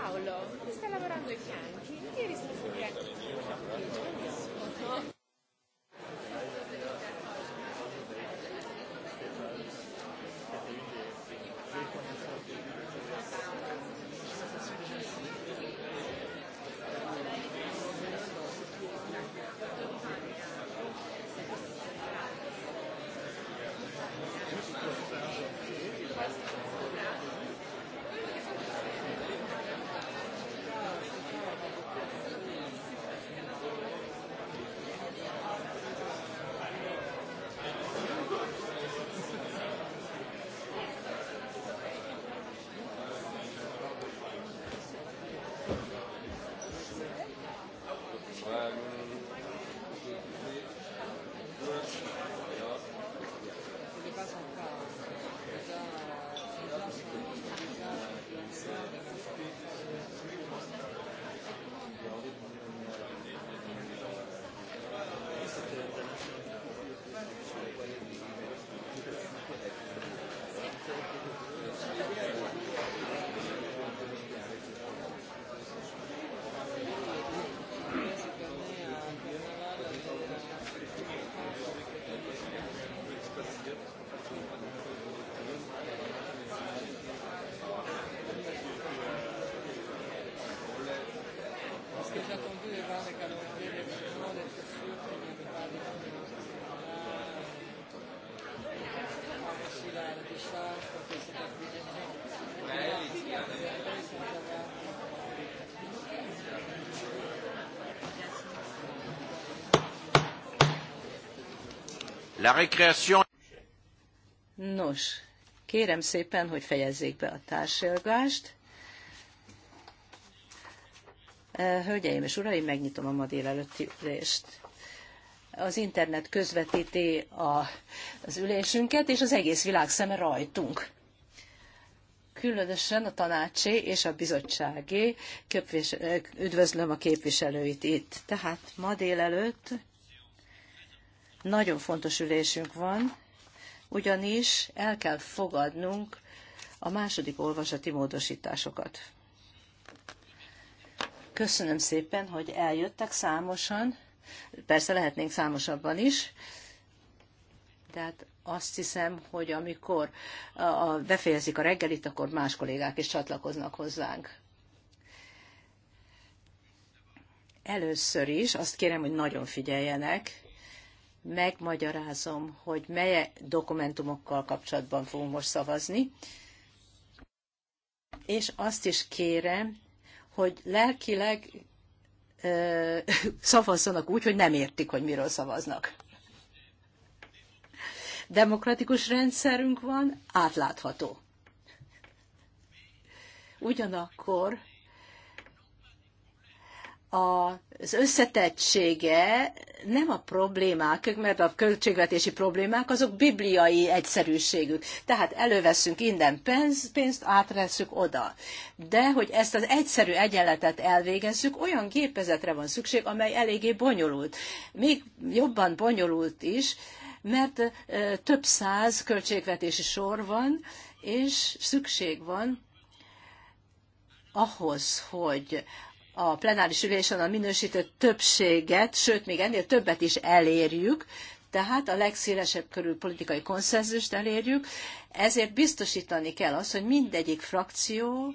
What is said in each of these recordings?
Paolo, sta lavorando ai fianchi, ieri sono fuori anche. La récréation... Nos, kérem szépen, hogy fejezzék be a társadalmást. Eh, hölgyeim és uraim, megnyitom a ma délelőtti ülést. Az internet közvetíti a, az ülésünket, és az egész világ szeme rajtunk. Különösen a tanácsi és a bizottsági, köpvis, eh, üdvözlöm a képviselőit itt. Tehát ma délelőtt nagyon fontos ülésünk van, ugyanis el kell fogadnunk a második olvasati módosításokat. Köszönöm szépen, hogy eljöttek számosan. Persze lehetnénk számosabban is, de hát azt hiszem, hogy amikor a, befejezik a reggelit, akkor más kollégák is csatlakoznak hozzánk. Először is azt kérem, hogy nagyon figyeljenek, megmagyarázom, hogy mely dokumentumokkal kapcsolatban fogunk most szavazni. És azt is kérem, hogy lelkileg ö, szavazzanak úgy, hogy nem értik, hogy miről szavaznak. Demokratikus rendszerünk van, átlátható. Ugyanakkor az összetettsége nem a problémák, mert a költségvetési problémák azok bibliai egyszerűségük. Tehát előveszünk innen pénzt, pénzt átveszünk oda. De hogy ezt az egyszerű egyenletet elvégezzük, olyan gépezetre van szükség, amely eléggé bonyolult. Még jobban bonyolult is, mert több száz költségvetési sor van, és szükség van ahhoz, hogy a plenáris ülésen a minősített többséget, sőt, még ennél többet is elérjük, tehát a legszélesebb körű politikai konszenzust elérjük, ezért biztosítani kell azt, hogy mindegyik frakció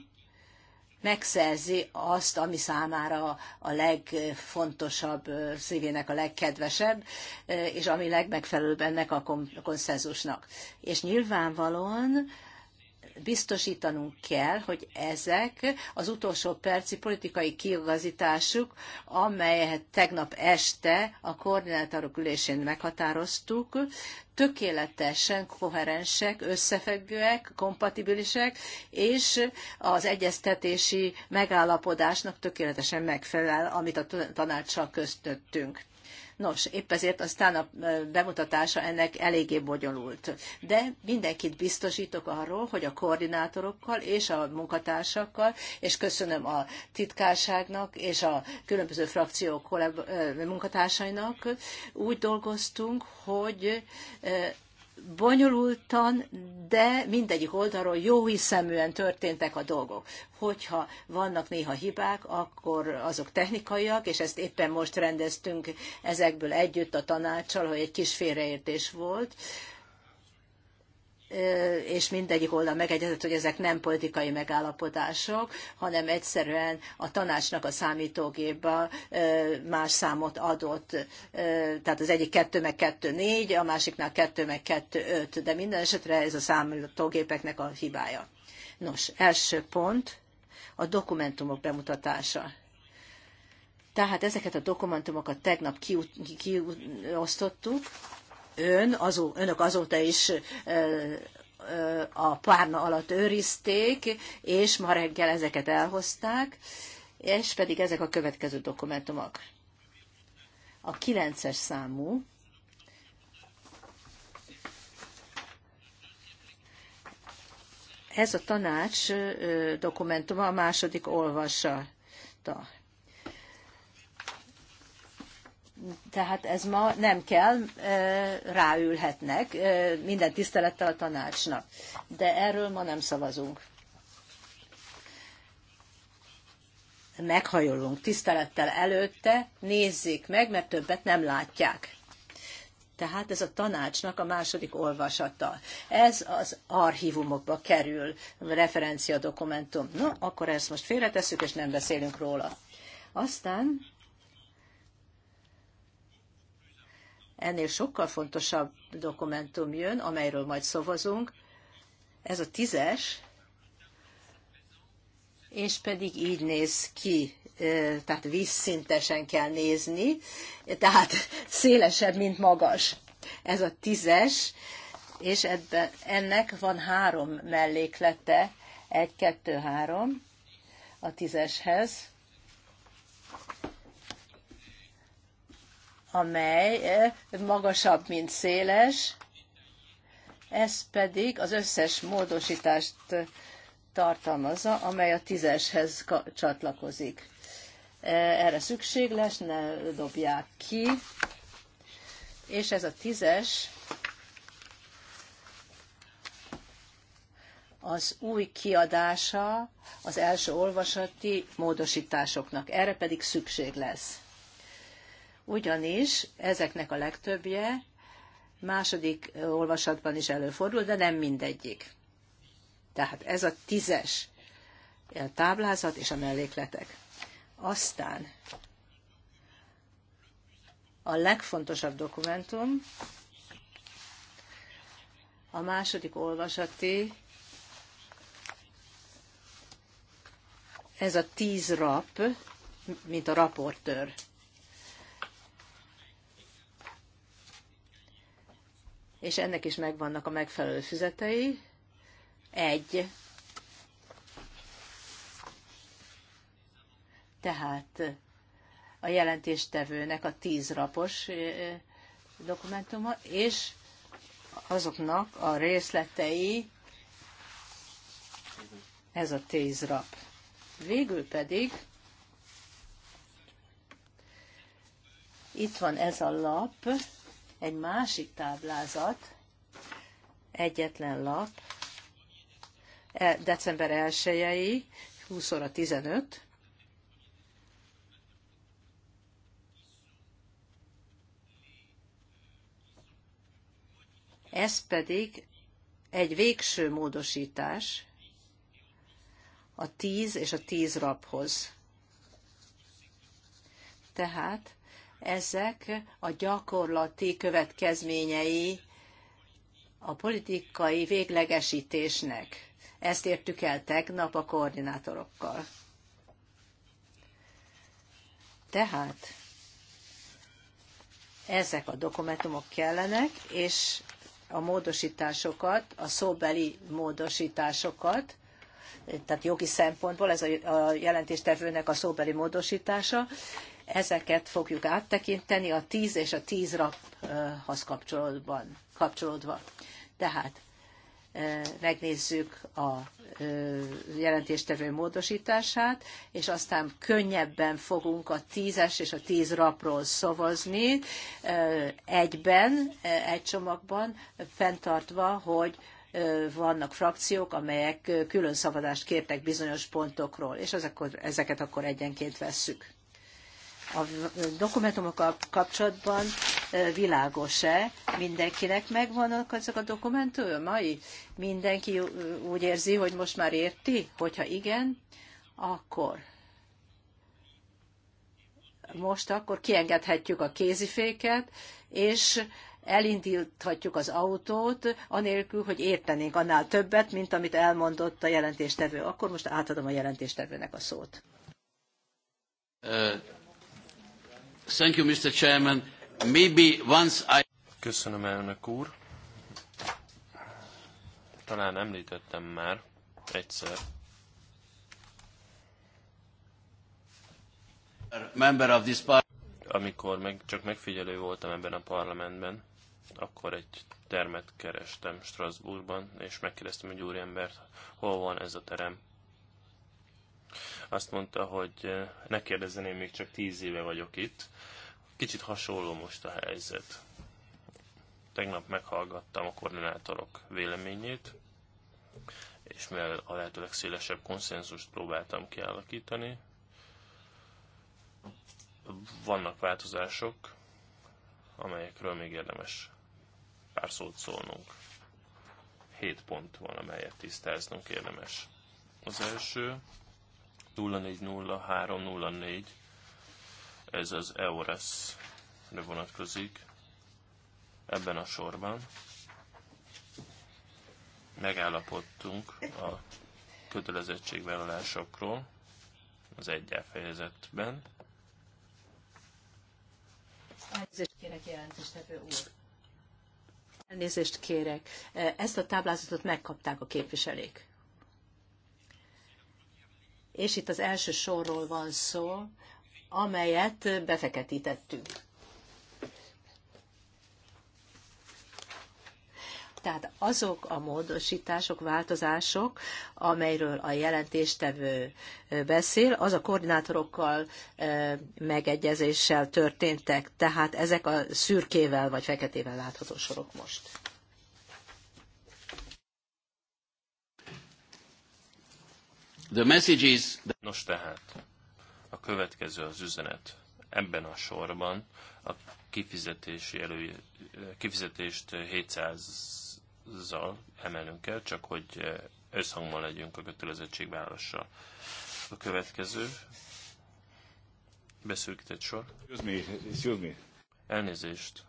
megszerzi azt, ami számára a legfontosabb, szívének a legkedvesebb, és ami legmegfelelőbb ennek a konszenzusnak. És nyilvánvalóan biztosítanunk kell, hogy ezek az utolsó perci politikai kiigazításuk, amelyet tegnap este a koordinátorok ülésén meghatároztuk, tökéletesen koherensek, összefüggőek, kompatibilisek, és az egyeztetési megállapodásnak tökéletesen megfelel, amit a tanácssal köztöttünk. Nos, épp ezért aztán a bemutatása ennek eléggé bonyolult. De mindenkit biztosítok arról, hogy a koordinátorokkal és a munkatársakkal, és köszönöm a titkárságnak és a különböző frakciók munkatársainak, úgy dolgoztunk, hogy bonyolultan, de mindegyik oldalról jó hiszeműen történtek a dolgok. Hogyha vannak néha hibák, akkor azok technikaiak, és ezt éppen most rendeztünk ezekből együtt a tanácssal, hogy egy kis félreértés volt, és mindegyik oldal megegyezett, hogy ezek nem politikai megállapodások, hanem egyszerűen a tanácsnak a számítógépbe más számot adott. Tehát az egyik 2 meg 2 4, a másiknál 2 meg 2 5, de minden esetre ez a számítógépeknek a hibája. Nos, első pont a dokumentumok bemutatása. Tehát ezeket a dokumentumokat tegnap kiosztottuk, ön, azó, önök azóta is a párna alatt őrizték, és ma reggel ezeket elhozták, és pedig ezek a következő dokumentumok. A 9-es számú, ez a tanács dokumentuma a második olvasata. Tehát ez ma nem kell, ráülhetnek, minden tisztelettel a tanácsnak. De erről ma nem szavazunk. Meghajolunk tisztelettel előtte, nézzék meg, mert többet nem látják. Tehát ez a tanácsnak a második olvasata. Ez az archívumokba kerül, referencia dokumentum. No, akkor ezt most félretesszük, és nem beszélünk róla. Aztán ennél sokkal fontosabb dokumentum jön, amelyről majd szavazunk. Ez a tízes, és pedig így néz ki, tehát vízszintesen kell nézni, tehát szélesebb, mint magas. Ez a tízes, és ebben, ennek van három melléklete, egy, kettő, három a tízeshez. amely eh, magasabb, mint széles, ez pedig az összes módosítást tartalmazza, amely a tízeshez csatlakozik. Eh, erre szükség lesz, ne dobják ki, és ez a tízes az új kiadása az első olvasati módosításoknak. Erre pedig szükség lesz ugyanis ezeknek a legtöbbje második olvasatban is előfordul, de nem mindegyik. Tehát ez a tízes a táblázat és a mellékletek. Aztán a legfontosabb dokumentum a második olvasati ez a tíz rap, mint a raportőr. és ennek is megvannak a megfelelő füzetei. Egy. Tehát a jelentéstevőnek a tíz rapos dokumentuma, és azoknak a részletei ez a tíz rap. Végül pedig itt van ez a lap, egy másik táblázat, egyetlen lap, e, december 1-i, 20 óra 15, Ez pedig egy végső módosítás a 10 és a 10 raphoz. Tehát ezek a gyakorlati következményei a politikai véglegesítésnek. Ezt értük el tegnap a koordinátorokkal. Tehát ezek a dokumentumok kellenek, és a módosításokat, a szóbeli módosításokat, tehát jogi szempontból ez a jelentéstevőnek a szóbeli módosítása, Ezeket fogjuk áttekinteni a 10 és a 10 raphoz kapcsolódban, kapcsolódva. Tehát megnézzük a jelentéstevő módosítását, és aztán könnyebben fogunk a tízes és a tíz rapról szavazni egyben, egy csomagban, fenntartva, hogy vannak frakciók, amelyek külön szavazást kértek bizonyos pontokról, és ezeket akkor egyenként vesszük a dokumentumokkal kapcsolatban világos-e? Mindenkinek megvannak ezek a dokumentumai? Mindenki úgy érzi, hogy most már érti? Hogyha igen, akkor most akkor kiengedhetjük a kéziféket, és elindíthatjuk az autót, anélkül, hogy értenénk annál többet, mint amit elmondott a jelentéstevő. Akkor most átadom a jelentéstevőnek a szót. Thank you, Mr. Chairman. Maybe once I... Köszönöm, elnök úr. Talán említettem már egyszer. Member of this Amikor meg, csak megfigyelő voltam ebben a parlamentben, akkor egy termet kerestem Strasbourgban, és megkérdeztem egy úriembert, hol van ez a terem. Azt mondta, hogy ne kérdezzen, én még csak tíz éve vagyok itt. Kicsit hasonló most a helyzet. Tegnap meghallgattam a koordinátorok véleményét, és mivel a lehető legszélesebb konszenzust próbáltam kialakítani, vannak változások, amelyekről még érdemes pár szót szólnunk. Hét pont van, amelyet tisztáznunk érdemes. Az első, 0404, ez az EORES-re vonatkozik ebben a sorban. Megállapodtunk a kötelezettségvállalásokról az egyel fejezetben. Elnézést kérek, jelentéstevő úr. Elnézést kérek. Ezt a táblázatot megkapták a képviselék és itt az első sorról van szó, amelyet befeketítettünk. Tehát azok a módosítások, változások, amelyről a jelentéstevő beszél, az a koordinátorokkal megegyezéssel történtek. Tehát ezek a szürkével vagy feketével látható sorok most. The message is... Nos tehát, a következő az üzenet. Ebben a sorban a kifizetési elő, kifizetést 700-zal emelünk el, csak hogy összhangban legyünk a kötelezettségvállalással. A következő beszűkített sor. Excuse me, excuse me. Elnézést.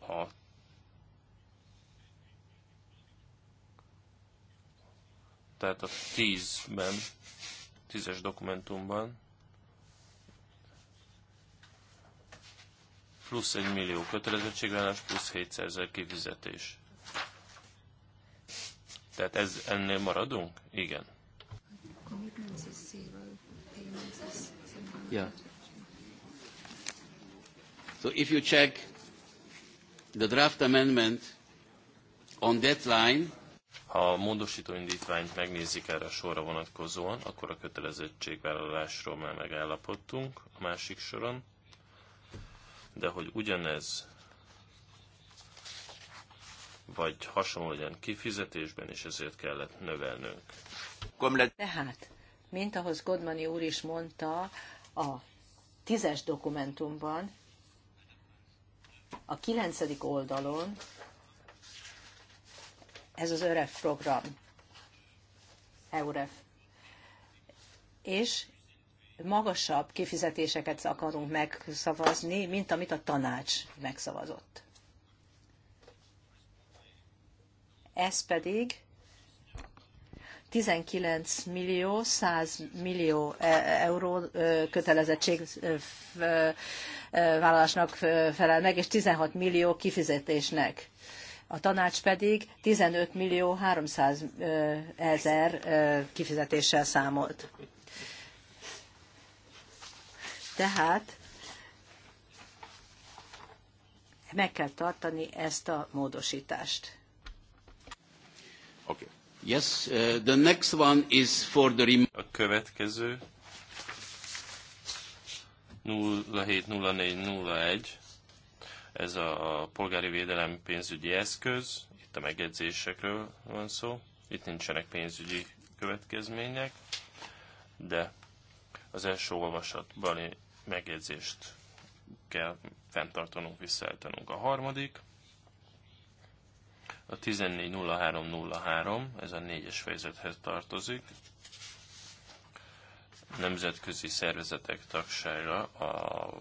Ha tehát a 10-ben, 10-es dokumentumban plusz 1 millió kötelezettségvállalás, plusz 700 ezer kifizetés. Tehát ez, ennél maradunk? Igen. Yeah. So if you check the draft amendment on that line, ha a módosító indítványt megnézik erre a sorra vonatkozóan, akkor a kötelezettségvállalásról már megállapodtunk a másik soron, de hogy ugyanez vagy hasonló legyen kifizetésben, és ezért kellett növelnünk. Tehát, mint ahhoz Godmani úr is mondta, a tízes dokumentumban, a kilencedik oldalon ez az ÖREF program. EUREF. És magasabb kifizetéseket akarunk megszavazni, mint amit a tanács megszavazott. Ez pedig 19 millió 100 millió e, euró e, kötelezettség e, vállalásnak felel meg, és 16 millió kifizetésnek a tanács pedig 15 millió 300 ezer kifizetéssel számolt. Tehát meg kell tartani ezt a módosítást. Okay. Yes, uh, the next one is for the A következő 070401 ez a polgári védelem pénzügyi eszköz, itt a megjegyzésekről van szó, itt nincsenek pénzügyi következmények, de az első olvasatban megjegyzést kell fenntartanunk, visszaállítanunk. A harmadik, a 140303, ez a négyes fejezethez tartozik, nemzetközi szervezetek tagsága a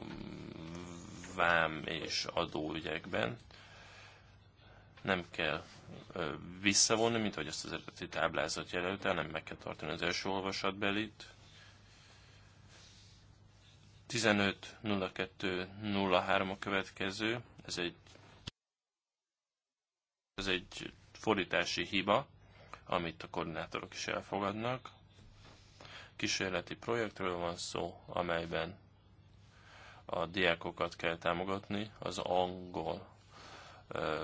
vám és adóügyekben. Nem kell visszavonni, mint ahogy azt az eredeti táblázat jelölte, hanem meg kell tartani az első olvasatbelit. 15.02.03 a következő, ez egy, ez egy fordítási hiba, amit a koordinátorok is elfogadnak. Kísérleti projektről van szó, amelyben a diákokat kell támogatni, az angol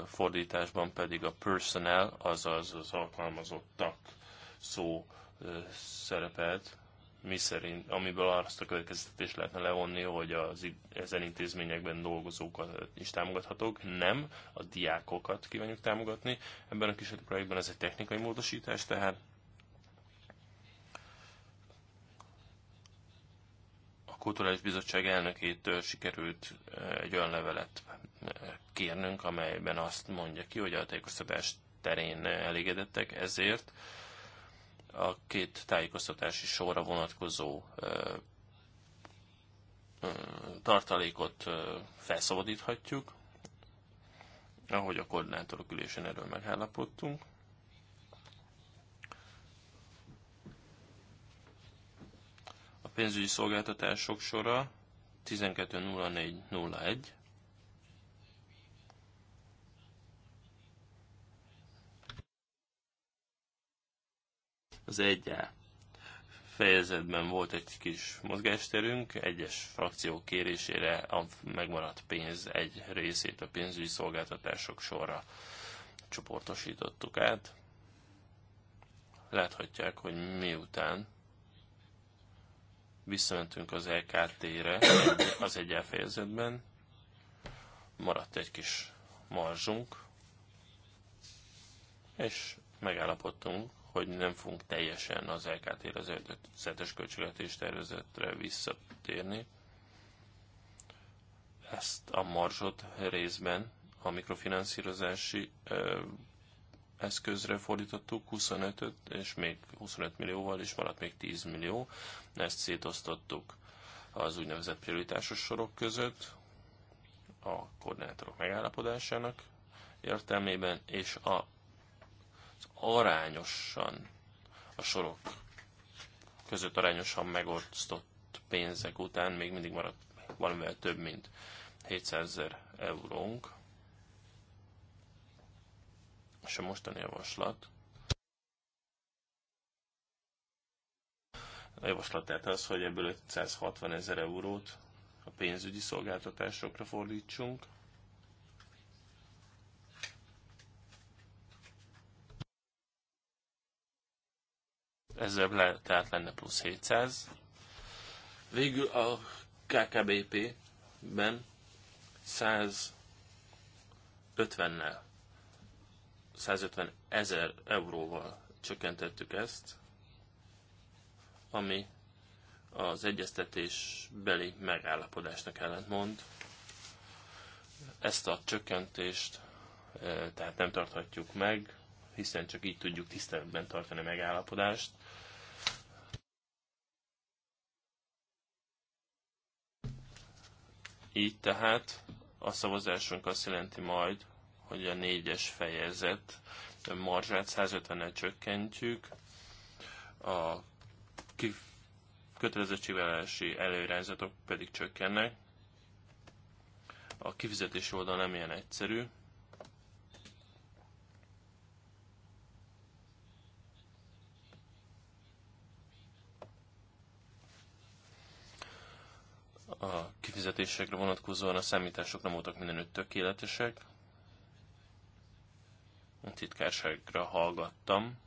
fordításban pedig a personnel, azaz az alkalmazottak szó szerepelt, mi szerint, amiből azt a következtetést lehetne levonni, hogy az, ezen intézményekben dolgozókat is támogathatók. Nem, a diákokat kívánjuk támogatni. Ebben a kísérleti projektben ez egy technikai módosítás, tehát Kulturális Bizottság elnökétől sikerült egy olyan levelet kérnünk, amelyben azt mondja ki, hogy a tájékoztatás terén elégedettek, ezért a két tájékoztatási sorra vonatkozó tartalékot felszabadíthatjuk, ahogy a koordinátorok ülésén erről megállapodtunk. pénzügyi szolgáltatások sora 12.04.01. Az 1 fejezetben volt egy kis mozgásterünk, egyes frakciók kérésére a megmaradt pénz egy részét a pénzügyi szolgáltatások sorra csoportosítottuk át. Láthatják, hogy miután visszamentünk az LKT-re az egy fejezetben, maradt egy kis marzsunk, és megállapodtunk, hogy nem fogunk teljesen az LKT-re, az előzetes költségvetés tervezetre visszatérni. Ezt a marzsot részben a mikrofinanszírozási eszközre fordítottuk 25-öt, és még 25 millióval, és maradt még 10 millió. Ezt szétosztottuk az úgynevezett prioritásos sorok között, a koordinátorok megállapodásának értelmében, és a, az arányosan a sorok között arányosan megosztott pénzek után még mindig maradt valamivel több, mint 700 ezer eurónk, és a mostani javaslat, a javaslat tehát az, hogy ebből 560 ezer eurót a pénzügyi szolgáltatásokra fordítsunk, ezzel le, tehát lenne plusz 700. Végül a KKBP-ben 150-nel 150 ezer euróval csökkentettük ezt, ami az egyeztetés beli megállapodásnak ellentmond. Ezt a csökkentést e, tehát nem tarthatjuk meg, hiszen csak így tudjuk tiszteletben tartani a megállapodást. Így tehát a szavazásunk azt jelenti majd, hogy a négyes fejezet marzsát 150-nel csökkentjük, a kötelezettségvállalási előirányzatok pedig csökkennek. A kifizetési oldal nem ilyen egyszerű, a kifizetésekre vonatkozóan a számítások nem voltak mindenütt tökéletesek a titkárságra hallgattam,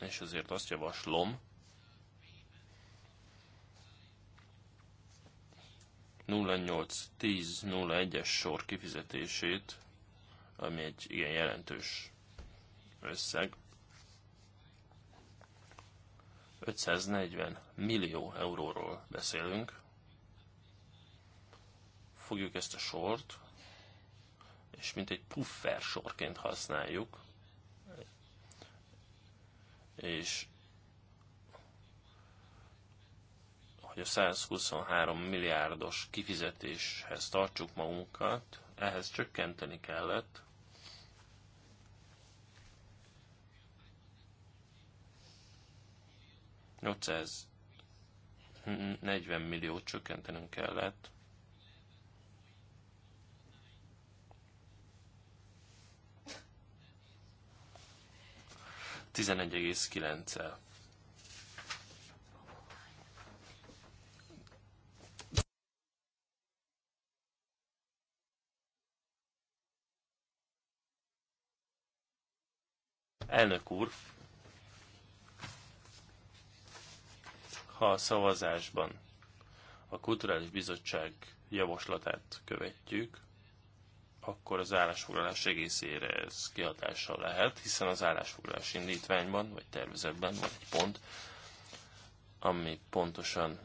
és azért azt javaslom, 081001-es sor kifizetését, ami egy igen jelentős összeg, 540 millió euróról beszélünk. Fogjuk ezt a sort, és mint egy puffer sorként használjuk és hogy a 123 milliárdos kifizetéshez tartsuk magunkat, ehhez csökkenteni kellett ...840 milliót csökkentenünk kellett 11,9-el. Elnök úr, ha a szavazásban a Kulturális Bizottság javaslatát követjük, akkor az állásfoglalás egészére ez kihatással lehet, hiszen az állásfoglalás indítványban, vagy tervezetben van egy pont, ami pontosan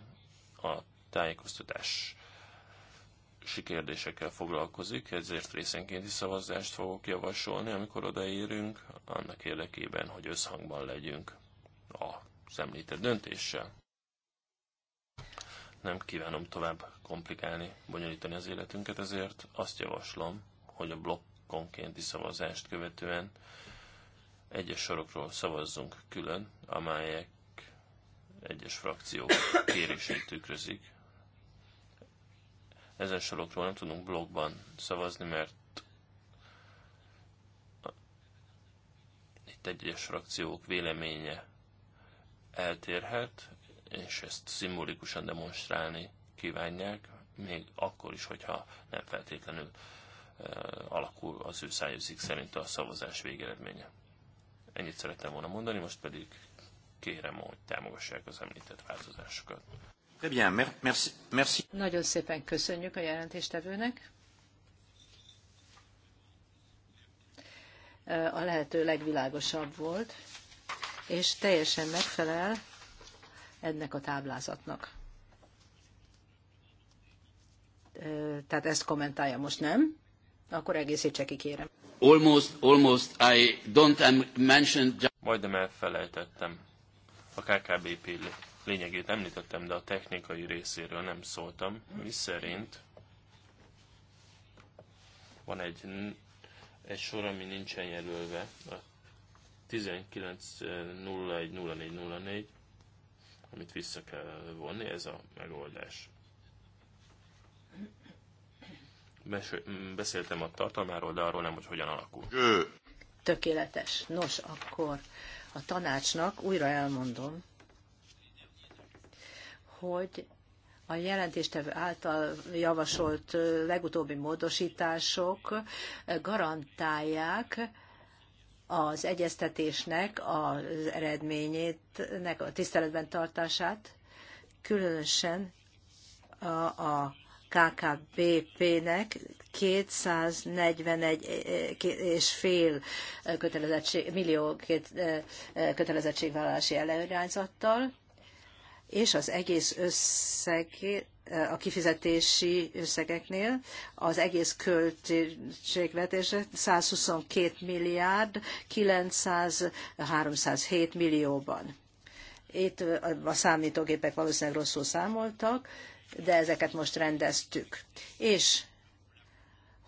a tájékoztatás sikérdésekkel foglalkozik, ezért részenkénti szavazást fogok javasolni, amikor odaérünk, annak érdekében, hogy összhangban legyünk az említett döntéssel. Nem kívánom tovább komplikálni, bonyolítani az életünket, ezért azt javaslom, hogy a blokkonkénti szavazást követően egyes sorokról szavazzunk külön, amelyek egyes frakciók kérését tükrözik. Ezen sorokról nem tudunk blokkban szavazni, mert itt egyes frakciók véleménye eltérhet, és ezt szimbolikusan demonstrálni kívánják, még akkor is, hogyha nem feltétlenül Eh, alakul az ő szájúzik szerint a szavazás végeredménye. Ennyit szerettem volna mondani, most pedig kérem, hogy támogassák az említett változásokat. Nagyon szépen köszönjük a jelentéstevőnek. Eh, a lehető legvilágosabb volt, és teljesen megfelel ennek a táblázatnak. Eh, tehát ezt kommentálja most nem akkor egészítse ki, kérem. Almost, almost, I don't mention... Majdnem elfelejtettem. A KKB lényegét említettem, de a technikai részéről nem szóltam. Mi szerint van egy, egy sor, ami nincsen jelölve, a 19.01.04.04, amit vissza kell vonni, ez a megoldás. Mm, beszéltem a tartalmáról, de arról nem, hogy hogyan alakul. Tökéletes. Nos, akkor a tanácsnak újra elmondom, hogy a jelentéstevő által javasolt legutóbbi módosítások garantálják az egyeztetésnek az eredményét, a tiszteletben tartását, különösen a, a KKBP-nek 241 eh, eh, és fél eh, kötelezettség, millió két, kötelezettségvállalási előirányzattal, és az egész összeg a kifizetési összegeknél az egész költségvetés 122 milliárd 900 millióban. Itt a számítógépek valószínűleg rosszul számoltak, de ezeket most rendeztük. És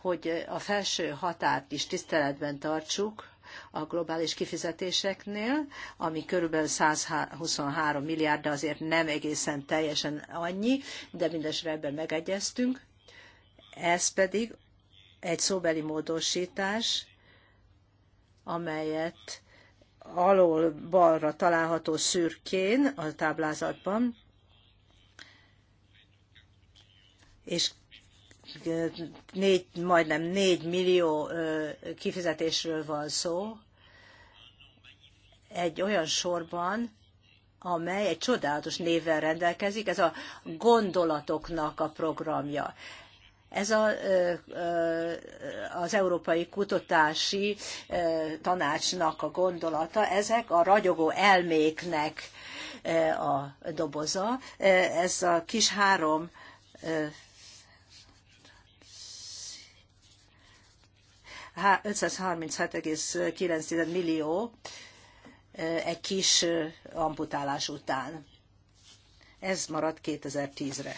hogy a felső határt is tiszteletben tartsuk a globális kifizetéseknél, ami körülbelül 123 milliárd, de azért nem egészen teljesen annyi, de mindesre ebben megegyeztünk. Ez pedig egy szóbeli módosítás, amelyet alól balra található szürkén a táblázatban, és négy, majdnem 4 millió kifizetésről van szó, egy olyan sorban, amely egy csodálatos névvel rendelkezik, ez a gondolatoknak a programja. Ez a, az Európai Kutatási Tanácsnak a gondolata, ezek a ragyogó elméknek a doboza. Ez a kis három 537,9 millió egy kis amputálás után. Ez marad 2010-re.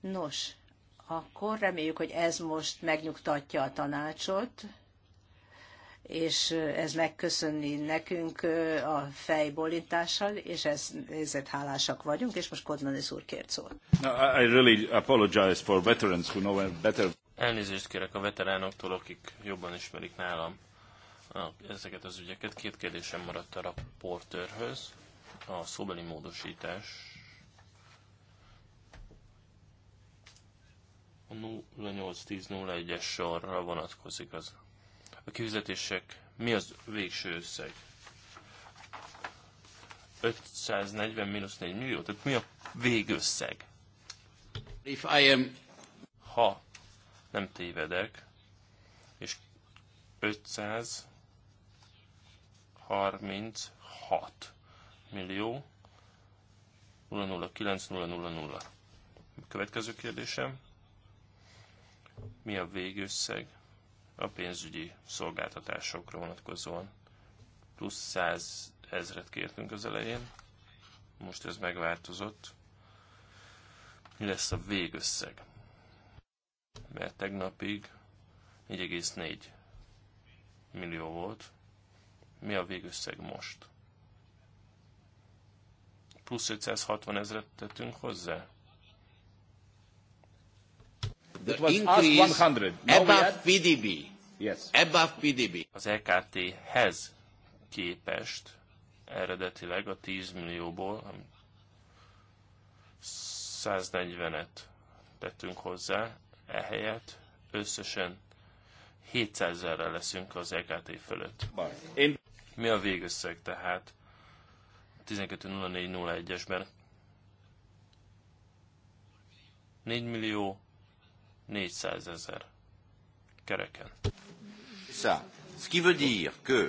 Nos, akkor reméljük, hogy ez most megnyugtatja a tanácsot, és ez megköszönni nekünk a fejbólintással, és ez, ezért hálásak vagyunk, és most Kodmanis úr kért szól. No, I really apologize for veterans who know better. Elnézést kérek a veteránoktól, akik jobban ismerik nálam ezeket az ügyeket. Két kérdésem maradt a raportőrhöz. A szóbeli módosítás a 08101 es sorra vonatkozik az. A kifizetések mi az végső összeg? 540 4 millió? Tehát mi a végösszeg? If I am... Ha nem tévedek, és 536 millió 009000. Következő kérdésem, mi a végösszeg a pénzügyi szolgáltatásokra vonatkozóan? Plusz 100 ezret kértünk az elején, most ez megváltozott. Mi lesz a végösszeg? mert tegnapig 4,4 millió volt. Mi a végösszeg most? Plusz 560 ezeret tettünk hozzá? The increase 100. above PDB. Yes. Above PDB. Az EKT-hez képest eredetileg a 10 millióból 140-et tettünk hozzá, ehelyett összesen 700 ezerre leszünk az EKT fölött. Én... Mi a végösszeg tehát 12.04.01-esben? 4 millió 400 ezer kereken. Ça, ce qui veut dire que...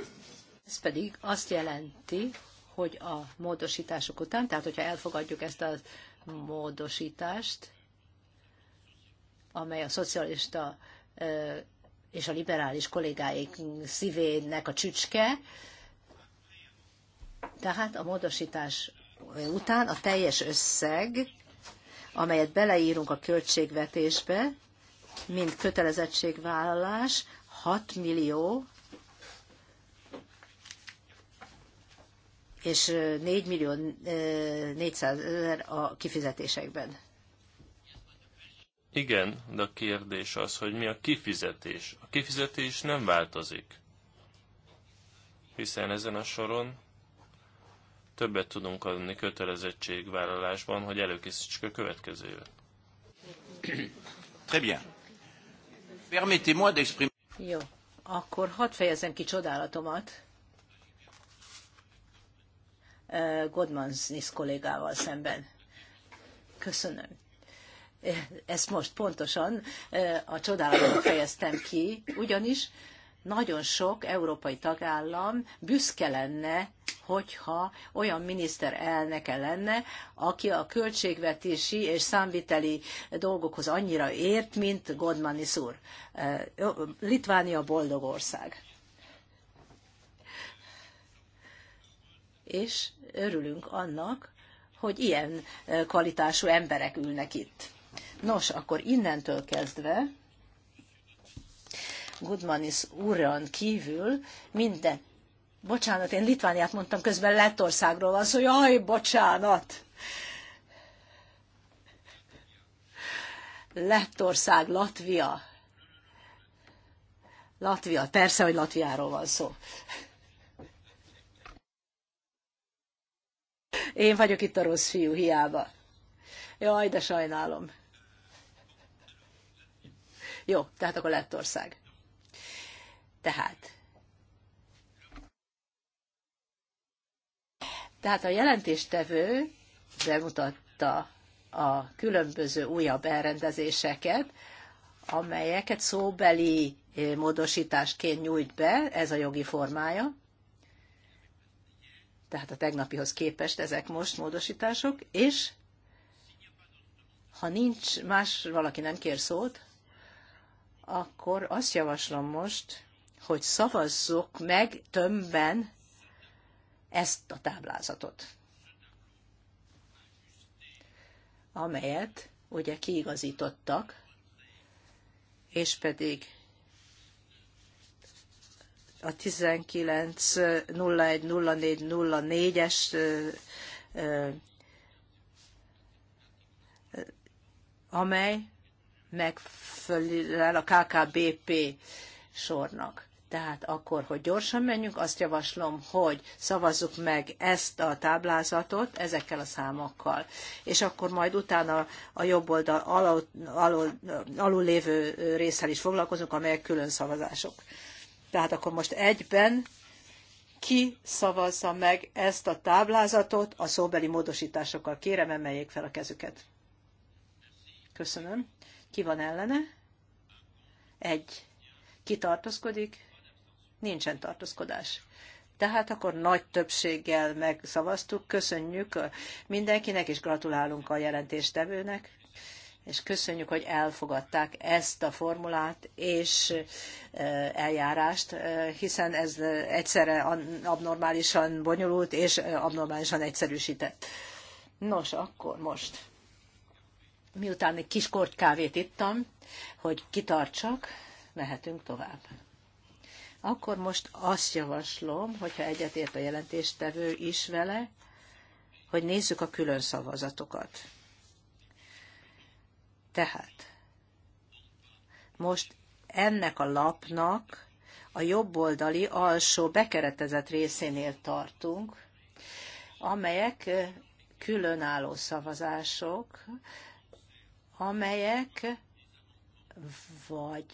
Ez pedig azt jelenti, hogy a módosítások után, tehát hogyha elfogadjuk ezt a módosítást, amely a szocialista és a liberális kollégáik szívének a csücske. Tehát a módosítás után a teljes összeg, amelyet beleírunk a költségvetésbe, mint kötelezettségvállalás, 6 millió és 4 millió 400 ezer a kifizetésekben. Igen, de a kérdés az, hogy mi a kifizetés. A kifizetés nem változik, hiszen ezen a soron többet tudunk adni kötelezettségvállalásban, hogy előkészítsük a következő évet. Très bien. Permettez-moi d'exprimer. Jó, akkor hadd fejezem ki csodálatomat. Eh, Godmanis kollégával szemben. Köszönöm ezt most pontosan a csodálatot fejeztem ki, ugyanis nagyon sok európai tagállam büszke lenne, hogyha olyan elneke lenne, aki a költségvetési és számviteli dolgokhoz annyira ért, mint Godmanis úr. Litvánia boldog ország. És örülünk annak, hogy ilyen kvalitású emberek ülnek itt. Nos, akkor innentől kezdve Goodmanis úrön kívül minden. Bocsánat, én Litvániát mondtam, közben Lettországról van szó, jaj, bocsánat! Lettország, Latvia. Latvia, persze, hogy Latviáról van szó. Én vagyok itt a rossz fiú, hiába. Jaj, de sajnálom. Jó, tehát akkor Lettország. Tehát. Tehát a jelentéstevő bemutatta a különböző újabb elrendezéseket, amelyeket szóbeli eh, módosításként nyújt be, ez a jogi formája, tehát a tegnapihoz képest ezek most módosítások, és ha nincs más, valaki nem kér szót, akkor azt javaslom most, hogy szavazzuk meg tömbben ezt a táblázatot, amelyet ugye kiigazítottak, és pedig a 19.01.04.04-es amely megfelel a KKBP sornak. Tehát akkor, hogy gyorsan menjünk, azt javaslom, hogy szavazzuk meg ezt a táblázatot ezekkel a számokkal. És akkor majd utána a jobb oldal alul, alul, alul lévő részsel is foglalkozunk, amelyek külön szavazások. Tehát akkor most egyben ki szavazza meg ezt a táblázatot a szóbeli módosításokkal. Kérem, emeljék fel a kezüket. Köszönöm. Ki van ellene? Egy. Ki tartózkodik? Nincsen tartózkodás. Tehát akkor nagy többséggel megszavaztuk, köszönjük mindenkinek, és gratulálunk a jelentéstevőnek, és köszönjük, hogy elfogadták ezt a formulát és e, eljárást, e, hiszen ez egyszerre abnormálisan bonyolult és e, abnormálisan egyszerűsített. Nos, akkor most miután egy kis kort kávét ittam, hogy kitartsak, mehetünk tovább. Akkor most azt javaslom, hogyha egyetért a jelentéstevő is vele, hogy nézzük a külön szavazatokat. Tehát most ennek a lapnak a jobboldali alsó bekeretezett részénél tartunk, amelyek különálló szavazások, amelyek vagy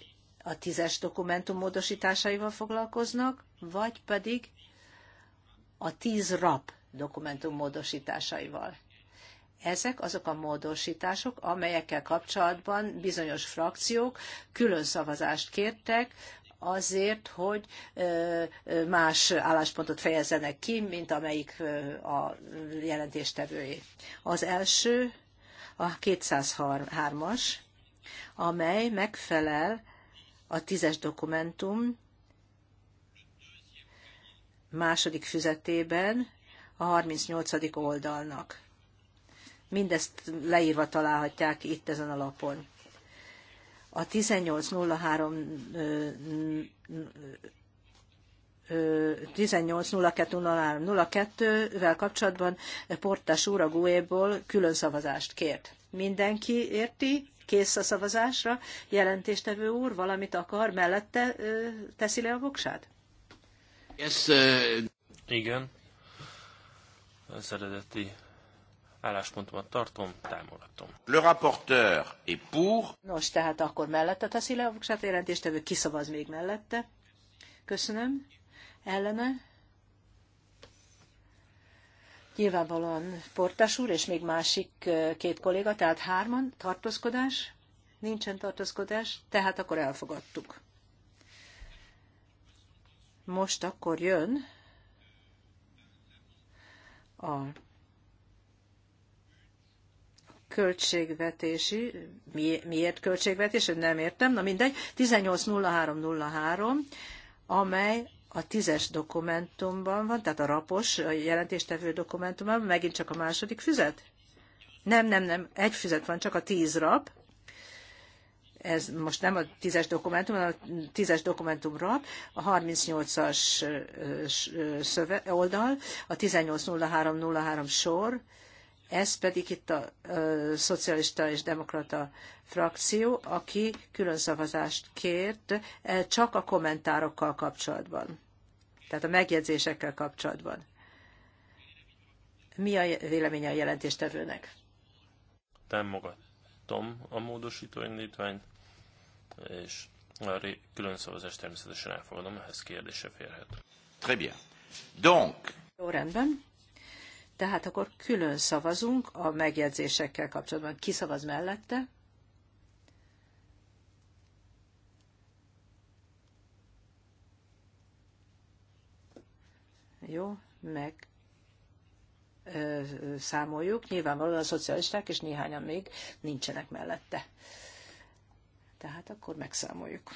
a tízes dokumentum módosításaival foglalkoznak, vagy pedig a tíz rap dokumentum módosításaival. Ezek azok a módosítások, amelyekkel kapcsolatban bizonyos frakciók külön szavazást kértek, azért, hogy más álláspontot fejezzenek ki, mint amelyik a jelentéstevői. Az első a 203-as, amely megfelel a tízes dokumentum második füzetében a 38. oldalnak. Mindezt leírva találhatják itt ezen a lapon. A 1803 18.02.02-vel kapcsolatban Portás úr a GUE-ból külön szavazást kért. Mindenki érti? Kész a szavazásra? Jelentéstevő úr valamit akar? Mellette teszi le a voksát? Yes, uh... Igen. Az eredeti álláspontomat tartom, támogatom. Le rapporteur est pour. Nos, tehát akkor mellette teszi le a voksát jelentéstevő, kiszavaz még mellette. Köszönöm ellene. Nyilvánvalóan Portás úr és még másik két kolléga, tehát hárman tartózkodás, nincsen tartózkodás, tehát akkor elfogadtuk. Most akkor jön a költségvetési, mi, miért költségvetés, nem értem, na mindegy, 18.03.03, amely a tízes dokumentumban van, tehát a rapos, a jelentéstevő dokumentumban, megint csak a második füzet? Nem, nem, nem, egy füzet van, csak a tíz rap. Ez most nem a tízes dokumentum, hanem a tízes dokumentum rap, a 38-as szöve, oldal, a 18.03.03 sor, ez pedig itt a szocialista és demokrata frakció, aki külön szavazást kért csak a kommentárokkal kapcsolatban tehát a megjegyzésekkel kapcsolatban. Mi a véleménye a jelentéstevőnek? Támogatom a módosító indítványt, és a külön szavazást természetesen elfogadom, ehhez kérdése férhet. Très bien. Donc... Jó rendben. Tehát akkor külön szavazunk a megjegyzésekkel kapcsolatban. Ki szavaz mellette? Jó, meg ö, számoljuk. Nyilvánvalóan a szocialisták és néhányan még nincsenek mellette. Tehát akkor megszámoljuk.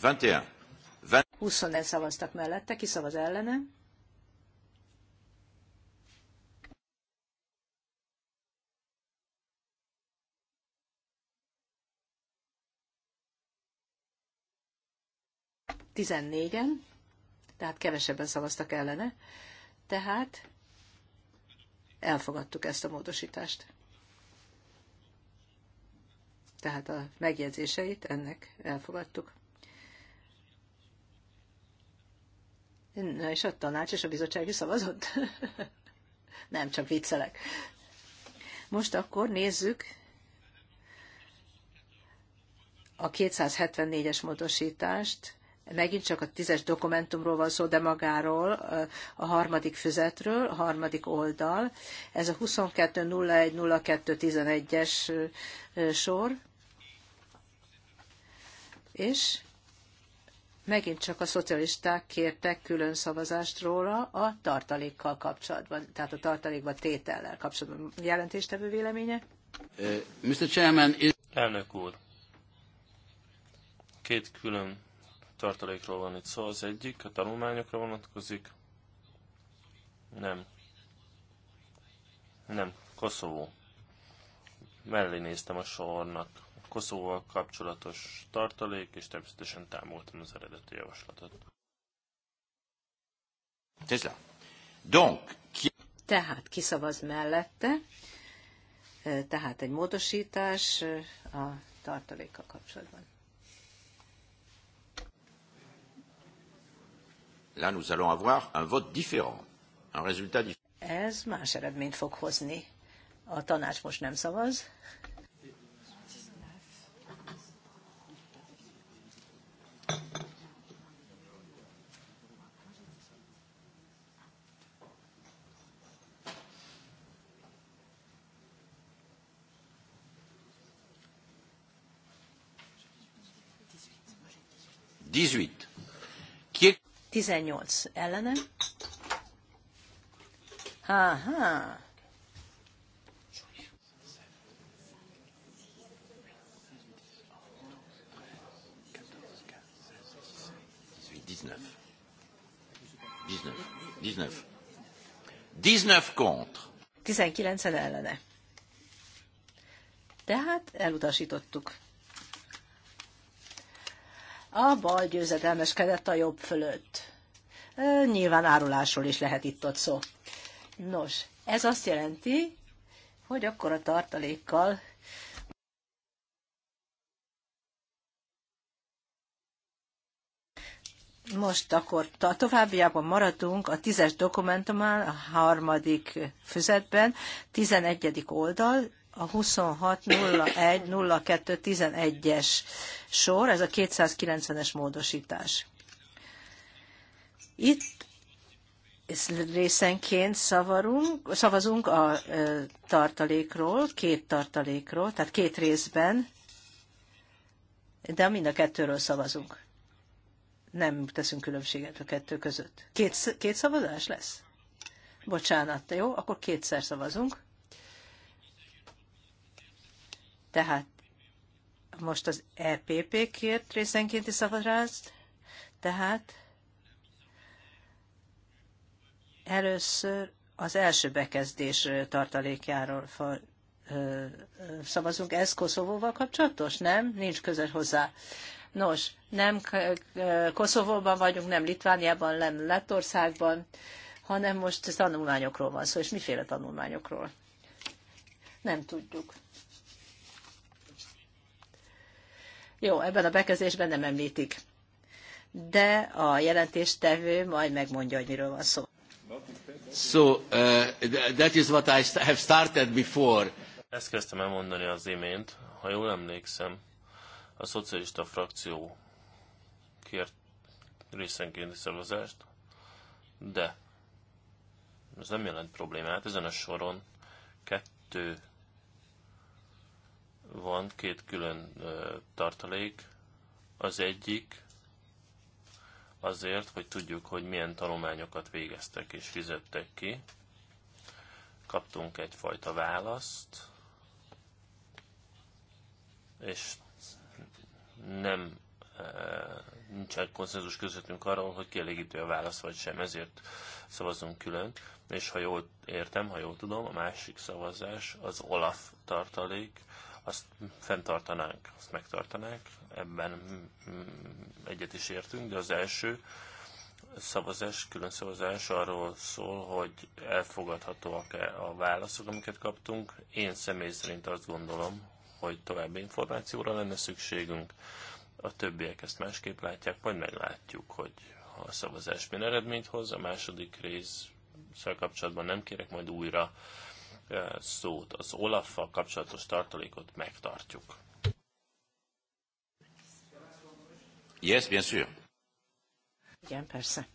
Ventián. 21 szavaztak mellette, ki szavaz ellene? 14-en, tehát kevesebben szavaztak ellene, tehát elfogadtuk ezt a módosítást. Tehát a megjegyzéseit ennek elfogadtuk. Na és a tanács és a bizottsági szavazott? Nem, csak viccelek. Most akkor nézzük a 274-es módosítást megint csak a tízes dokumentumról van szó, de magáról, a harmadik füzetről, a harmadik oldal. Ez a 22.01.02.11-es sor. És megint csak a szocialisták kértek külön szavazást róla a tartalékkal kapcsolatban, tehát a tartalékban tétellel kapcsolatban. Jelentéstevő véleménye? Mr. Chairman, is... Elnök úr, két külön tartalékról van itt szó. Az egyik a tanulmányokra vonatkozik. Nem. Nem. Koszovó. Mellé néztem a sornak. A Koszovóval kapcsolatos tartalék, és természetesen támogatom az eredeti javaslatot. Tehát kiszavaz mellette, tehát egy módosítás a tartalékkal kapcsolatban. Là, nous allons avoir un vote différent, un résultat différent. Ez A tanács most nem szavaz. dix huit 18 ellene. Aha. Dix-neuf. contre. 19 ellene. Tehát elutasítottuk. A bal győzedelmeskedett a jobb fölött. Nyilván árulásról is lehet itt-ott szó. Nos, ez azt jelenti, hogy akkor a tartalékkal Most akkor a továbbiakban maradunk a tízes dokumentumán, a harmadik füzetben, tizenegyedik oldal, a 26.01.02.11-es sor, ez a 290-es módosítás. Itt részenként szavarunk, szavazunk a tartalékról, két tartalékról, tehát két részben, de mind a kettőről szavazunk. Nem teszünk különbséget a kettő között. Két, két szavazás lesz? Bocsánat, jó, akkor kétszer szavazunk. Tehát most az EPP kért részenkénti szavazást, tehát először az első bekezdés tartalékjáról szavazunk. Ez Koszovóval kapcsolatos? Nem? Nincs közel hozzá. Nos, nem Koszovóban vagyunk, nem Litvániában, nem Lettországban, hanem most tanulmányokról van szó, és miféle tanulmányokról? Nem tudjuk. Jó, ebben a bekezdésben nem említik. De a jelentéstevő majd megmondja, hogy miről van szó. So, uh, that is what I have started before. Ezt kezdtem el mondani az imént, ha jól emlékszem, a szocialista frakció kért részenként szavazást, de ez nem jelent problémát. Ezen a soron kettő van két külön tartalék. Az egyik azért, hogy tudjuk, hogy milyen tanulmányokat végeztek és fizettek ki. Kaptunk egyfajta választ, és nem nincs egy konszenzus közöttünk arról, hogy kielégítő a válasz vagy sem, ezért szavazunk külön. És ha jól értem, ha jól tudom, a másik szavazás az Olaf tartalék, azt fenntartanánk, azt megtartanánk, ebben mm, mm, egyet is értünk, de az első szavazás, külön szavazás arról szól, hogy elfogadhatóak-e a válaszok, amiket kaptunk. Én személy szerint azt gondolom, hogy további információra lenne szükségünk, a többiek ezt másképp látják, majd meglátjuk, hogy a szavazás milyen eredményt hoz. A második rész kapcsolatban nem kérek majd újra szót, az Olaffal kapcsolatos tartalékot megtartjuk. Yes, bien sûr. Igen, persze.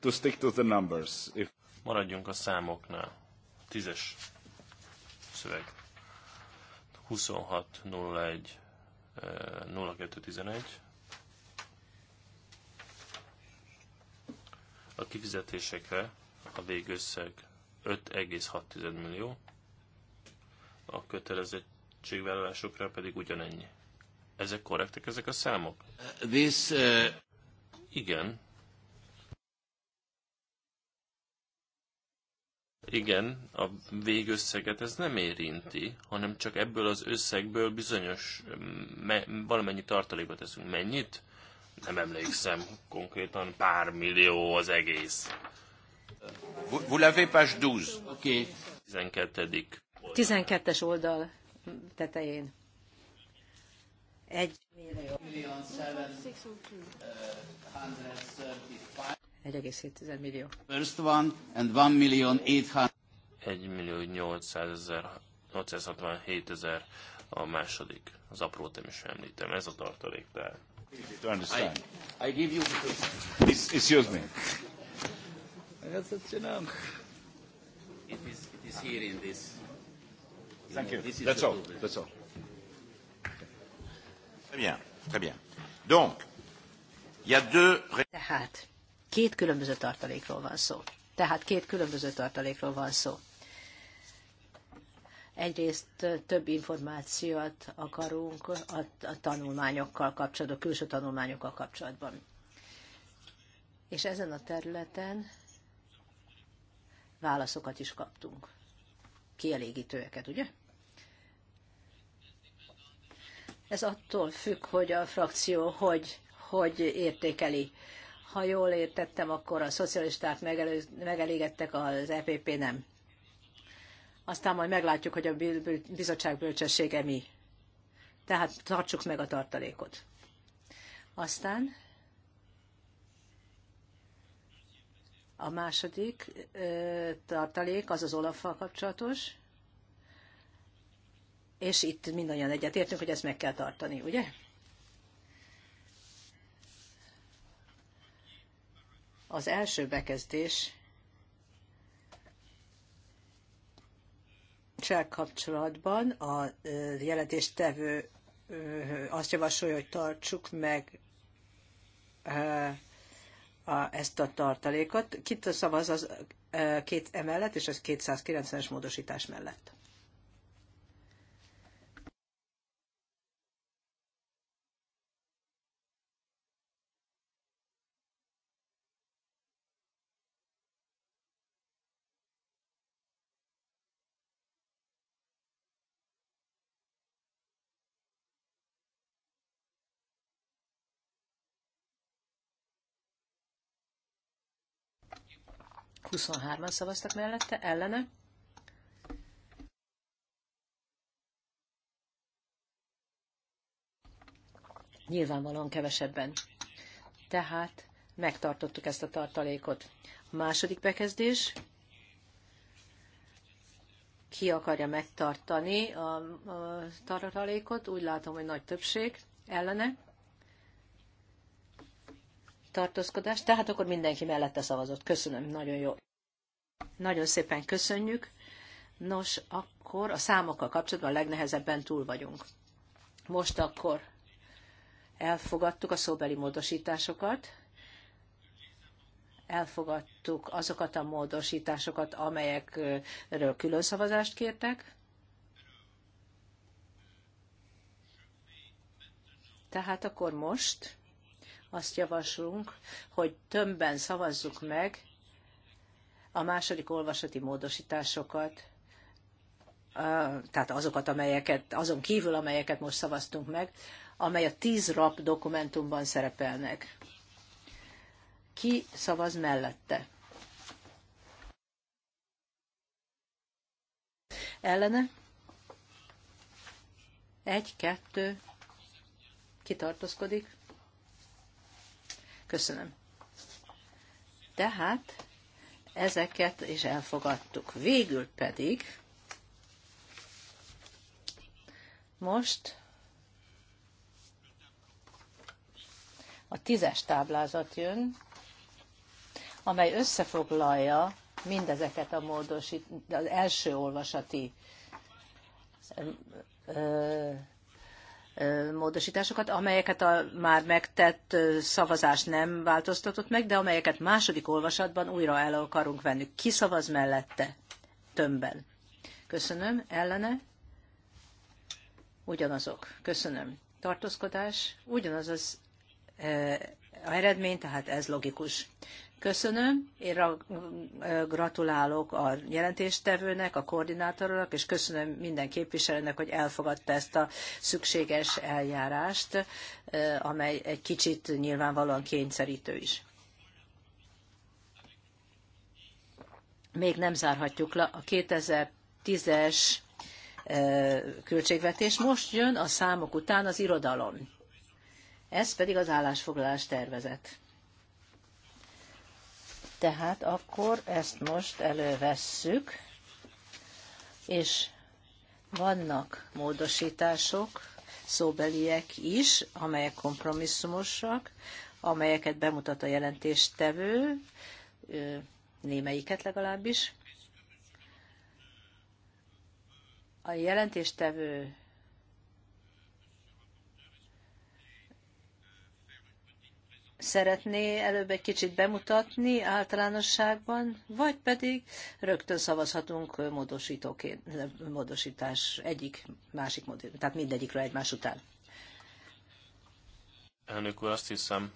To stick to the numbers. If... Maradjunk a számoknál. Tízes szöveg. 26010211. 0211. A kifizetésekre a végösszeg 5,6 millió, a kötelezettségvállalásokra pedig ugyanennyi. Ezek korrektek, ezek a számok? Uh, this, uh... Igen. Igen, a végösszeget ez nem érinti, hanem csak ebből az összegből bizonyos, mm, me, valamennyi tartalékba teszünk. Mennyit? Nem emlékszem, konkrétan pár millió az egész. Vous, l'avez page 12. Okay. 12. 12-es oldal tetején. Egy millió. 1,7 millió. First one and 1 million 800. 1 a második. Az aprót nem is említem, ez a tartalék, tehát. I, I give you... Excuse me csinálunk. It is, it is here in this. Thank you. This That's all. That's all. Très bien. Très bien. Donc, il y a deux... Tehát két különböző tartalékról van szó. Tehát két különböző tartalékról van szó. Egyrészt több információt akarunk a tanulmányokkal kapcsolatban, a külső tanulmányokkal kapcsolatban. És ezen a területen válaszokat is kaptunk. Kielégítőeket, ugye? Ez attól függ, hogy a frakció hogy, hogy értékeli. Ha jól értettem, akkor a szocialisták megelégettek, az EPP nem. Aztán majd meglátjuk, hogy a bizottság bölcsessége mi. Tehát tartsuk meg a tartalékot. Aztán A második tartalék az az Olaffal kapcsolatos, és itt mindannyian egyetértünk, hogy ezt meg kell tartani, ugye? Az első bekezdés csel kapcsolatban a jelentéstevő azt javasolja, hogy tartsuk meg a, ezt a tartalékot. Kit szavaz az két emellett és az 290-es módosítás mellett? 23-an szavaztak mellette, ellene. Nyilvánvalóan kevesebben. Tehát megtartottuk ezt a tartalékot. A második bekezdés. Ki akarja megtartani a, a tartalékot? Úgy látom, hogy nagy többség ellene tartózkodás, tehát akkor mindenki mellette szavazott. Köszönöm, nagyon jó. Nagyon szépen köszönjük. Nos, akkor a számokkal kapcsolatban a legnehezebben túl vagyunk. Most akkor elfogadtuk a szóbeli módosításokat, elfogadtuk azokat a módosításokat, amelyekről külön szavazást kértek, tehát akkor most azt javaslunk, hogy tömbben szavazzuk meg a második olvasati módosításokat, tehát azokat, amelyeket, azon kívül, amelyeket most szavaztunk meg, amely a tíz rap dokumentumban szerepelnek. Ki szavaz mellette? Ellene? Egy, kettő, kitartózkodik. Köszönöm. Tehát ezeket is elfogadtuk. Végül pedig most a tízes táblázat jön, amely összefoglalja mindezeket a módosít, az első olvasati módosításokat, amelyeket a már megtett szavazás nem változtatott meg, de amelyeket második olvasatban újra el akarunk venni. Ki szavaz mellette? Tömbben. Köszönöm. Ellene? Ugyanazok. Köszönöm. Tartózkodás? Ugyanaz az e, eredmény, tehát ez logikus. Köszönöm, én gratulálok a jelentéstevőnek, a koordinátornak, és köszönöm minden képviselőnek, hogy elfogadta ezt a szükséges eljárást, amely egy kicsit nyilvánvalóan kényszerítő is. Még nem zárhatjuk le a 2010-es költségvetés. Most jön a számok után az irodalom. Ez pedig az állásfoglalás tervezet. Tehát akkor ezt most elővesszük, és vannak módosítások, szóbeliek is, amelyek kompromisszumosak, amelyeket bemutat a jelentéstevő, némelyiket legalábbis. A jelentéstevő szeretné előbb egy kicsit bemutatni általánosságban, vagy pedig rögtön szavazhatunk módosítóként, módosítás egyik, másik, tehát mindegyikről egymás után. Elnök úr, azt hiszem,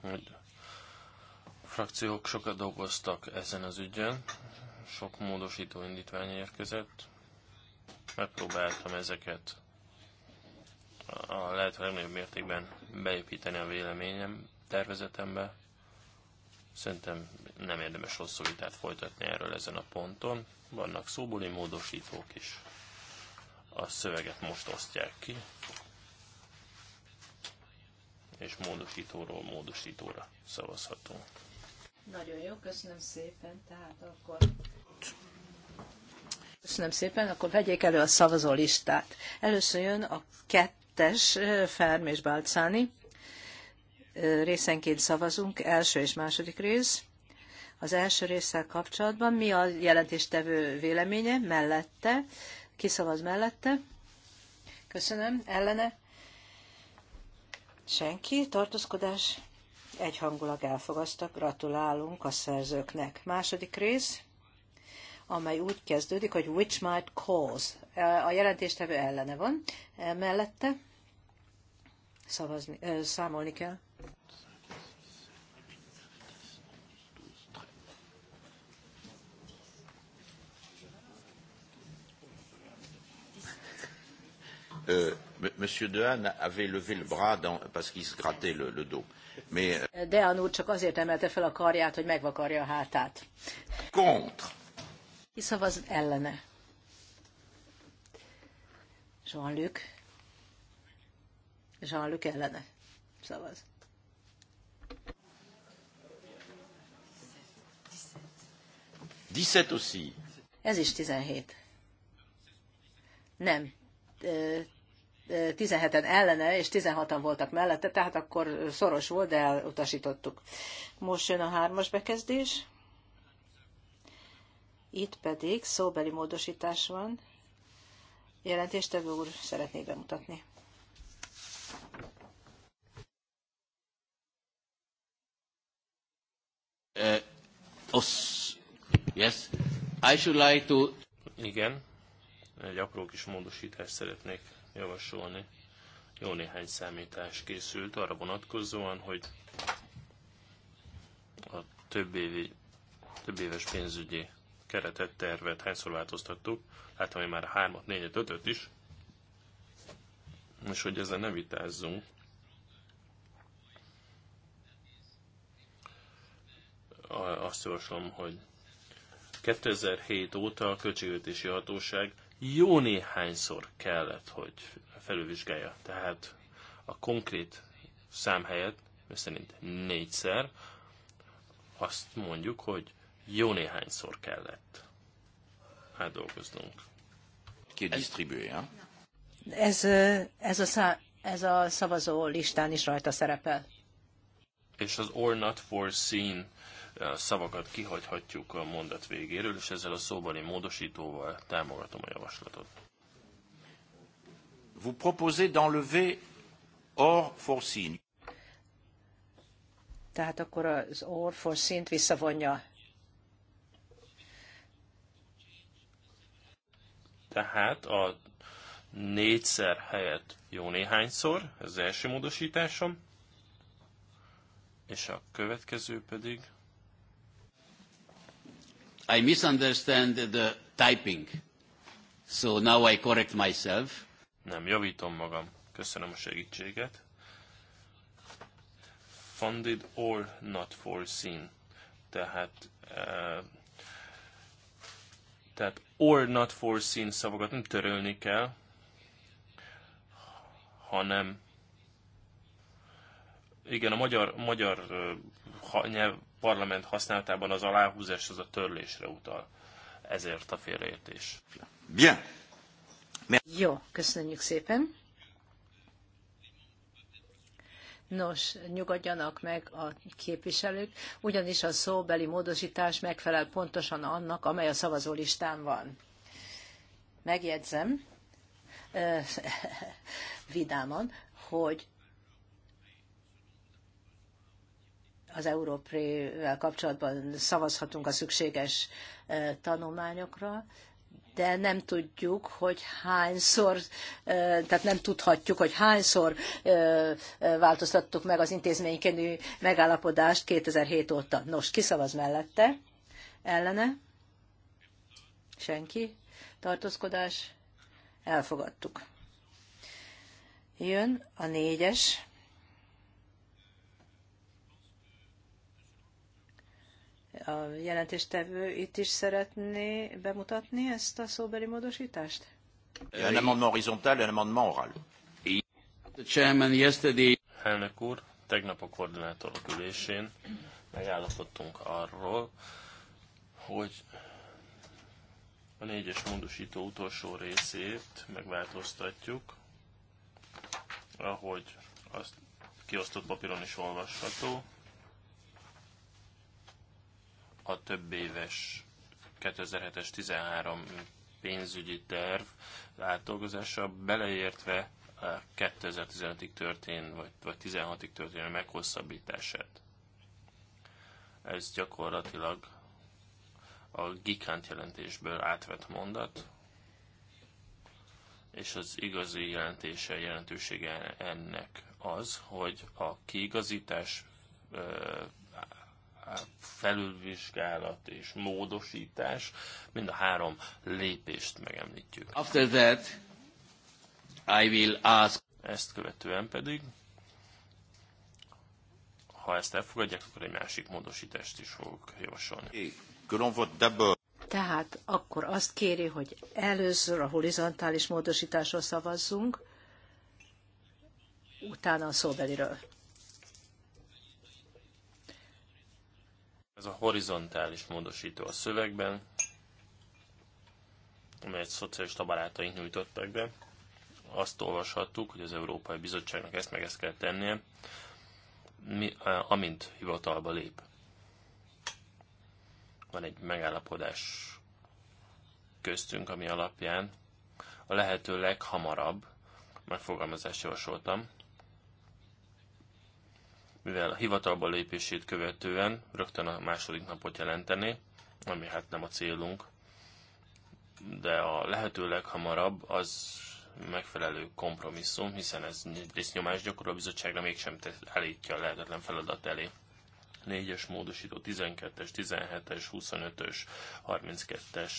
hogy a frakciók sokat dolgoztak ezen az ügyen, sok módosító indítvány érkezett, megpróbáltam ezeket a lehető legnagyobb mértékben beépíteni a véleményem tervezetembe. Szerintem nem érdemes hosszú vitát folytatni erről ezen a ponton. Vannak szóbuli módosítók is. A szöveget most osztják ki, és módosítóról módosítóra szavazhatunk. Nagyon jó, köszönöm szépen. Tehát akkor... Köszönöm szépen, akkor vegyék elő a szavazó listát. Először jön a kettő kettes, Ferm és Balcáni. Részenként szavazunk, első és második rész. Az első résszel kapcsolatban mi a jelentéstevő véleménye mellette? Ki szavaz mellette? Köszönöm. Ellene? Senki. Tartózkodás? Egyhangulag elfogadtak. Gratulálunk a szerzőknek. Második rész, amely úgy kezdődik, hogy which might cause. A jelentéstevő ellene van. Mellette? szavazni, ö, számolni kell. Euh, monsieur Dehan avait levé le bras dans, parce qu'il se grattait le, le dos. Mais... Euh, Dehaene úr csak azért emelte fel a karját, hogy megvakarja a hátát. Contre. Ki szavaz ellene? Jean-Luc. Jean-Luc ellene szavaz. aussi. Ez is 17. Nem. 17-en ellene, és 16-an voltak mellette, tehát akkor szoros volt, de elutasítottuk. Most jön a hármas bekezdés. Itt pedig szóbeli módosítás van. Jelentéstevő úr szeretné bemutatni. Uh, osz, yes. I should like to... Igen, egy apró kis módosítást szeretnék javasolni. Jó néhány számítás készült arra vonatkozóan, hogy a több, évi, több éves pénzügyi keretet, tervet hányszor változtattuk. Láttam, hogy már hármat, négyet, ötöt is. És hogy ezzel ne vitázzunk, azt javaslom, hogy 2007 óta a Költségvetési Hatóság jó néhányszor kellett, hogy felülvizsgálja. Tehát a konkrét szám helyett, szerint négyszer, azt mondjuk, hogy jó néhányszor kellett átdolgoznunk. Kidisztribúlja. Ez, ez, a szá, ez a szavazó listán is rajta szerepel. És az or not foreseen szavakat kihagyhatjuk a mondat végéről, és ezzel a szóbani módosítóval támogatom a javaslatot. Vous proposez d'enlever or forcine. Tehát akkor az or forcine-t visszavonja. Tehát a négyszer helyett jó néhányszor, ez az első módosításom, és a következő pedig I misunderstand the typing. So now I correct myself. Nem, javítom magam. Köszönöm a segítséget. Funded or not foreseen. Tehát, uh, tehát or not foreseen szavakat nem törölni kell, hanem igen, a magyar, magyar eh, ha, nyelv, parlament használatában az aláhúzás az a törlésre utal. Ezért a félreértés. Bien. Jó, köszönjük szépen. Nos, nyugodjanak meg a képviselők, ugyanis a szóbeli módosítás megfelel pontosan annak, amely a szavazólistán van. Megjegyzem vidáman, hogy az Európrével kapcsolatban szavazhatunk a szükséges tanulmányokra, de nem tudjuk, hogy hányszor, tehát nem tudhatjuk, hogy hányszor változtattuk meg az intézménykönyvi megállapodást 2007 óta. Nos, ki szavaz mellette? Ellene? Senki? Tartózkodás? Elfogadtuk. Jön a négyes A jelentéstevő itt is szeretné bemutatni ezt a szóbeli módosítást? Un amendement horizontal, un amendement oral. The chairman yesterday... Elnök úr, tegnap a koordinátorok ülésén megállapodtunk arról, hogy a négyes módosító utolsó részét megváltoztatjuk, ahogy azt kiosztott papíron is olvasható, a több éves 2007-es 13 pénzügyi terv átdolgozása, beleértve 2015-ig történ, vagy, vagy 16-ig történő meghosszabbítását. Ez gyakorlatilag a gigant jelentésből átvett mondat, és az igazi jelentése, jelentősége ennek az, hogy a kiigazítás felülvizsgálat és módosítás, mind a három lépést megemlítjük. After that, I will ask... Ezt követően pedig, ha ezt elfogadják, akkor egy másik módosítást is fogok javasolni. Tehát akkor azt kéri, hogy először a horizontális módosításról szavazzunk, utána a szóbeliről. Ez a horizontális módosító a szövegben, amelyet szocialista barátaink nyújtottak be. Azt olvashattuk, hogy az Európai Bizottságnak ezt meg ezt kell tennie, mi, eh, amint hivatalba lép. Van egy megállapodás köztünk, ami alapján a lehető leghamarabb megfogalmazást javasoltam, mivel a hivatalba lépését követően rögtön a második napot jelenteni, ami hát nem a célunk, de a lehető leghamarabb az megfelelő kompromisszum, hiszen ez egyrészt nyomás gyakorol a bizottságra, mégsem állítja a lehetetlen feladat elé. 4-es módosító, 12-es, 17-es, 25-ös, 32-es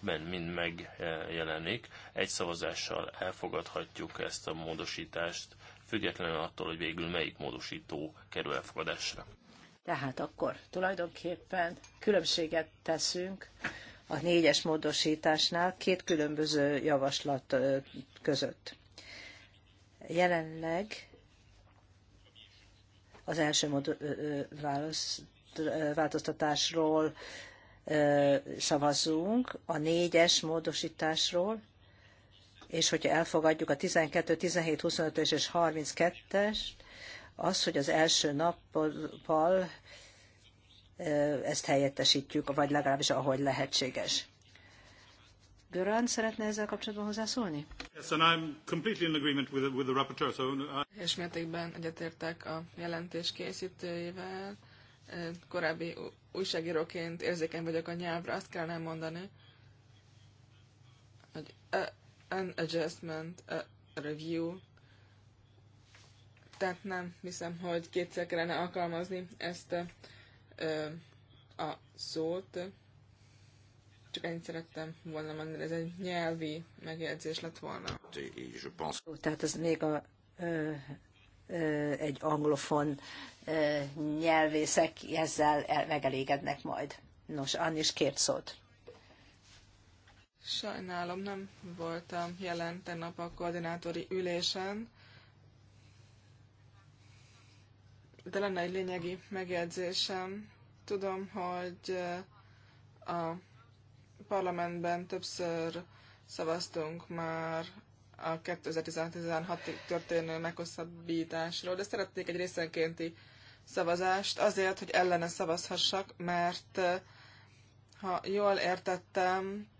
ben mind megjelenik. Egy szavazással elfogadhatjuk ezt a módosítást, függetlenül attól, hogy végül melyik módosító kerül elfogadásra. Tehát akkor tulajdonképpen különbséget teszünk a négyes módosításnál két különböző javaslat között. Jelenleg az első mód, változtatásról szavazunk, a négyes módosításról, és hogyha elfogadjuk a 12, 17, 25 és 32-es, az, hogy az első nappal ezt helyettesítjük, vagy legalábbis ahogy lehetséges. Görán szeretne ezzel kapcsolatban hozzászólni? Yes, and I'm completely in agreement with the, with the rapporteur. So I... Uh, és mértékben egyetértek a jelentés készítőjével. Korábbi újságíróként érzékeny vagyok a nyelvre, azt kellene mondani, hogy an adjustment a review, tehát nem hiszem, hogy kétszer kellene alkalmazni ezt a, a szót. Csak ennyit szerettem volna mondani, ez egy nyelvi megjegyzés lett volna. Tehát ez még a, ö, ö, egy anglofon ö, nyelvészek ezzel el, megelégednek majd. Nos, Ann is kért szót. Sajnálom, nem voltam jelen tegnap a koordinátori ülésen, de lenne egy lényegi megjegyzésem. Tudom, hogy eh, a parlamentben többször szavaztunk már a 2016-ig történő meghosszabbításról, de szeretnék egy részenkénti szavazást azért, hogy ellene szavazhassak, mert eh, ha jól értettem,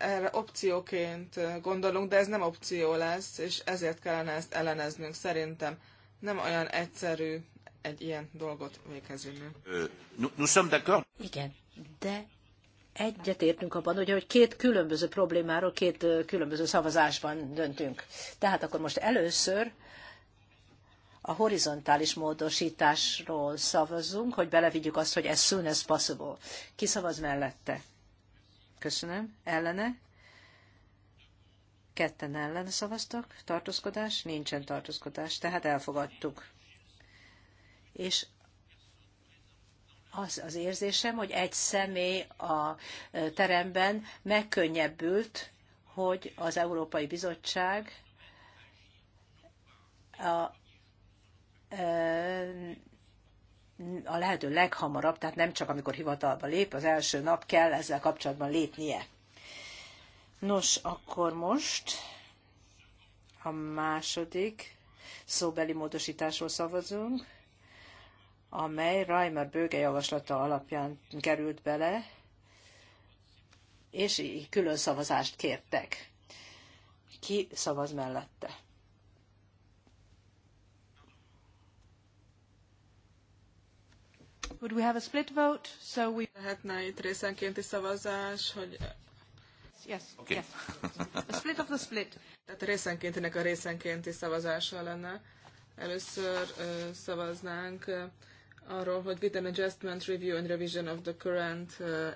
erre opcióként gondolunk, de ez nem opció lesz, és ezért kellene ezt elleneznünk. Szerintem nem olyan egyszerű egy ilyen dolgot végezvinni. Igen, de egyetértünk abban, ugye, hogy két különböző problémáról két különböző szavazásban döntünk. Tehát akkor most először a horizontális módosításról szavazunk, hogy belevigyük azt, hogy as soon as possible. Ki szavaz mellette? Köszönöm. Ellene? Ketten ellene szavaztak. Tartózkodás? Nincsen tartózkodás, tehát elfogadtuk. És az az érzésem, hogy egy személy a teremben megkönnyebbült, hogy az Európai Bizottság a, a lehető leghamarabb, tehát nem csak amikor hivatalba lép, az első nap kell ezzel kapcsolatban lépnie. Nos, akkor most a második szóbeli módosításról szavazunk, amely Reimer bőge javaslata alapján került bele, és külön szavazást kértek. Ki szavaz mellette? Would we have a split vote? So we... Lehetne itt részenkénti szavazás, hogy... Yes, okay. yes. A split of the split. Tehát a részenkéntinek a részenkénti szavazása lenne. Először uh, szavaznánk uh, arról, hogy with an adjustment review and revision of the current uh,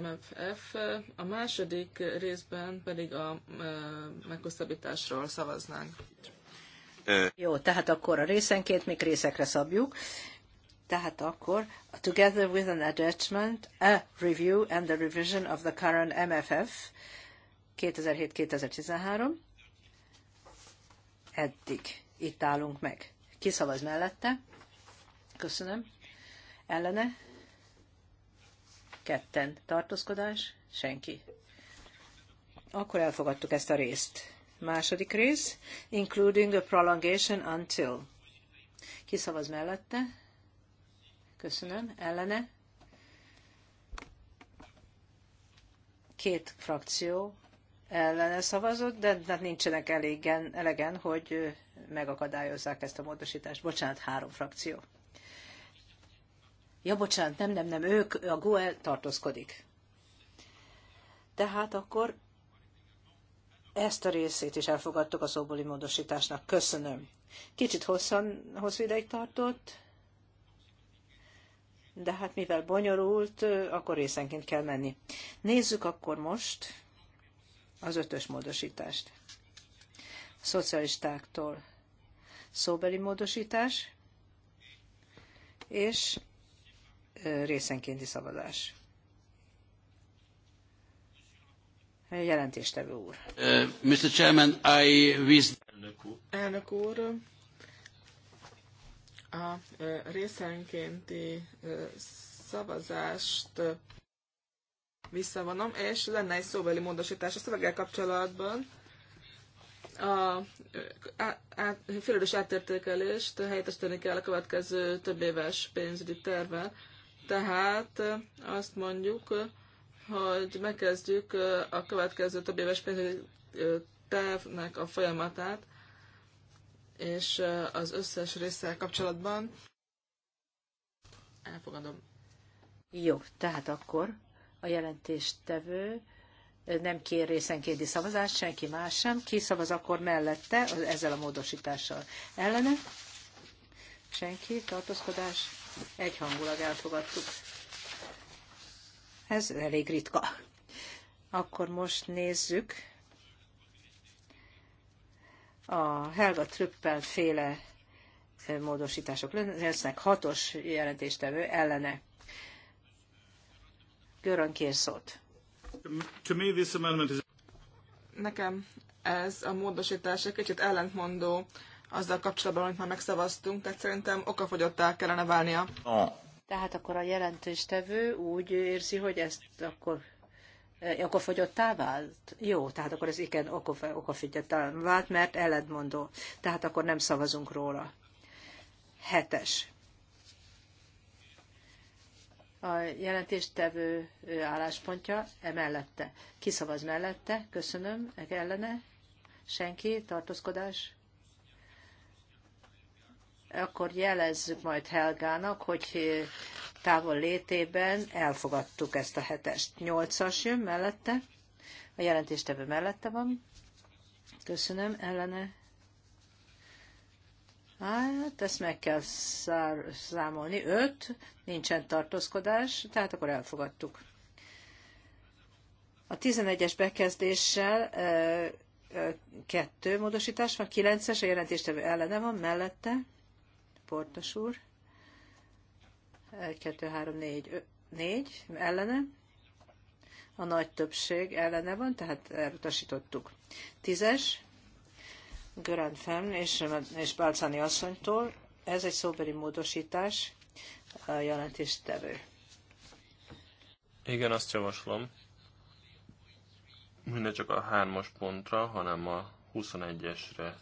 MFF, a második részben pedig a meghosszabbításról szavaznánk. Jó, tehát akkor a részenként még részekre szabjuk. Tehát akkor, together with an attachment, a review and the revision of the current MFF 2007-2013, eddig itt állunk meg. Kiszavaz mellette. Köszönöm. Ellene? Ketten. Tartózkodás? Senki. Akkor elfogadtuk ezt a részt. Második rész, including a prolongation until. Kiszavaz mellette? Köszönöm. Ellene? Két frakció ellene szavazott, de, de hát nincsenek elégen, elegen, hogy megakadályozzák ezt a módosítást. Bocsánat, három frakció. Ja, bocsánat, nem, nem, nem, ők, a GUE tartózkodik. Tehát akkor ezt a részét is elfogadtuk a szóbóli módosításnak. Köszönöm. Kicsit hosszan, hosszú ideig tartott, de hát mivel bonyolult, akkor részenként kell menni. Nézzük akkor most az ötös módosítást. A szocialistáktól szóbeli módosítás és részenkénti szavazás. Jelentéstevő úr. Uh, Mr. Chairman, I wish... Elnök úr, a részenkénti szavazást visszavonom, és lenne egy szóbeli módosítás a szöveggel kapcsolatban. A félidős átértékelést helyettesíteni kell a következő több éves pénzügyi tervvel. Tehát azt mondjuk, hogy megkezdjük a következő több éves pénzügyi tervnek a folyamatát, és az összes résszel kapcsolatban elfogadom. Jó, tehát akkor a jelentéstevő nem kér részenkédi szavazást, senki más sem. Ki szavaz akkor mellette ezzel a módosítással? Ellene? Senki? Tartózkodás? Egyhangulag elfogadtuk. Ez elég ritka. Akkor most nézzük a Helga Trüppel féle módosítások lesznek, hatos jelentéstevő ellene. Görön kér szót. Nekem ez a módosítás egy kicsit ellentmondó azzal kapcsolatban, amit már megszavaztunk, tehát szerintem okafogyottá kellene válnia. Ah. Tehát akkor a jelentéstevő úgy érzi, hogy ezt akkor Eh, okofogyottá vált? Jó, tehát akkor ez igen okofogyottá vált, mert ellentmondó. Tehát akkor nem szavazunk róla. Hetes. A jelentéstevő álláspontja e mellette. Kiszavaz mellette, köszönöm, meg ellene. Senki, tartózkodás, akkor jelezzük majd Helgának, hogy távol létében elfogadtuk ezt a hetest. Nyolcas jön mellette, a jelentéstevő mellette van. Köszönöm, ellene. Hát, ezt meg kell szár, számolni. Öt, nincsen tartózkodás, tehát akkor elfogadtuk. A 11-es bekezdéssel ö, ö, kettő módosítás van, 9-es, a jelentéstevő ellene van, mellette, Portos úr. 1, 2, 3, 4, 4 ellene. A nagy többség ellene van, tehát elutasítottuk. Tízes, Grand Femme és, és Balcani asszonytól. Ez egy szóbeli módosítás, a jelentéstevő. Igen, azt javaslom. Minden csak a hármas pontra, hanem a 21-esre,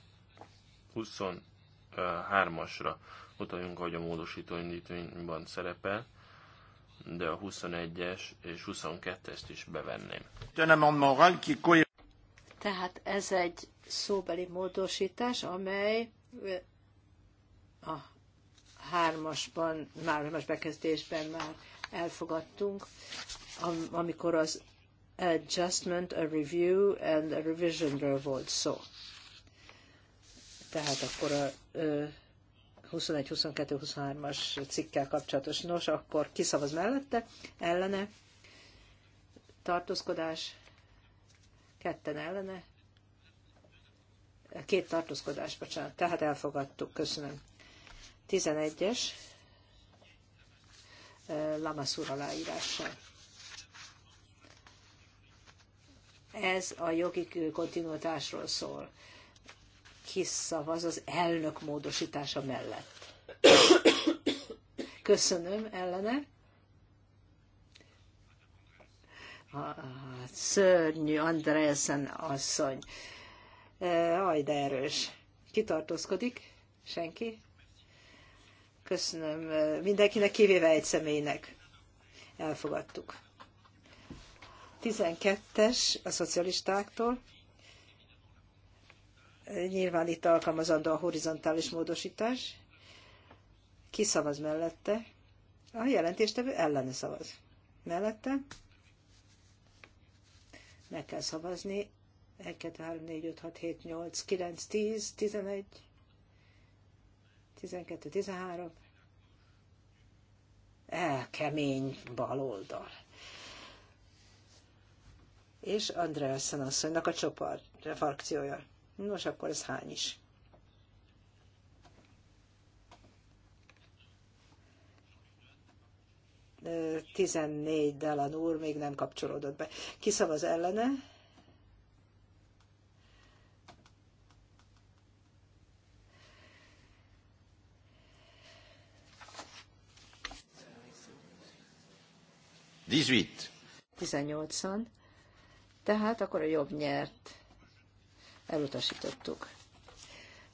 23-asra utaljunk, hogy a módosító indítványban szerepel, de a 21-es és 22-est is bevenném. Tehát ez egy szóbeli módosítás, amely a hármasban, már hármas bekezdésben már elfogadtunk, amikor az adjustment, a review and a revisionről volt szó. Tehát akkor a 21-22-23-as cikkel kapcsolatos. Nos, akkor kiszavaz mellette, ellene, tartózkodás, ketten ellene, két tartózkodás, bocsánat, tehát elfogadtuk, köszönöm. 11-es, Lamaszúr aláírása. Ez a jogi kontinuitásról szól szavaz az elnök módosítása mellett. Köszönöm, ellene. a szörnyű Andrészen asszony. E, aj, de erős. Kitartózkodik? Senki? Köszönöm e, mindenkinek, kivéve egy személynek. Elfogadtuk. 12-es a szocialistáktól Nyilván itt alkalmazandó a horizontális módosítás. Ki szavaz mellette? A jelentéstevő ellene szavaz. Mellette? Meg kell szavazni. 1, 2, 3, 4, 5, 6, 7, 8, 9, 10, 11, 12, 13. El, kemény bal oldal. És Andreasen asszonynak a csoport a frakciója. Nos, akkor ez hány is? Tizennégy Delan úr még nem kapcsolódott be. Kiszavaz ellene? Tizennyolcan. Tehát akkor a jobb nyert elutasítottuk.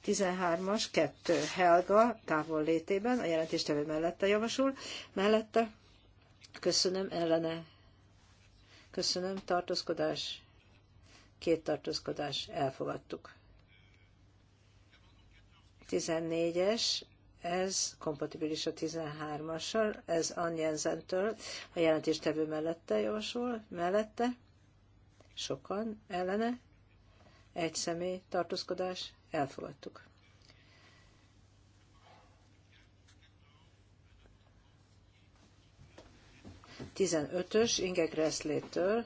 13-as, 2 Helga távol létében, a jelentéstevő mellette javasul, mellette köszönöm ellene, köszönöm tartózkodás, két tartózkodás, elfogadtuk. 14-es, ez kompatibilis a 13-assal, ez Anjenzentől, a jelentéstevő mellette javasol, mellette, sokan ellene, egy személy tartózkodás, elfogadtuk. Tizenötös Inge Gresslétől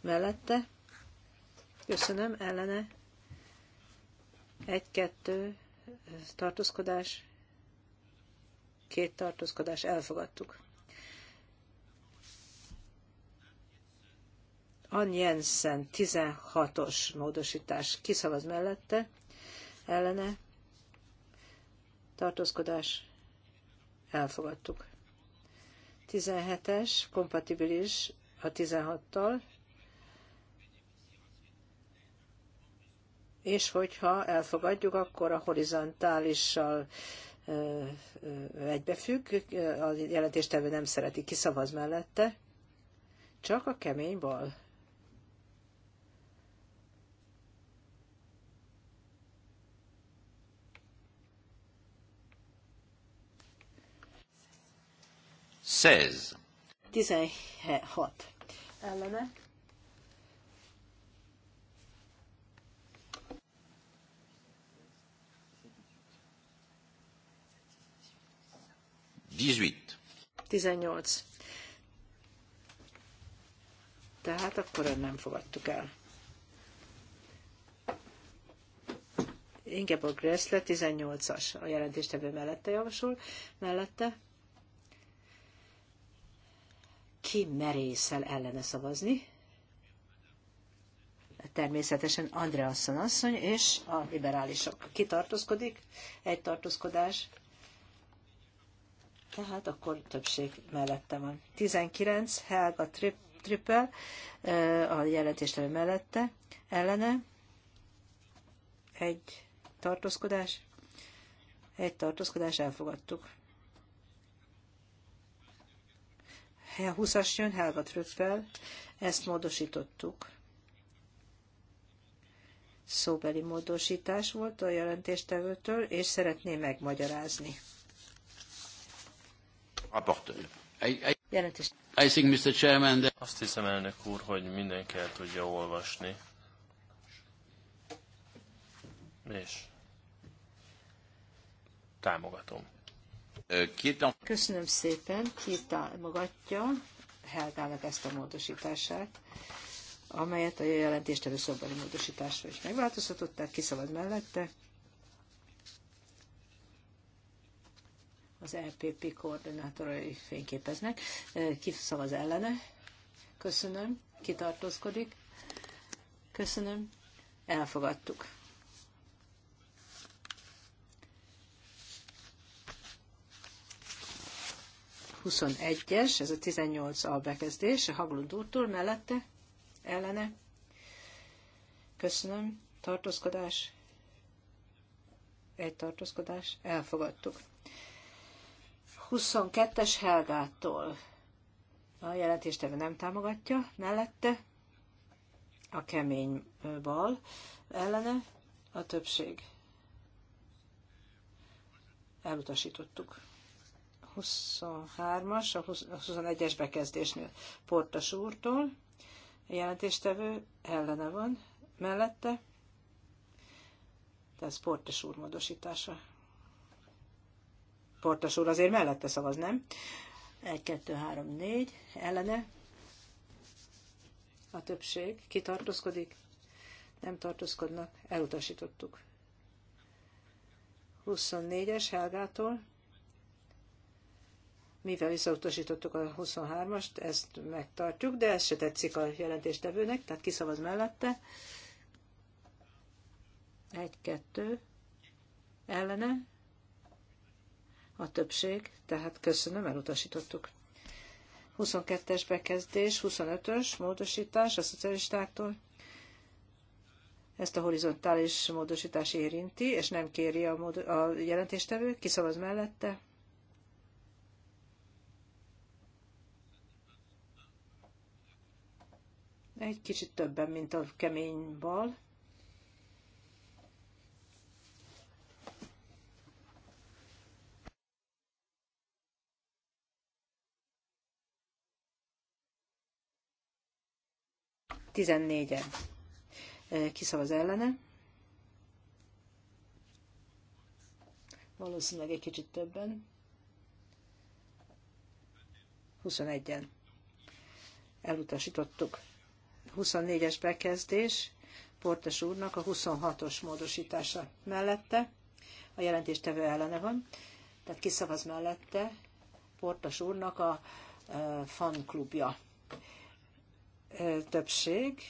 mellette. Köszönöm, ellene. Egy-kettő tartózkodás, két tartózkodás, elfogadtuk. Ann Jensen 16-os módosítás. Kiszavaz mellette, ellene, tartózkodás, elfogadtuk. 17-es, kompatibilis a 16-tal, és hogyha elfogadjuk, akkor a horizontálissal egybefügg, a jelentéstevő nem szereti, kiszavaz mellette, csak a kemény bal says. 16. Ellene. dix Tehát akkor nem fogadtuk el. Ingeborg Gressle 18-as a jelentéstevő mellette javasol, mellette ki merészel ellene szavazni. Természetesen Andreasson asszony és a liberálisok. Ki tartózkodik? Egy tartózkodás. Tehát akkor többség mellette van. 19, Helga Trip, Trippel, a jelentéstelő mellette, ellene. Egy tartózkodás. Egy tartózkodás elfogadtuk. 20-as jön Helga Trüppel, ezt módosítottuk. Szóbeli módosítás volt a jelentéstevőtől, és szeretné megmagyarázni. Rapporteur. Jelentést. I think, Mr. Chairman, that... Azt hiszem, elnök úr, hogy mindenki el tudja olvasni. És támogatom. Köszönöm szépen, ki támogatja Helgának ezt a módosítását, amelyet a jelentéstevő szobani módosításra is megváltoztatott, tehát kiszabad mellette. Az LPP e koordinátorai fényképeznek. Ki szavaz ellene? Köszönöm. Kitartózkodik? Köszönöm. Elfogadtuk. 21-es, ez a 18 albekezdés, a Haglund úrtól mellette, ellene. Köszönöm, tartózkodás, egy tartózkodás, elfogadtuk. 22-es Helgától a jelentéstevő nem támogatja, mellette a kemény bal, ellene a többség. Elutasítottuk. 23-as, a 21-es bekezdésnél Portas úrtól. A jelentéstevő ellene van mellette. Tehát Portas úr módosítása. Portas úr azért mellette szavaz, nem? 1, 2, 3, 4 ellene. A többség kitartózkodik, nem tartózkodnak, elutasítottuk. 24-es Helgától mivel visszautasítottuk a 23-ast, ezt megtartjuk, de ez se tetszik a jelentéstevőnek, tehát kiszavaz mellette. Egy, kettő, ellene, a többség, tehát köszönöm, elutasítottuk. 22-es bekezdés, 25-ös módosítás a szocialistáktól. Ezt a horizontális módosítás érinti, és nem kéri a, mód- a jelentéstevő, kiszavaz mellette egy kicsit többen, mint a kemény bal. Tizennégyen. Kiszavaz ellene. Valószínűleg egy kicsit többen. 21-en elutasítottuk. 24-es bekezdés, Portes úrnak a 26-os módosítása mellette. A jelentéstevő ellene van, tehát kiszavaz mellette Portas úrnak a e, fanklubja. E, többség,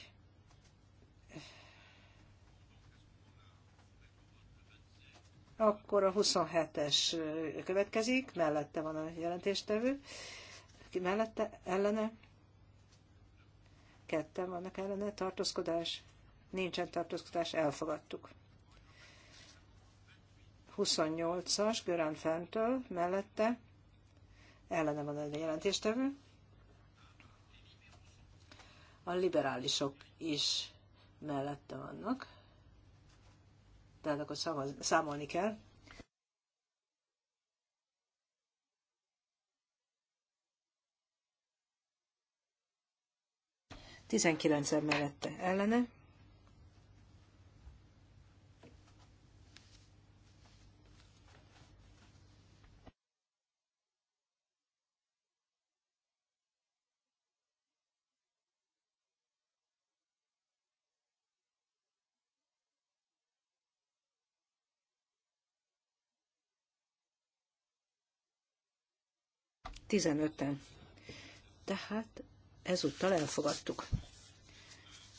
Akkor a 27-es e, következik, mellette van a jelentéstevő, ki mellette, ellene, ketten vannak ellene, tartózkodás, nincsen tartózkodás, elfogadtuk. 28-as Görán Fentől mellette ellene van a jelentéstevő. A liberálisok is mellette vannak. Tehát akkor számolni kell. 19 -en mellette ellene. Tizenöten. Tehát ezúttal elfogadtuk.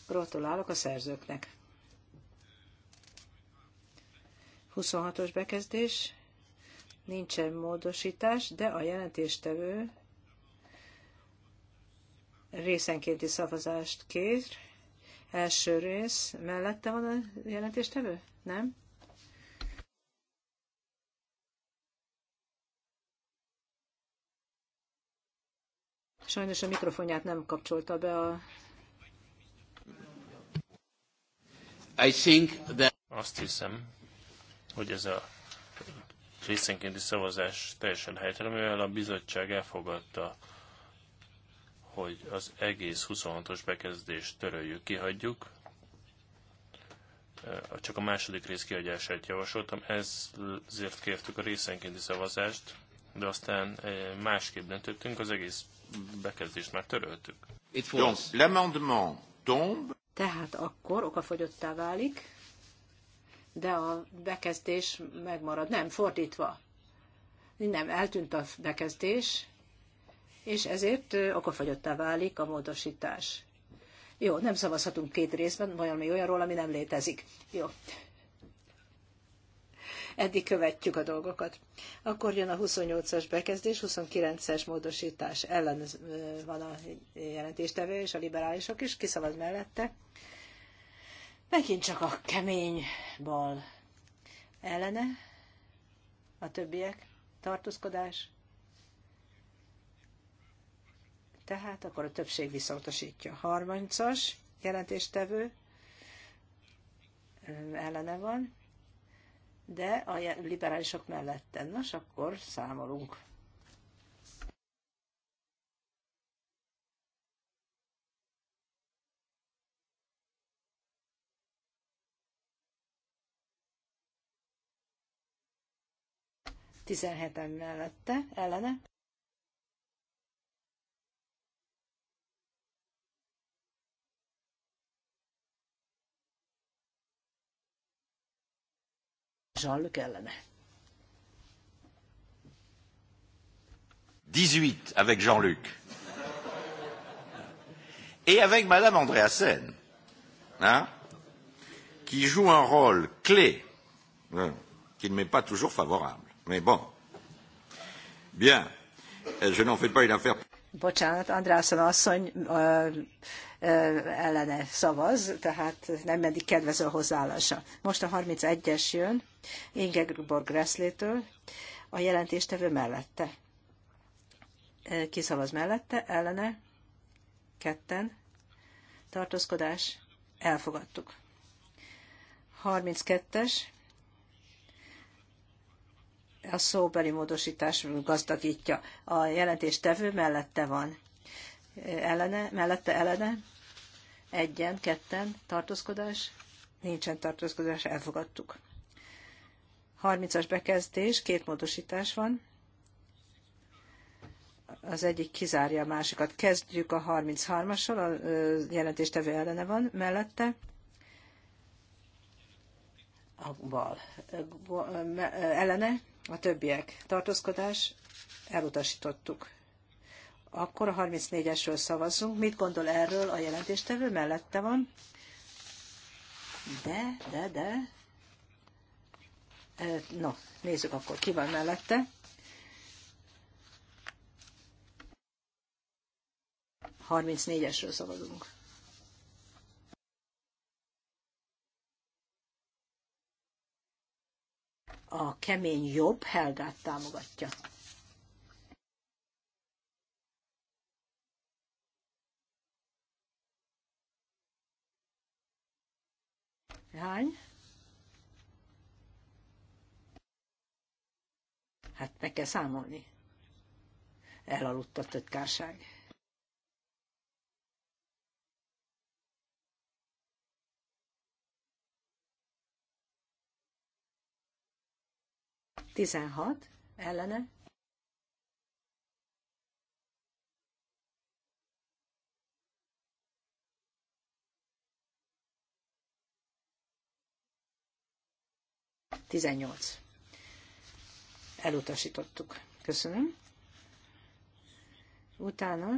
Gratulálok a szerzőknek. 26-os bekezdés, nincsen módosítás, de a jelentéstevő részenkénti szavazást kér. Első rész mellette van a jelentéstevő? Nem? Sajnos a mikrofonját nem kapcsolta be a... I think that... Azt hiszem, hogy ez a részenkénti szavazás teljesen helytelen, mivel a bizottság elfogadta, hogy az egész 26-os bekezdést töröljük, kihagyjuk. Csak a második rész kihagyását javasoltam, ezért kértük a részenkénti szavazást, de aztán másképp döntöttünk, az egész bekezdést már töröltük. It l'amendement tombe. Tehát akkor okafogyottá válik, de a bekezdés megmarad. Nem, fordítva. Nem, eltűnt a bekezdés, és ezért okafogyottá válik a módosítás. Jó, nem szavazhatunk két részben valami olyanról, ami nem létezik. Jó eddig követjük a dolgokat. Akkor jön a 28-as bekezdés, 29-es módosítás ellen van a jelentéstevő, és a liberálisok is kiszavaz mellette. Megint csak a kemény bal ellene, a többiek tartózkodás. Tehát akkor a többség visszautasítja. 30-as jelentéstevő ellene van, de a liberálisok mellette, Nos, akkor számolunk. Tizenheten mellette, ellene. Jean-Luc ellene. 18 avec Jean-Luc. Et avec Madame Andreasen, hein, qui joue un rôle clé, hein, qui ne m'est pas toujours favorable. Mais bon. Bien. Euh, je n'en fais pas une affaire bocsánat, Andrászon asszony ö, ö, ellene szavaz, tehát nem eddig kedvező a hozzáállása. Most a 31-es jön, Ingeborg Gresslétől, a jelentéstevő mellette. Kiszavaz mellette, ellene, ketten, tartózkodás, elfogadtuk. 32-es, a szóbeli módosítás gazdagítja. A tevő mellette van. Ellene, mellette ellene, egyen, ketten, tartózkodás, nincsen tartózkodás, elfogadtuk. 30-as bekezdés, két módosítás van. Az egyik kizárja a másikat. Kezdjük a 33-assal, a jelentéstevő ellene van mellette. A bal ellene, a többiek tartózkodás, elutasítottuk. Akkor a 34-esről szavazzunk. Mit gondol erről a jelentéstevő? Mellette van. De, de, de. No, nézzük akkor, ki van mellette. Harmincnégyesről szavazunk. a kemény jobb Helgát támogatja. Hány? Hát meg kell számolni. Elaludt a tötkárság. 16 ellene. Tizennyolc. Elutasítottuk. Köszönöm. Utána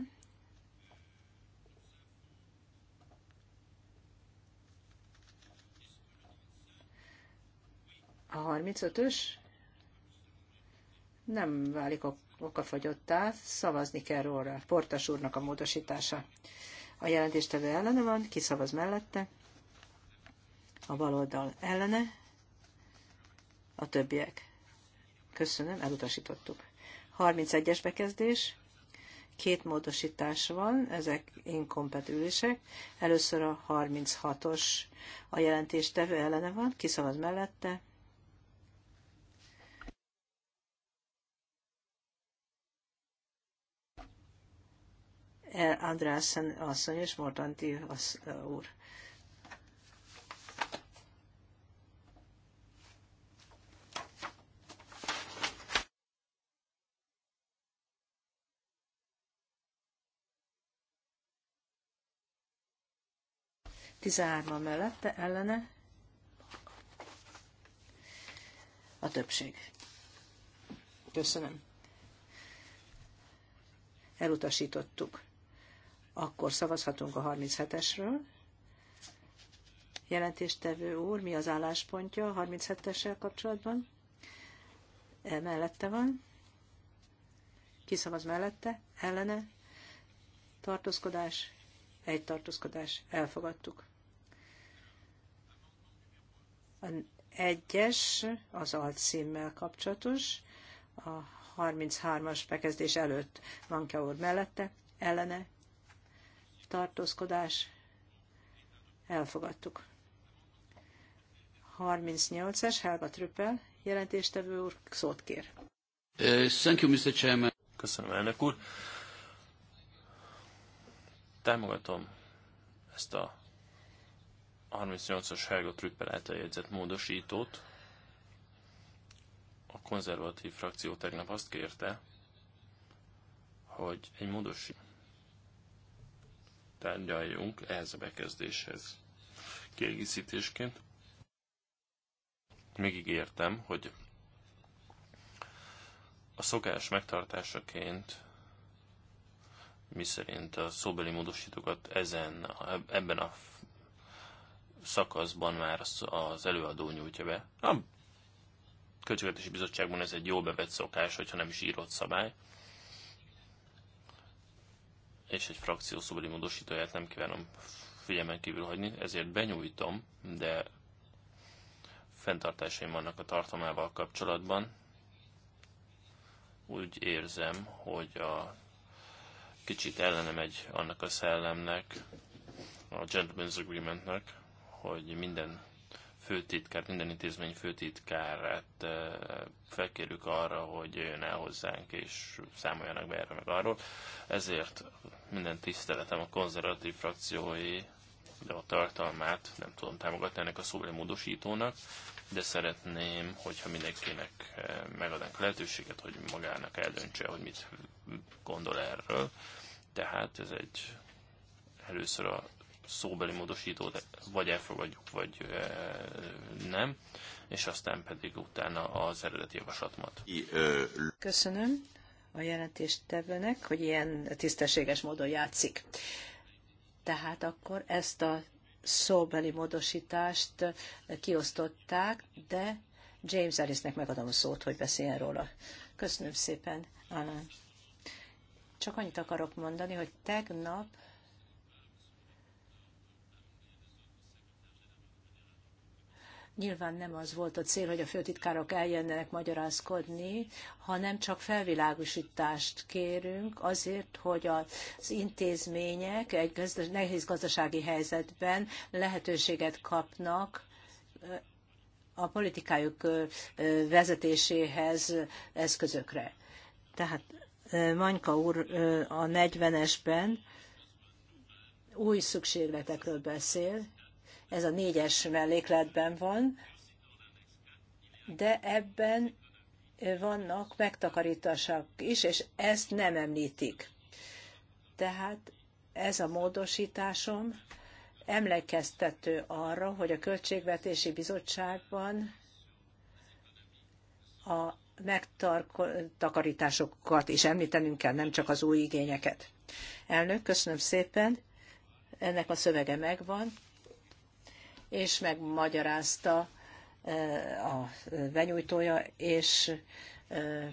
a harmincötös. ös nem válik okafagyottá, szavazni kell róla. Portas úrnak a módosítása. A jelentéstevő ellene van, ki szavaz mellette, a baloldal ellene, a többiek. Köszönöm, elutasítottuk. 31-es bekezdés, két módosítás van, ezek inkompetülések. Először a 36-os a jelentéstevő ellene van, ki szavaz mellette, Andrásen asszony és Mortanti úr. Tizenhárman mellette ellene a többség. Köszönöm. Elutasítottuk. Akkor szavazhatunk a 37-esről. Jelentéstevő úr, mi az álláspontja a 37-essel kapcsolatban? E, mellette van. Kiszavaz mellette? Ellene? Tartózkodás? Egy tartózkodás. Elfogadtuk. A egyes az alcímmel kapcsolatos, a 33-as bekezdés előtt van úr mellette, ellene tartózkodás elfogadtuk. 38-es Helga Trüppel jelentéstevő úr szót kér. Thank you, Mr. Chairman. Köszönöm, elnök úr. Támogatom ezt a 38-as Helga Trüppel által jegyzett módosítót. A konzervatív frakció tegnap azt kérte, hogy egy módosító tárgyaljunk ehhez a bekezdéshez. Kiegészítésként megígértem, hogy a szokás megtartásaként miszerint a szóbeli módosítókat ezen, ebben a szakaszban már az előadó nyújtja be. A Költségvetési Bizottságban ez egy jó bevett szokás, hogyha nem is írott szabály és egy frakció szobori módosítóját nem kívánom figyelmen kívül hagyni, ezért benyújtom, de fenntartásaim vannak a tartalmával kapcsolatban. Úgy érzem, hogy a kicsit ellenem egy annak a szellemnek, a Gentleman's Agreementnek, hogy minden főtitkár, minden intézmény főtitkárát eh, felkérjük arra, hogy jön el hozzánk, és számoljanak be erre meg arról. Ezért minden tiszteletem a konzervatív frakciói, de a tartalmát nem tudom támogatni ennek a szóbeli módosítónak, de szeretném, hogyha mindenkinek eh, megadnánk lehetőséget, hogy magának eldöntse, hogy mit gondol erről. Tehát ez egy először a szóbeli módosítót vagy elfogadjuk, vagy eh, nem, és aztán pedig utána az eredeti javaslatomat. Köszönöm a jelentéstevőnek, hogy ilyen tisztességes módon játszik. Tehát akkor ezt a szóbeli módosítást kiosztották, de James Ellisnek megadom a szót, hogy beszéljen róla. Köszönöm szépen, Alan. Csak annyit akarok mondani, hogy tegnap Nyilván nem az volt a cél, hogy a főtitkárok eljönnek magyarázkodni, hanem csak felvilágosítást kérünk azért, hogy az intézmények egy nehéz gazdasági helyzetben lehetőséget kapnak a politikájuk vezetéséhez eszközökre. Tehát Manyka úr a 40-esben új szükségletekről beszél, ez a négyes mellékletben van, de ebben vannak megtakarítások is, és ezt nem említik. Tehát ez a módosításom emlékeztető arra, hogy a Költségvetési Bizottságban a megtakarításokat is említenünk kell, nem csak az új igényeket. Elnök, köszönöm szépen, ennek a szövege megvan és megmagyarázta e, a benyújtója, és e,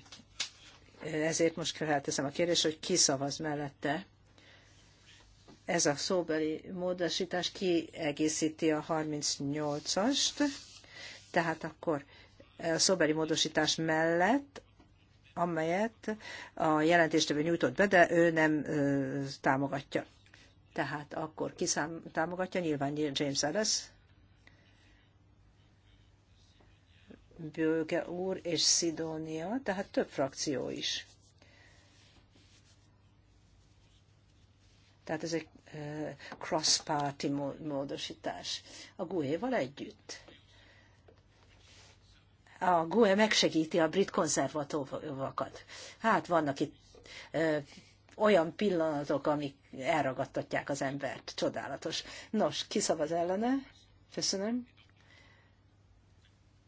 ezért most felteszem a kérdést, hogy ki szavaz mellette. Ez a szóbeli módosítás kiegészíti a 38-ast, tehát akkor a szóbeli módosítás mellett, amelyet a jelentéstevő nyújtott be, de ő nem ö, támogatja. Tehát akkor ki szám, támogatja? Nyilván James Ellis Bőge úr és Szidónia, tehát több frakció is. Tehát ez egy cross-party módosítás. A GUE-val együtt. A GUE megsegíti a brit konzervatóvakat. Hát vannak itt olyan pillanatok, amik elragadtatják az embert. Csodálatos. Nos, kiszavaz ellene? Köszönöm.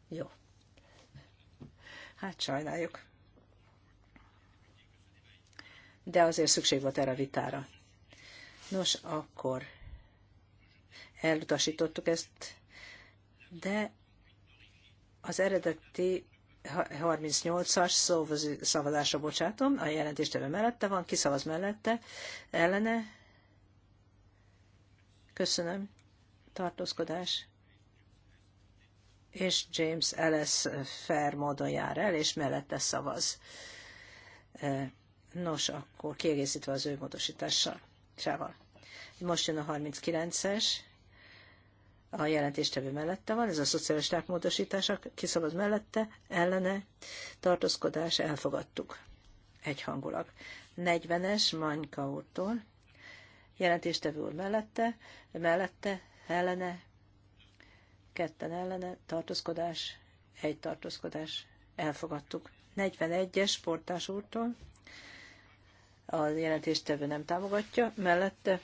Jó. Hát sajnáljuk. De azért szükség volt erre a vitára. Nos, akkor elutasítottuk ezt, de az eredeti 38-as szavazásra bocsátom, a jelentéstevő mellette van, kiszavaz mellette, ellene, köszönöm, tartózkodás, és James Ellis fair módon jár el, és mellette szavaz. Nos, akkor kiegészítve az ő módosításával. Most jön a 39-es, a jelentéstevő mellette van, ez a szocialisták módosítása, kiszavaz mellette, ellene, tartózkodás, elfogadtuk egyhangulag. 40-es Manyka úrtól, jelentéstevő úr mellette, mellette, ellene, ketten ellene, tartózkodás, egy tartózkodás, elfogadtuk. 41-es sportás úrtól, a jelentéstevő nem támogatja, mellette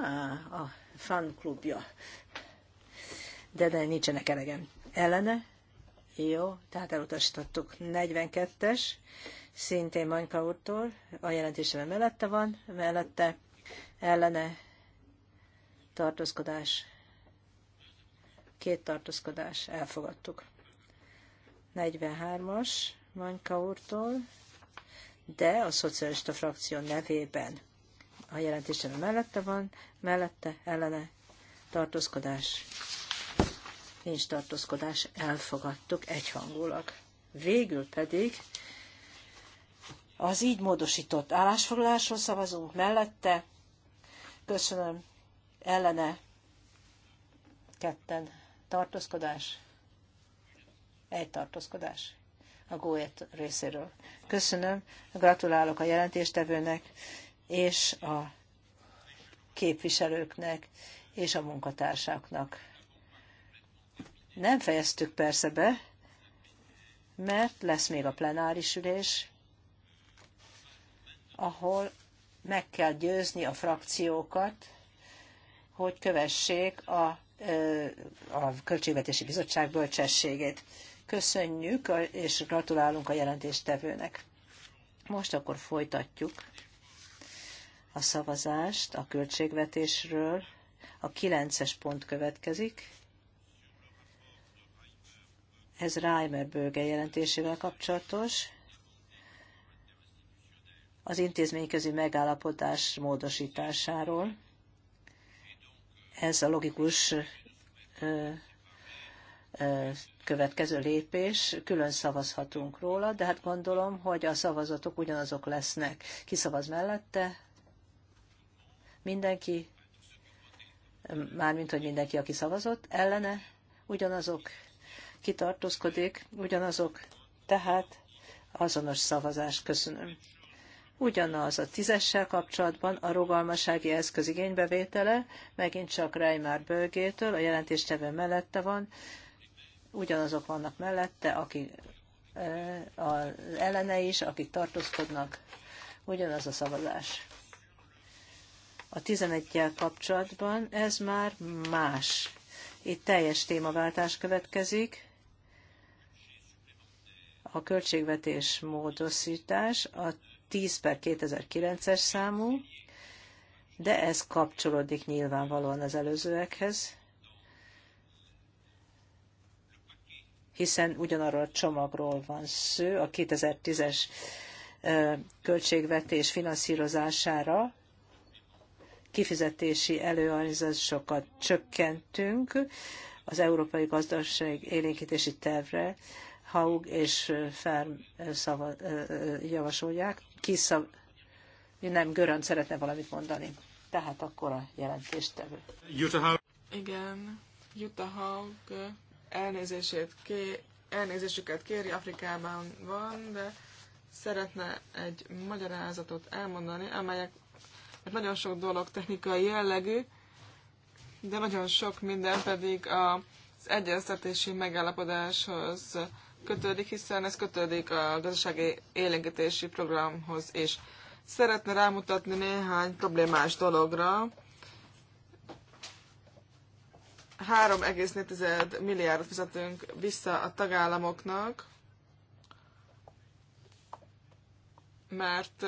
á, ah, a fanklubja, de, de nincsenek elegem. Ellene, jó, tehát elutasítottuk. 42-es, szintén Manyka úrtól, a jelentésem mellette van, mellette ellene tartózkodás két tartózkodás, elfogadtuk. 43-as Manyka úrtól, de a szocialista frakció nevében. A jelentésen mellette van, mellette, ellene, tartózkodás. Nincs tartózkodás, elfogadtuk egyhangulag. Végül pedig az így módosított állásfoglalásról szavazunk mellette. Köszönöm, ellene, ketten tartózkodás, egy tartózkodás a GOET részéről. Köszönöm, gratulálok a jelentéstevőnek és a képviselőknek és a munkatársaknak. Nem fejeztük persze be, mert lesz még a plenáris ülés, ahol meg kell győzni a frakciókat, hogy kövessék a a Költségvetési Bizottság bölcsességét. Köszönjük, és gratulálunk a jelentéstevőnek. Most akkor folytatjuk a szavazást a költségvetésről. A kilences pont következik. Ez Reimer bőge jelentésével kapcsolatos. Az intézményközi megállapodás módosításáról. Ez a logikus következő lépés, külön szavazhatunk róla, de hát gondolom, hogy a szavazatok ugyanazok lesznek. Ki szavaz mellette? Mindenki? Mármint, hogy mindenki, aki szavazott, ellene? Ugyanazok. kitartózkodik, Ugyanazok. Tehát azonos szavazás. Köszönöm. Ugyanaz a tízessel kapcsolatban a rogalmasági eszköz igénybevétele, megint csak Reimer Bölgétől, a jelentéstevő mellette van, ugyanazok vannak mellette, akik eh, az ellene is, akik tartózkodnak, ugyanaz a szavazás. A 11 kapcsolatban ez már más. Itt teljes témaváltás következik. A költségvetés módosítás, a 10 per 2009-es számú, de ez kapcsolódik nyilvánvalóan az előzőekhez, hiszen ugyanarról a csomagról van szó, a 2010-es költségvetés finanszírozására kifizetési előirányzatokat csökkentünk az Európai Gazdaság élénkítési tervre, Haug és Ferm szava, javasolják. Kiszav, nem, Görön szeretne valamit mondani. Tehát akkor a jelentéstevő. Jutta Haug. Igen, Jutta Haug elnézését ké, elnézésüket kéri, Afrikában van, de szeretne egy magyarázatot elmondani, amelyek mert nagyon sok dolog technikai jellegű, de nagyon sok minden pedig az egyeztetési megállapodáshoz kötődik, hiszen ez kötődik a gazdasági élénkítési programhoz is. Szeretne rámutatni néhány problémás dologra. 3,4 milliárdot fizetünk vissza a tagállamoknak, mert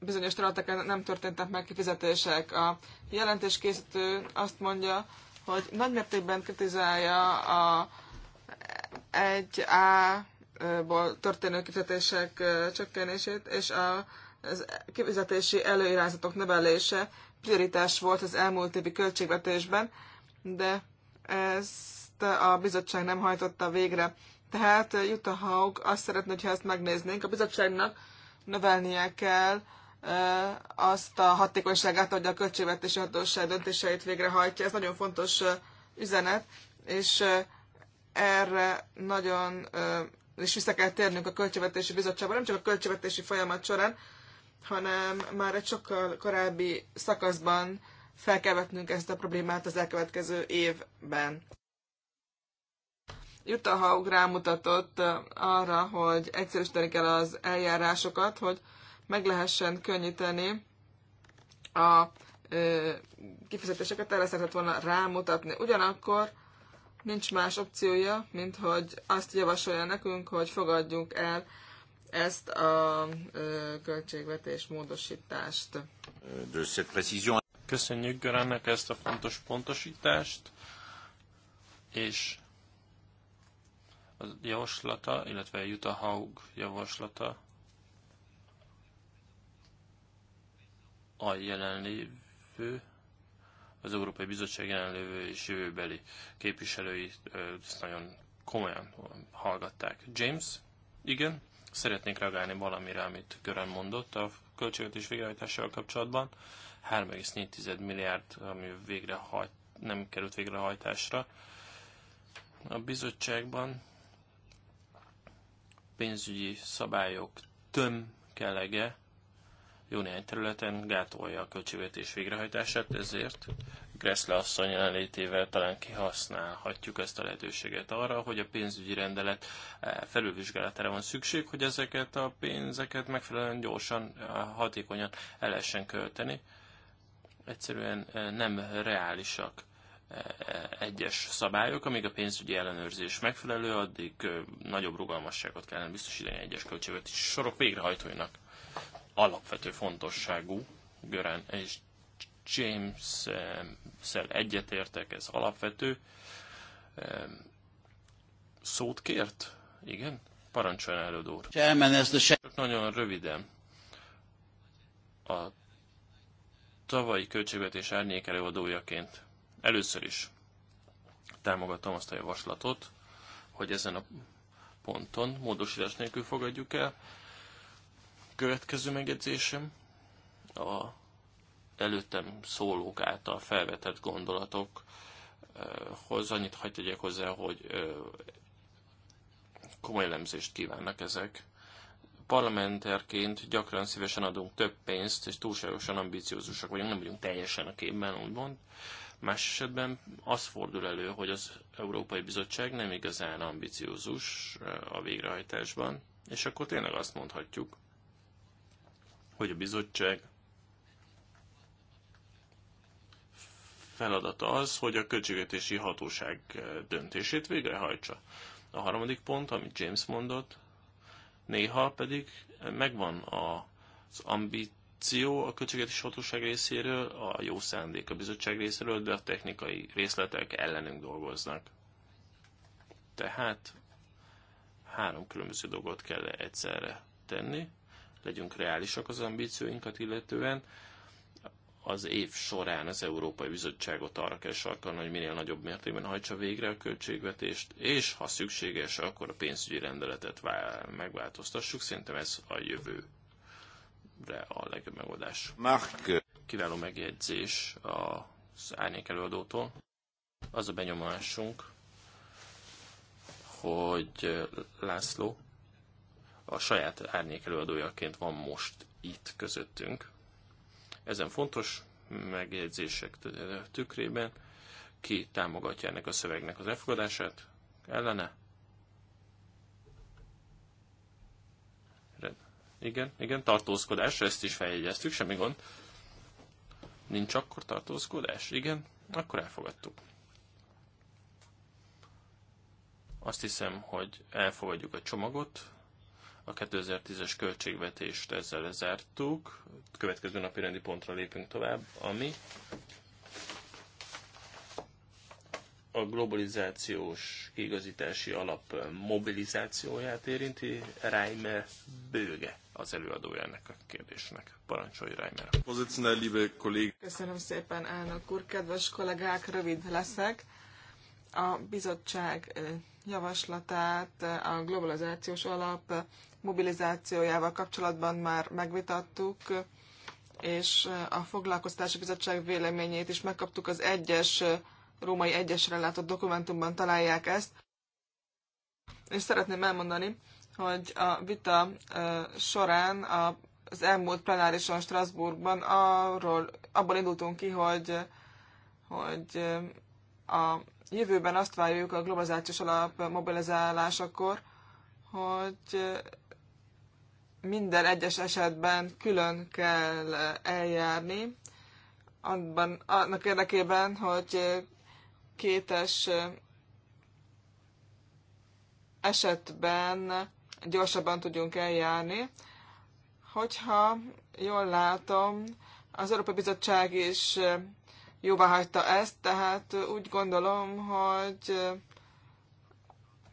bizonyos területeken nem történtek meg kifizetések. A jelentéskészítő azt mondja, hogy nagymértékben kritizálja a 1A-ból történő kifizetések csökkenését és a az kifizetési előirányzatok növelése prioritás volt az elmúlt évi költségvetésben, de ezt a bizottság nem hajtotta végre. Tehát Jutta Haug azt szeretné, hogyha ezt megnéznénk. A bizottságnak növelnie kell azt a hatékonyságát, hogy a költségvetési hatóság döntéseit végrehajtja. Ez nagyon fontos üzenet, és erre nagyon, és vissza kell térnünk a Költségvetési Bizottságba, nem csak a költségvetési folyamat során, hanem már egy sokkal korábbi szakaszban fel kell vetnünk ezt a problémát az elkövetkező évben. Jutta Haug rámutatott arra, hogy egyszerűsíteni kell az eljárásokat, hogy meg lehessen könnyíteni a kifizetéseket, erre szeretett volna rámutatni. Ugyanakkor nincs más opciója, mint hogy azt javasolja nekünk, hogy fogadjunk el ezt a költségvetés módosítást. Köszönjük Göránnek ezt a fontos pontosítást, és a javaslata, illetve Jutta Haug javaslata a jelenlévő az Európai Bizottság jelenlévő és jövőbeli képviselői ezt nagyon komolyan hallgatták. James, igen, szeretnék reagálni valamire, amit Görön mondott a költségvetés végrehajtással kapcsolatban. 3,4 milliárd, ami végrehajt, nem került végrehajtásra. A bizottságban pénzügyi szabályok töm kellege jó néhány területen gátolja a költségvetés végrehajtását, ezért Gressle asszony jelenlétével talán kihasználhatjuk ezt a lehetőséget arra, hogy a pénzügyi rendelet eh, felülvizsgálatára van szükség, hogy ezeket a pénzeket megfelelően gyorsan, eh, hatékonyan el lehessen költeni. Egyszerűen eh, nem reálisak egyes szabályok, amíg a pénzügyi ellenőrzés megfelelő, addig nagyobb rugalmasságot kellene biztosítani egyes költségvetési sorok végrehajtóinak alapvető fontosságú, Görán és James-szel eh, egyetértek, ez alapvető. Eh, szót kért? Igen? Parancsoljon előd úr. Csak nagyon röviden. A tavalyi költségvetés árnyék előadójaként először is támogatom azt a javaslatot, hogy ezen a ponton módosítás nélkül fogadjuk el. Következő megjegyzésem a előttem szólók által felvetett gondolatokhoz annyit hagyd tegyek hozzá, hogy komoly elemzést kívánnak ezek. Parlamenterként gyakran szívesen adunk több pénzt, és túlságosan ambiciózusak vagyunk, nem vagyunk teljesen a képben, úgymond. Más esetben az fordul elő, hogy az Európai Bizottság nem igazán ambiciózus a végrehajtásban, és akkor tényleg azt mondhatjuk, hogy a bizottság feladata az, hogy a költségvetési hatóság döntését végrehajtsa. A harmadik pont, amit James mondott, néha pedig megvan az ambíció a költségvetési hatóság részéről, a jó szándék a bizottság részéről, de a technikai részletek ellenünk dolgoznak. Tehát három különböző dolgot kell egyszerre tenni legyünk reálisak az ambícióinkat illetően. Az év során az Európai Bizottságot arra kell sarkalni, hogy minél nagyobb mértékben hajtsa végre a költségvetést, és ha szükséges, akkor a pénzügyi rendeletet megváltoztassuk. Szerintem ez a jövőre a legjobb megoldás. Mark. Kiváló megjegyzés az árnyék előadótól. Az a benyomásunk, hogy László a saját árnyék előadójaként van most itt közöttünk. Ezen fontos megjegyzések tükrében ki támogatja ennek a szövegnek az elfogadását? Ellene? Igen, igen, tartózkodás, ezt is feljegyeztük, semmi gond. Nincs akkor tartózkodás? Igen, akkor elfogadtuk. Azt hiszem, hogy elfogadjuk a csomagot, a 2010-es költségvetést ezzel lezártuk. Következő napi rendi pontra lépünk tovább, ami a globalizációs kiigazítási alap mobilizációját érinti. Reimer Bőge az előadója ennek a kérdésnek. Parancsolj, Reimer! Köszönöm szépen, elnök úr! Kedves kollégák, rövid leszek a bizottság javaslatát a globalizációs alap mobilizációjával kapcsolatban már megvitattuk, és a foglalkoztási bizottság véleményét is megkaptuk az egyes, római egyesre látott dokumentumban találják ezt. És szeretném elmondani, hogy a vita során a az elmúlt plenárison Strasbourgban arról, abból indultunk ki, hogy, hogy a jövőben azt várjuk a globalizációs alap mobilizálásakor, hogy minden egyes esetben külön kell eljárni, abban, annak érdekében, hogy kétes esetben gyorsabban tudjunk eljárni. Hogyha jól látom, az Európai Bizottság is jóvá hagyta ezt, tehát úgy gondolom, hogy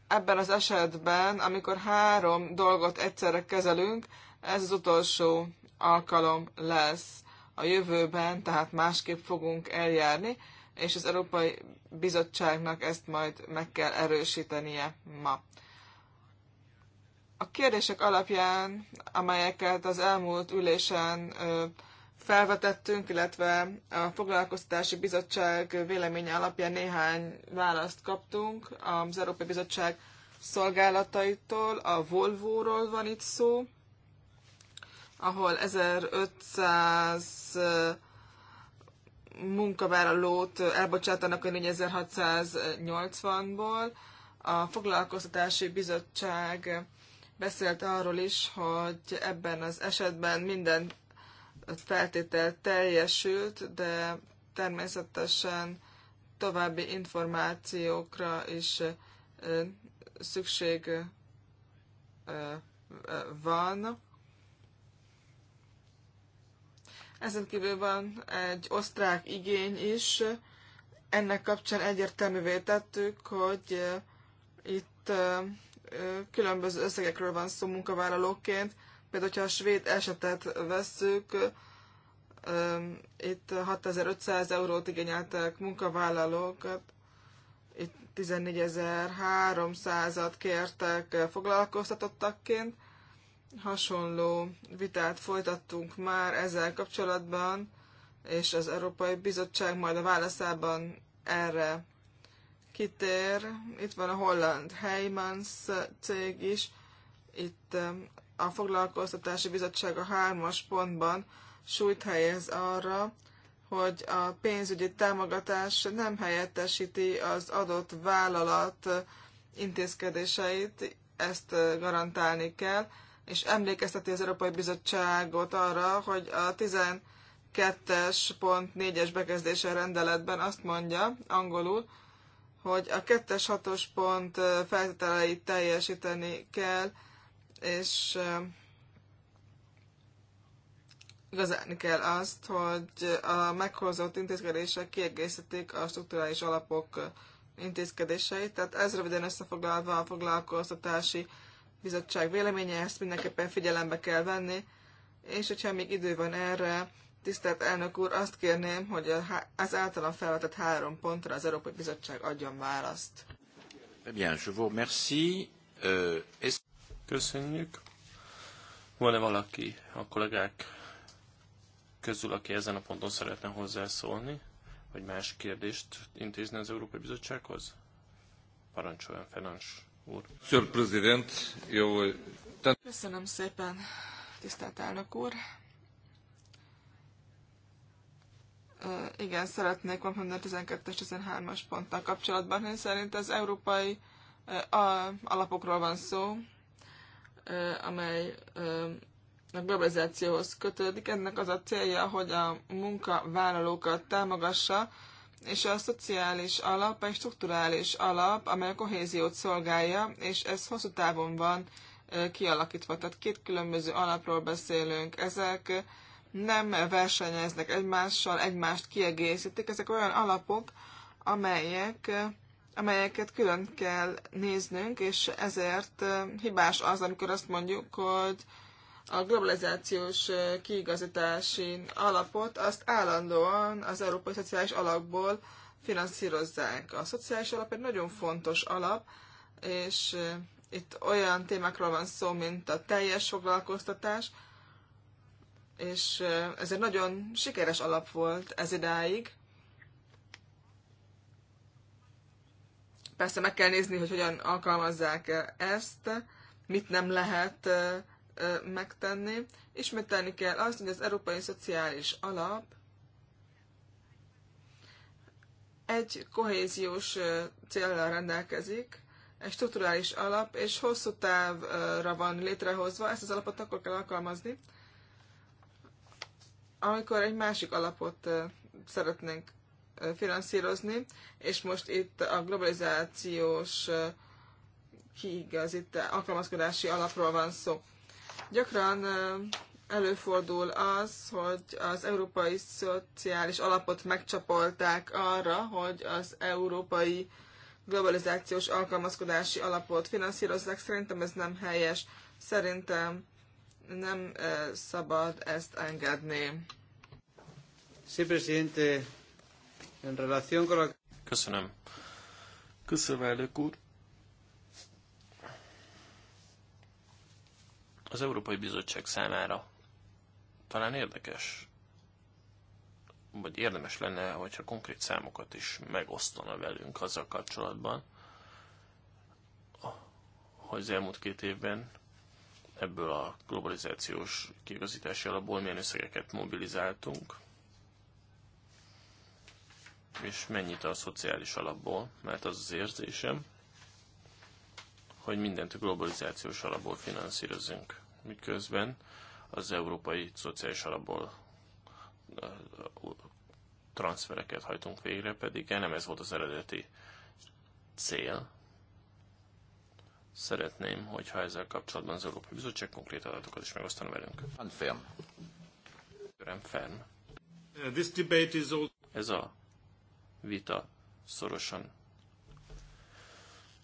ebben az esetben, amikor három dolgot egyszerre kezelünk, ez az utolsó alkalom lesz a jövőben, tehát másképp fogunk eljárni, és az Európai Bizottságnak ezt majd meg kell erősítenie ma. A kérdések alapján, amelyeket az elmúlt ülésen felvetettünk, illetve a Foglalkoztatási Bizottság véleménye alapján néhány választ kaptunk az Európai Bizottság szolgálataitól. A Volvo-ról van itt szó, ahol 1500 munkavállalót elbocsátanak a 4680-ból. A Foglalkoztatási Bizottság beszélt arról is, hogy ebben az esetben minden feltétel teljesült, de természetesen további információkra is szükség van. Ezen kívül van egy osztrák igény is. Ennek kapcsán egyértelművé tettük, hogy itt különböző összegekről van szó munkavállalóként, Például, ha a svéd esetet vesszük, itt 6500 eurót igényeltek munkavállalókat, itt 14300-at kértek foglalkoztatottakként. Hasonló vitát folytattunk már ezzel kapcsolatban, és az Európai Bizottság majd a válaszában erre kitér. Itt van a holland Heymans cég is, itt a Foglalkoztatási Bizottság a hármas pontban súlyt helyez arra, hogy a pénzügyi támogatás nem helyettesíti az adott vállalat intézkedéseit, ezt garantálni kell, és emlékezteti az Európai Bizottságot arra, hogy a 12-es pont 4-es bekezdése rendeletben azt mondja angolul, hogy a 2-es 6-os pont feltételeit teljesíteni kell, és igazálni kell azt, hogy a meghozott intézkedések kiegészítik a strukturális alapok intézkedéseit. Tehát ez röviden összefoglalva a foglalkoztatási bizottság véleménye, ezt mindenképpen figyelembe kell venni, és hogyha még idő van erre, tisztelt elnök úr, azt kérném, hogy az általam felvetett három pontra az Európai Bizottság adjon választ. Eh bien, je vous remercie. Euh, Köszönjük. Van-e valaki a kollégák közül, aki ezen a ponton szeretne hozzászólni, vagy más kérdést intézni az Európai Bizottsághoz? Parancsoljon, Ferencs úr. Sir President, jó. Köszönöm szépen, tisztelt elnök úr. igen, szeretnék a 12-es, 13-as ponttal kapcsolatban, hiszen szerint az európai alapokról van szó, amely a globalizációhoz kötődik. Ennek az a célja, hogy a munkavállalókat támogassa, és a szociális alap egy strukturális alap, amely a kohéziót szolgálja, és ez hosszú távon van kialakítva. Tehát két különböző alapról beszélünk. Ezek nem versenyeznek egymással, egymást kiegészítik. Ezek olyan alapok, amelyek amelyeket külön kell néznünk, és ezért hibás az, amikor azt mondjuk, hogy a globalizációs kiigazítási alapot azt állandóan az Európai Szociális Alapból finanszírozzák. A szociális alap egy nagyon fontos alap, és itt olyan témákról van szó, mint a teljes foglalkoztatás, és ez egy nagyon sikeres alap volt ez idáig, Persze meg kell nézni, hogy hogyan alkalmazzák ezt, mit nem lehet megtenni. Ismételni kell azt, hogy az Európai Szociális Alap egy kohéziós célra rendelkezik, egy strukturális alap, és hosszú távra van létrehozva. Ezt az alapot akkor kell alkalmazni, amikor egy másik alapot szeretnénk finanszírozni, és most itt a globalizációs kiigazít alkalmazkodási alapról van szó. Gyakran előfordul az, hogy az európai szociális alapot megcsapolták arra, hogy az európai globalizációs alkalmazkodási alapot finanszírozzák. Szerintem ez nem helyes. Szerintem nem szabad ezt engedni. Sí, presidente. En relación con la... Köszönöm. Köszönöm, elnök úr. Az Európai Bizottság számára talán érdekes, vagy érdemes lenne, hogyha konkrét számokat is megosztana velünk azzal kapcsolatban, hogy az elmúlt két évben ebből a globalizációs kiigazítási alapból milyen összegeket mobilizáltunk, és mennyit a szociális alapból, mert az az érzésem, hogy mindent a globalizációs alapból finanszírozunk, miközben az európai szociális alapból transfereket hajtunk végre, pedig nem ez volt az eredeti cél. Szeretném, hogyha ezzel kapcsolatban az Európai Bizottság konkrét adatokat is megosztana velünk. Unfirm. Fern. Uh, this debate is all... Ez a vita szorosan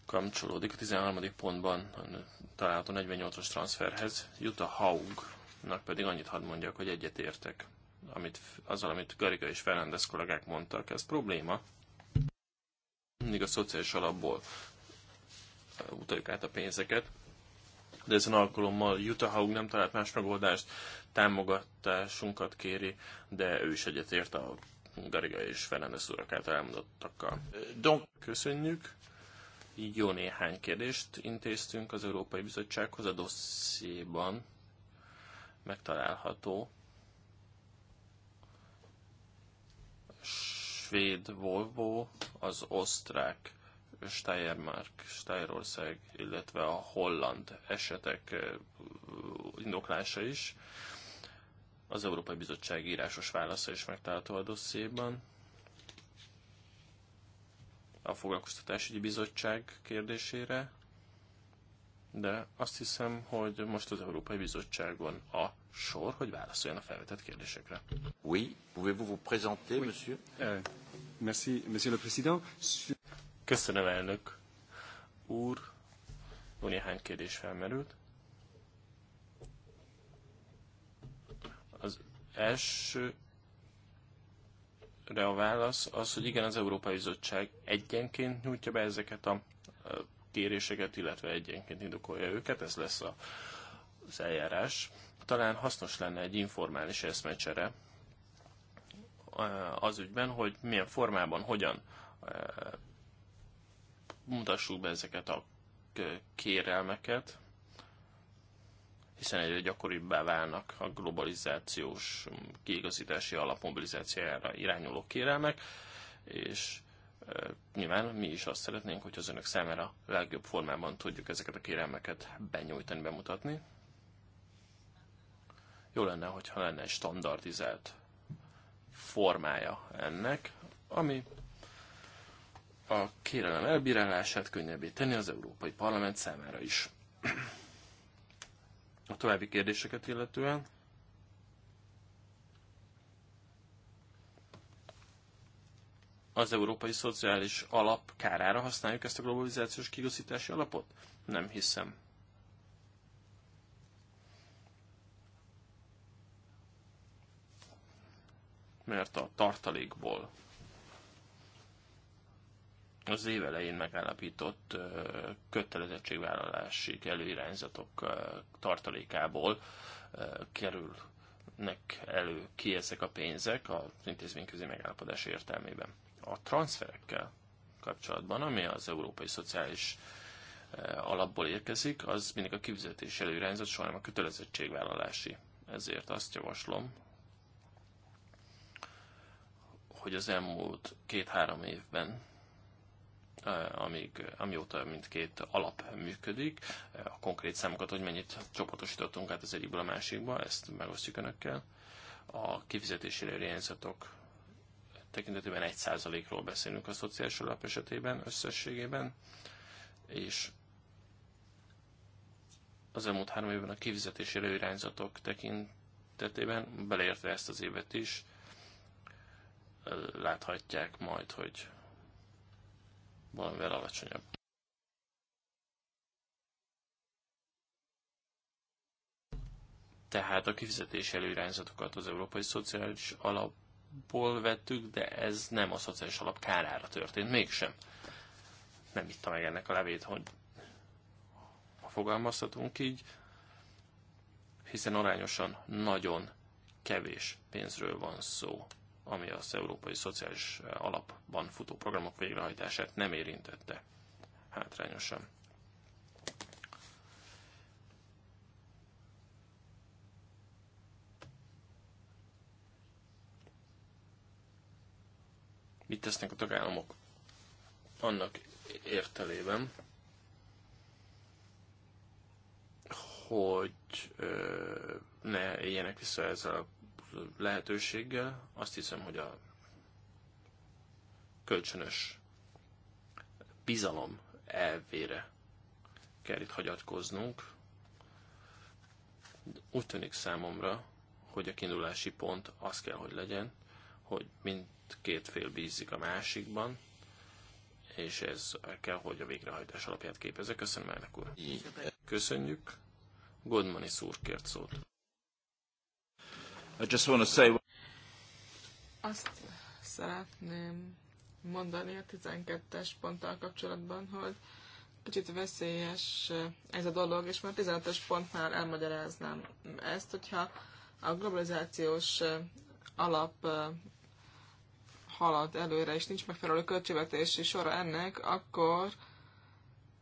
kapcsolódik a 13. pontban található 48-as transferhez. Jutta Haugnak pedig annyit hadd mondjak, hogy egyetértek amit, azzal, amit Garika és Fernández kollégák mondtak. Ez probléma. Mindig a szociális alapból utaljuk át a pénzeket, de ezen alkalommal Jutta Haug nem talált más megoldást, támogatásunkat kéri, de ő is egyetért a Gariga és Fernández urak által elmondottakkal. Don. Köszönjük. Jó néhány kérdést intéztünk az Európai Bizottsághoz a dossziéban megtalálható svéd Volvo, az osztrák Steiermark, Steyrország, illetve a holland esetek eh, indoklása is. Az Európai Bizottság írásos válasza is megtalálható a dossziéban. A Foglalkoztatásügyi Bizottság kérdésére, de azt hiszem, hogy most az Európai Bizottságon a sor, hogy válaszoljon a felvetett kérdésekre. Oui, pouvez-vous vous présenter, monsieur? Euh, merci, monsieur le président. Köszönöm, elnök úr. néhány kérdés felmerült. első a válasz az, hogy igen, az Európai Bizottság egyenként nyújtja be ezeket a kéréseket, illetve egyenként indokolja őket, ez lesz a, az eljárás. Talán hasznos lenne egy informális eszmecsere az ügyben, hogy milyen formában, hogyan mutassuk be ezeket a kérelmeket, hiszen egyre gyakoribbá válnak a globalizációs kiigazítási mobilizációjára irányuló kérelmek, és nyilván mi is azt szeretnénk, hogy az önök számára legjobb formában tudjuk ezeket a kérelmeket benyújtani, bemutatni. Jó lenne, hogyha lenne egy standardizált formája ennek, ami a kérelem elbírálását könnyebbé tenni az Európai Parlament számára is a további kérdéseket illetően. Az Európai Szociális Alap kárára használjuk ezt a globalizációs kigazítási alapot? Nem hiszem. Mert a tartalékból az év elején megállapított kötelezettségvállalási előirányzatok tartalékából kerülnek elő ki ezek a pénzek az intézményközi megállapodás értelmében. A transferekkel kapcsolatban, ami az Európai Szociális alapból érkezik, az mindig a kifizetés előirányzat, soha nem a kötelezettségvállalási. Ezért azt javaslom, hogy az elmúlt két-három évben amíg, amióta mindkét alap működik. A konkrét számokat, hogy mennyit csoportosítottunk át az egyikből a másikba, ezt megosztjuk önökkel. A kifizetési irányzatok tekintetében 1%-ról beszélünk a szociális alap esetében összességében, és az elmúlt három évben a kifizetési előirányzatok tekintetében, beleértve ezt az évet is, láthatják majd, hogy valamivel alacsonyabb. Tehát a kifizetési előirányzatokat az Európai Szociális Alapból vettük, de ez nem a szociális alap kárára történt, mégsem. Nem itt meg ennek a levét, hogy ha fogalmazhatunk így, hiszen arányosan nagyon kevés pénzről van szó ami az Európai Szociális Alapban futó programok végrehajtását nem érintette hátrányosan. Mit tesznek a tagállamok annak értelében, hogy ne éljenek vissza ezzel a lehetőséggel. Azt hiszem, hogy a kölcsönös bizalom elvére kell itt hagyatkoznunk. Úgy tűnik számomra, hogy a kiindulási pont az kell, hogy legyen, hogy mindkét fél bízik a másikban, és ez kell, hogy a végrehajtás alapját képezze. Köszönöm, elnök úr. Köszönjük. Godmani szúr kért szót. Azt szeretném mondani a 12-es ponttal kapcsolatban, hogy kicsit veszélyes eh, ez a dolog, és már 15 es pontnál elmagyaráznám ezt, hogyha a globalizációs eh, alap eh, halad előre, és nincs megfelelő költségvetési sora ennek, akkor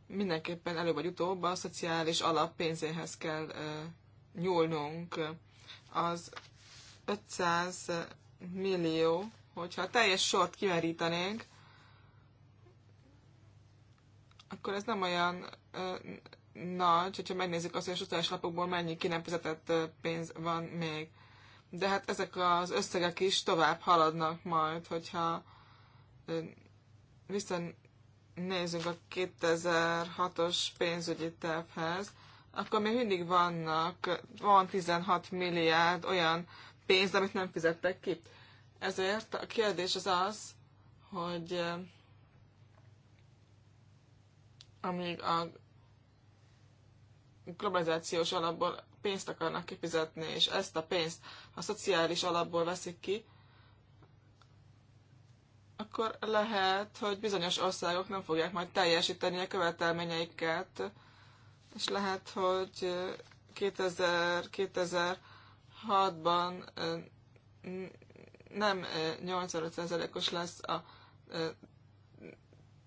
mindenképpen előbb vagy utóbb a szociális alap pénzéhez kell nyúlnunk. Az 500 millió, hogyha a teljes sort kimerítenénk, akkor ez nem olyan ö, nagy, hogyha megnézzük azt, hogy a utolsó lapokból mennyi ki nem fizetett pénz van még. De hát ezek az összegek is tovább haladnak majd, hogyha ö, visszanézzünk a 2006-os pénzügyi tervhez, akkor még mindig vannak, van 16 milliárd olyan pénzt, amit nem fizettek ki. Ezért a kérdés az az, hogy amíg a globalizációs alapból pénzt akarnak kifizetni, és ezt a pénzt a szociális alapból veszik ki, akkor lehet, hogy bizonyos országok nem fogják majd teljesíteni a követelményeiket, és lehet, hogy 2000, 2000 2026 ban nem 85%-os lesz a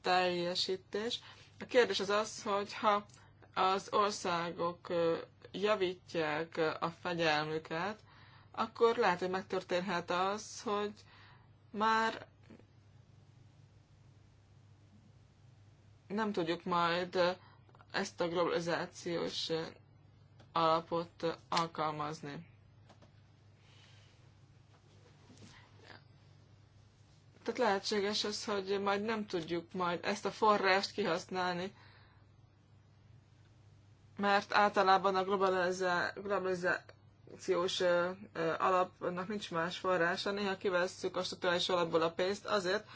teljesítés. A kérdés az az, hogy ha az országok javítják a fegyelmüket, akkor lehet, hogy megtörténhet az, hogy már nem tudjuk majd ezt a globalizációs alapot alkalmazni. Tehát lehetséges az, hogy majd nem tudjuk majd ezt a forrást kihasználni, mert általában a globalizációs alapnak nincs más forrása, néha kivesszük a struktúrális alapból a pénzt azért,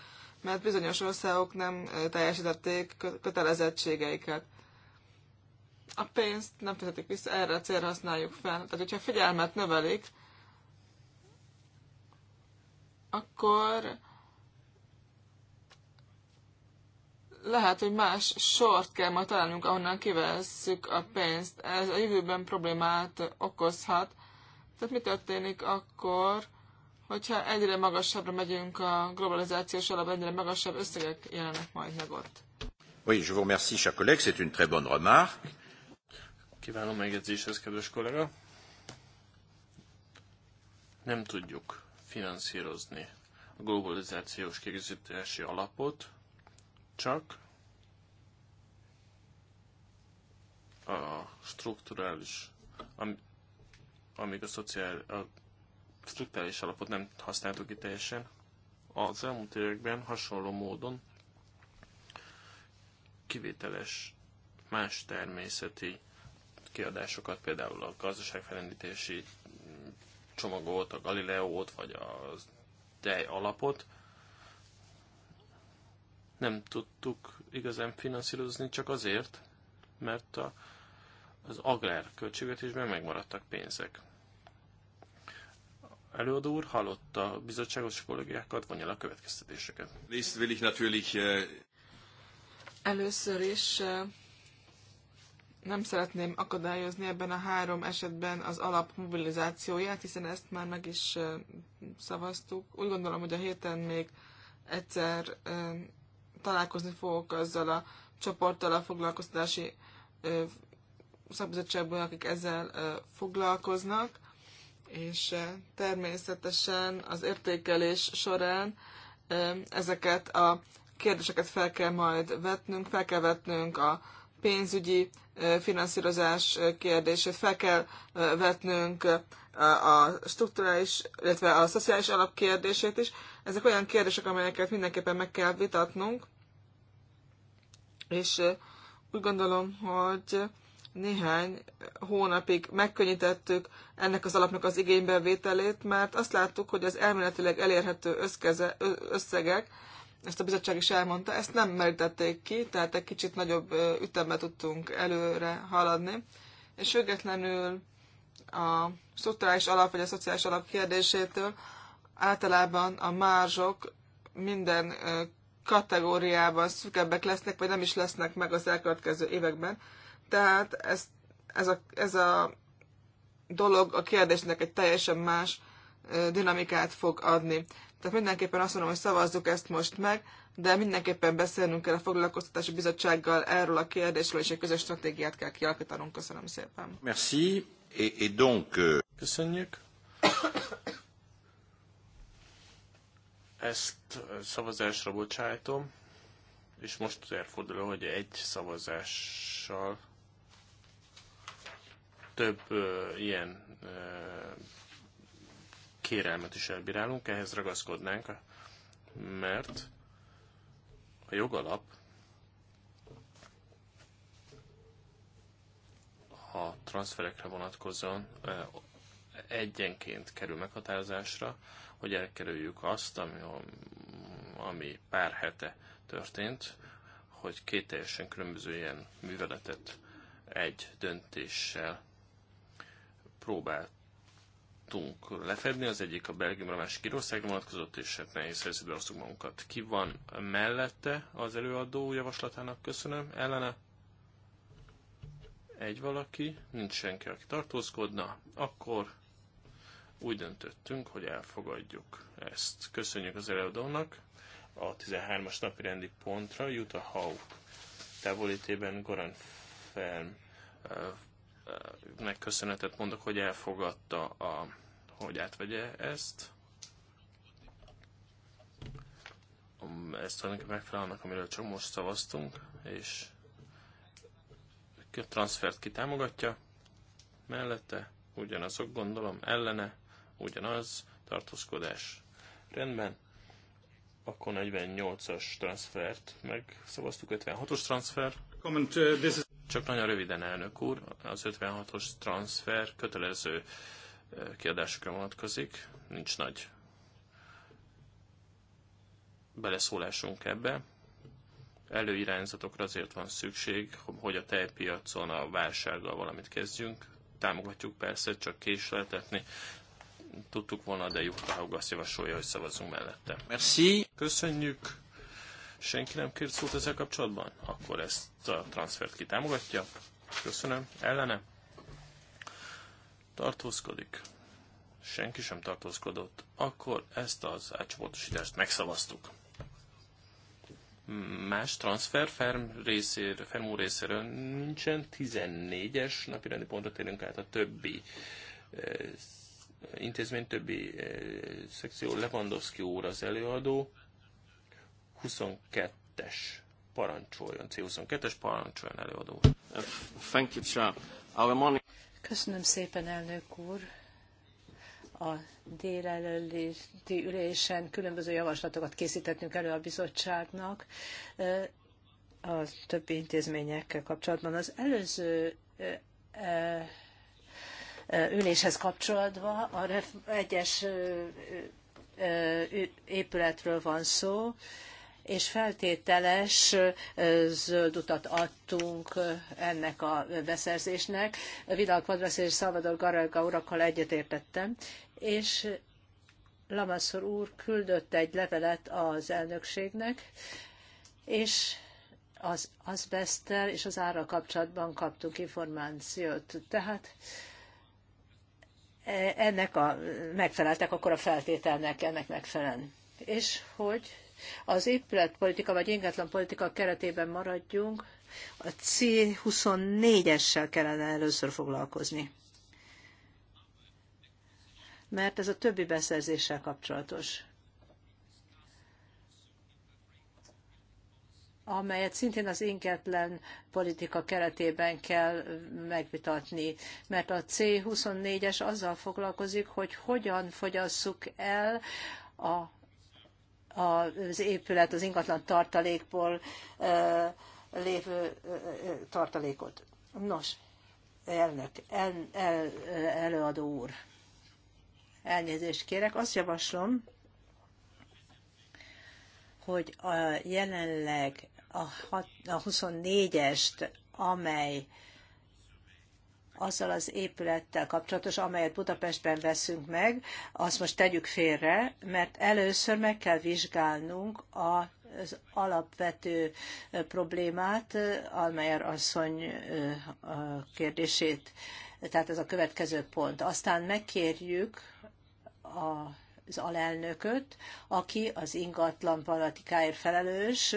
mert bizonyos országok nem teljesítették kötelezettségeiket. A pénzt nem fizetik vissza, erre a célra használjuk fel. Tehát, hogyha figyelmet növelik, akkor lehet, hogy más sort kell majd találnunk, ahonnan kivesszük a pénzt. Ez a jövőben problémát okozhat. Tehát mi történik akkor, hogyha egyre magasabbra megyünk a globalizációs alap, egyre magasabb összegek jelennek majd meg ott. Oui, je vous remercie, cher collègue, c'est une très bonne remarque. Kiváló megjegyzéshez, kedves kollega. Nem tudjuk finanszírozni a globalizációs kiegészítési alapot, csak a strukturális, amíg a, szociál, a strukturális alapot nem használtuk ki teljesen, az elmúlt években hasonló módon kivételes más természeti kiadásokat, például a gazdaságfelendítési csomagot, a Galileót, vagy a tej alapot nem tudtuk igazán finanszírozni csak azért, mert a, az agrár költségvetésben megmaradtak pénzek. Előadó úr hallotta a bizottságos kollégiákat, vonja a következtetéseket. Eh, Először is eh, nem szeretném akadályozni ebben a három esetben az alap mobilizációját, hiszen ezt már meg is eh, szavaztuk. Úgy gondolom, hogy a héten még egyszer találkozni fogok azzal a csoporttal a foglalkoztatási szakbizottságban, akik ezzel foglalkoznak, és természetesen az értékelés során ezeket a kérdéseket fel kell majd vetnünk, fel kell vetnünk a pénzügyi finanszírozás kérdését, fel kell vetnünk a struktúrális, illetve a szociális alap kérdését is. Ezek olyan kérdések, amelyeket mindenképpen meg kell vitatnunk, és úgy gondolom, hogy néhány hónapig megkönnyítettük ennek az alapnak az igénybevételét, mert azt láttuk, hogy az elméletileg elérhető összkeze, összegek, ezt a bizottság is elmondta, ezt nem merítették ki, tehát egy kicsit nagyobb ütembe tudtunk előre haladni, és függetlenül a szociális alap vagy a szociális alap kérdésétől általában a márzsok minden kategóriában szükebbek lesznek, vagy nem is lesznek meg az elkövetkező években. Tehát ez, ez, a, ez a dolog a kérdésnek egy teljesen más dinamikát fog adni. Tehát mindenképpen azt mondom, hogy szavazzuk ezt most meg, de mindenképpen beszélnünk kell a foglalkoztatási bizottsággal erről a kérdésről, és egy közös stratégiát kell kialakítanunk. Köszönöm szépen. Merci. Et, et donc... Euh, Köszönjük. Ezt szavazásra bocsájtom, és most azért fordul, hogy egy szavazással több ö, ilyen ö, kérelmet is elbírálunk, ehhez ragaszkodnánk, mert a jogalap a transferekre vonatkozóan egyenként kerül meghatározásra, hogy elkerüljük azt, ami, ami pár hete történt, hogy két teljesen különböző ilyen műveletet egy döntéssel próbáltunk lefedni. Az egyik a Belgiumra, a másik Írországra vonatkozott, és hát nehéz helyzetbe hoztuk magunkat. Ki van mellette az előadó javaslatának? Köszönöm. Ellene? Egy valaki? Nincs senki, aki tartózkodna. Akkor úgy döntöttünk, hogy elfogadjuk ezt. Köszönjük az előadónak. A 13-as napi rendi pontra a Haug távolítében Goran Ferm megköszönetet mondok, hogy elfogadta, a, hogy átvegye ezt. Ezt tulajdonképpen megfelelnek, amiről csak most szavaztunk, és a transfert kitámogatja mellette, ugyanazok gondolom, ellene ugyanaz, tartózkodás rendben. Akkor 48-as transfert megszavaztuk, 56-os transfer. Uh, csak nagyon röviden, elnök úr, az 56-os transfer kötelező uh, kiadásokra vonatkozik, nincs nagy beleszólásunk ebbe. Előirányzatokra azért van szükség, hogy a tejpiacon a válsággal valamit kezdjünk. Támogatjuk persze, csak késleltetni tudtuk volna, de Haug azt javasolja, hogy szavazzunk mellette. Merci. Köszönjük. Senki nem kért szót ezzel kapcsolatban? Akkor ezt a transfert kitámogatja. Köszönöm. Ellene? Tartózkodik. Senki sem tartózkodott. Akkor ezt az átcsoportosítást megszavaztuk más transfer Ferm részér, Fermú részéről nincsen. 14-es napirendi pontra térünk át a többi eh, intézmény többi eh, szekció. Lewandowski óra az előadó. 22-es parancsoljon, C22-es parancsoljon előadó. Thank you, Chair. Our money Köszönöm szépen, elnök úr. A délelőtti ülésen különböző javaslatokat készítettünk elő a bizottságnak eh, a többi intézményekkel kapcsolatban. Az előző eh, üléshez kapcsolódva a egyes épületről van szó, és feltételes zöld utat adtunk ennek a beszerzésnek. Vidal Kvadrasz és Salvador Garaga urakkal egyetértettem, és Lamaszor úr küldött egy levelet az elnökségnek, és az azbesztel és az ára kapcsolatban kaptunk információt. Tehát ennek a, megfeleltek akkor a feltételnek ennek megfelelően. És hogy az épületpolitika vagy politika keretében maradjunk, a C24-essel kellene először foglalkozni. Mert ez a többi beszerzéssel kapcsolatos. amelyet szintén az inketlen politika keretében kell megvitatni. Mert a C24-es azzal foglalkozik, hogy hogyan fogyasszuk el a, az épület, az ingatlan tartalékból ö, lévő tartalékot. Nos, elnök, el, el, előadó úr, elnézést kérek, azt javaslom, hogy a jelenleg a 24-est, amely azzal az épülettel kapcsolatos, amelyet Budapestben veszünk meg, azt most tegyük félre, mert először meg kell vizsgálnunk az alapvető problémát, Almeyer asszony kérdését, tehát ez a következő pont. Aztán megkérjük a az alelnököt, aki az ingatlan palatikáért felelős,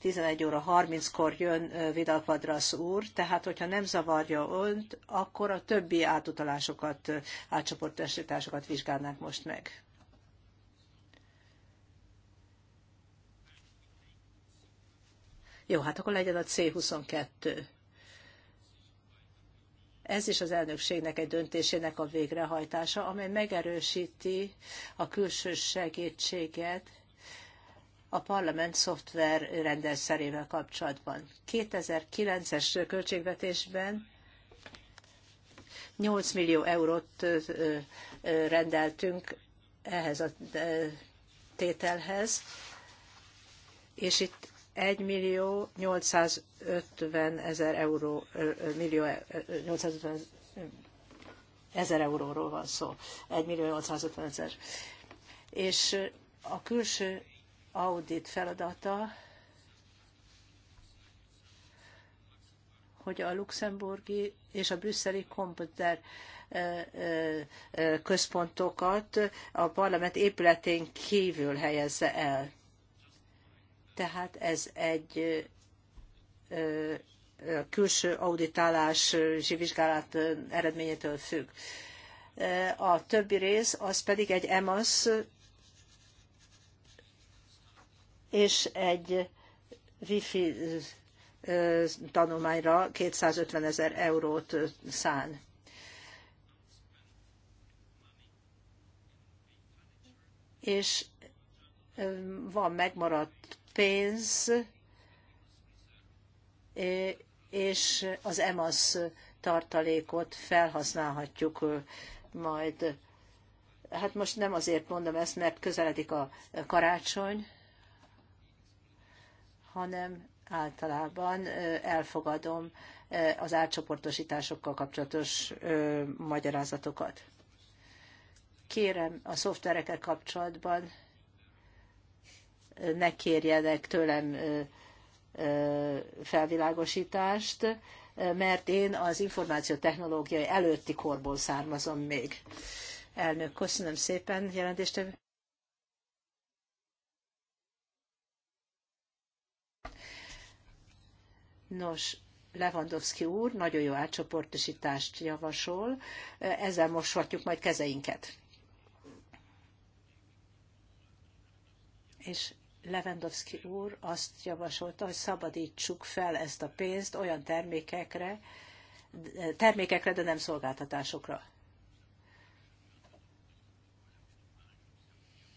11 óra 30-kor jön Vidal Quadrasz úr, tehát hogyha nem zavarja önt, akkor a többi átutalásokat, átcsoportosításokat vizsgálnánk most meg. Jó, hát akkor legyen a C22. Ez is az elnökségnek egy döntésének a végrehajtása, amely megerősíti a külső segítséget a parlament szoftver rendszerével kapcsolatban. 2009-es költségvetésben 8 millió eurót rendeltünk ehhez a tételhez, és itt 1 millió 850 ezer euró, millió 850 ezer euróról van szó. 1 millió 850 ezer. És a külső audit feladata, hogy a luxemburgi és a brüsszeli komputer központokat a parlament épületén kívül helyezze el tehát ez egy külső auditálás vizsgálat eredményétől függ. A többi rész az pedig egy EMAS és egy Wi-Fi tanulmányra 250 ezer eurót szán. És van megmaradt pénz és az EMAS tartalékot felhasználhatjuk majd. Hát most nem azért mondom ezt, mert közeledik a karácsony, hanem általában elfogadom az átcsoportosításokkal kapcsolatos magyarázatokat. Kérem a szoftverekkel kapcsolatban ne kérjenek tőlem felvilágosítást, mert én az technológiai előtti korból származom még. Elnök, köszönöm szépen, jelentést. Nos, Lewandowski úr nagyon jó átcsoportosítást javasol, ezzel moshatjuk majd kezeinket. És Lewandowski úr azt javasolta, hogy szabadítsuk fel ezt a pénzt olyan termékekre, termékekre, de nem szolgáltatásokra.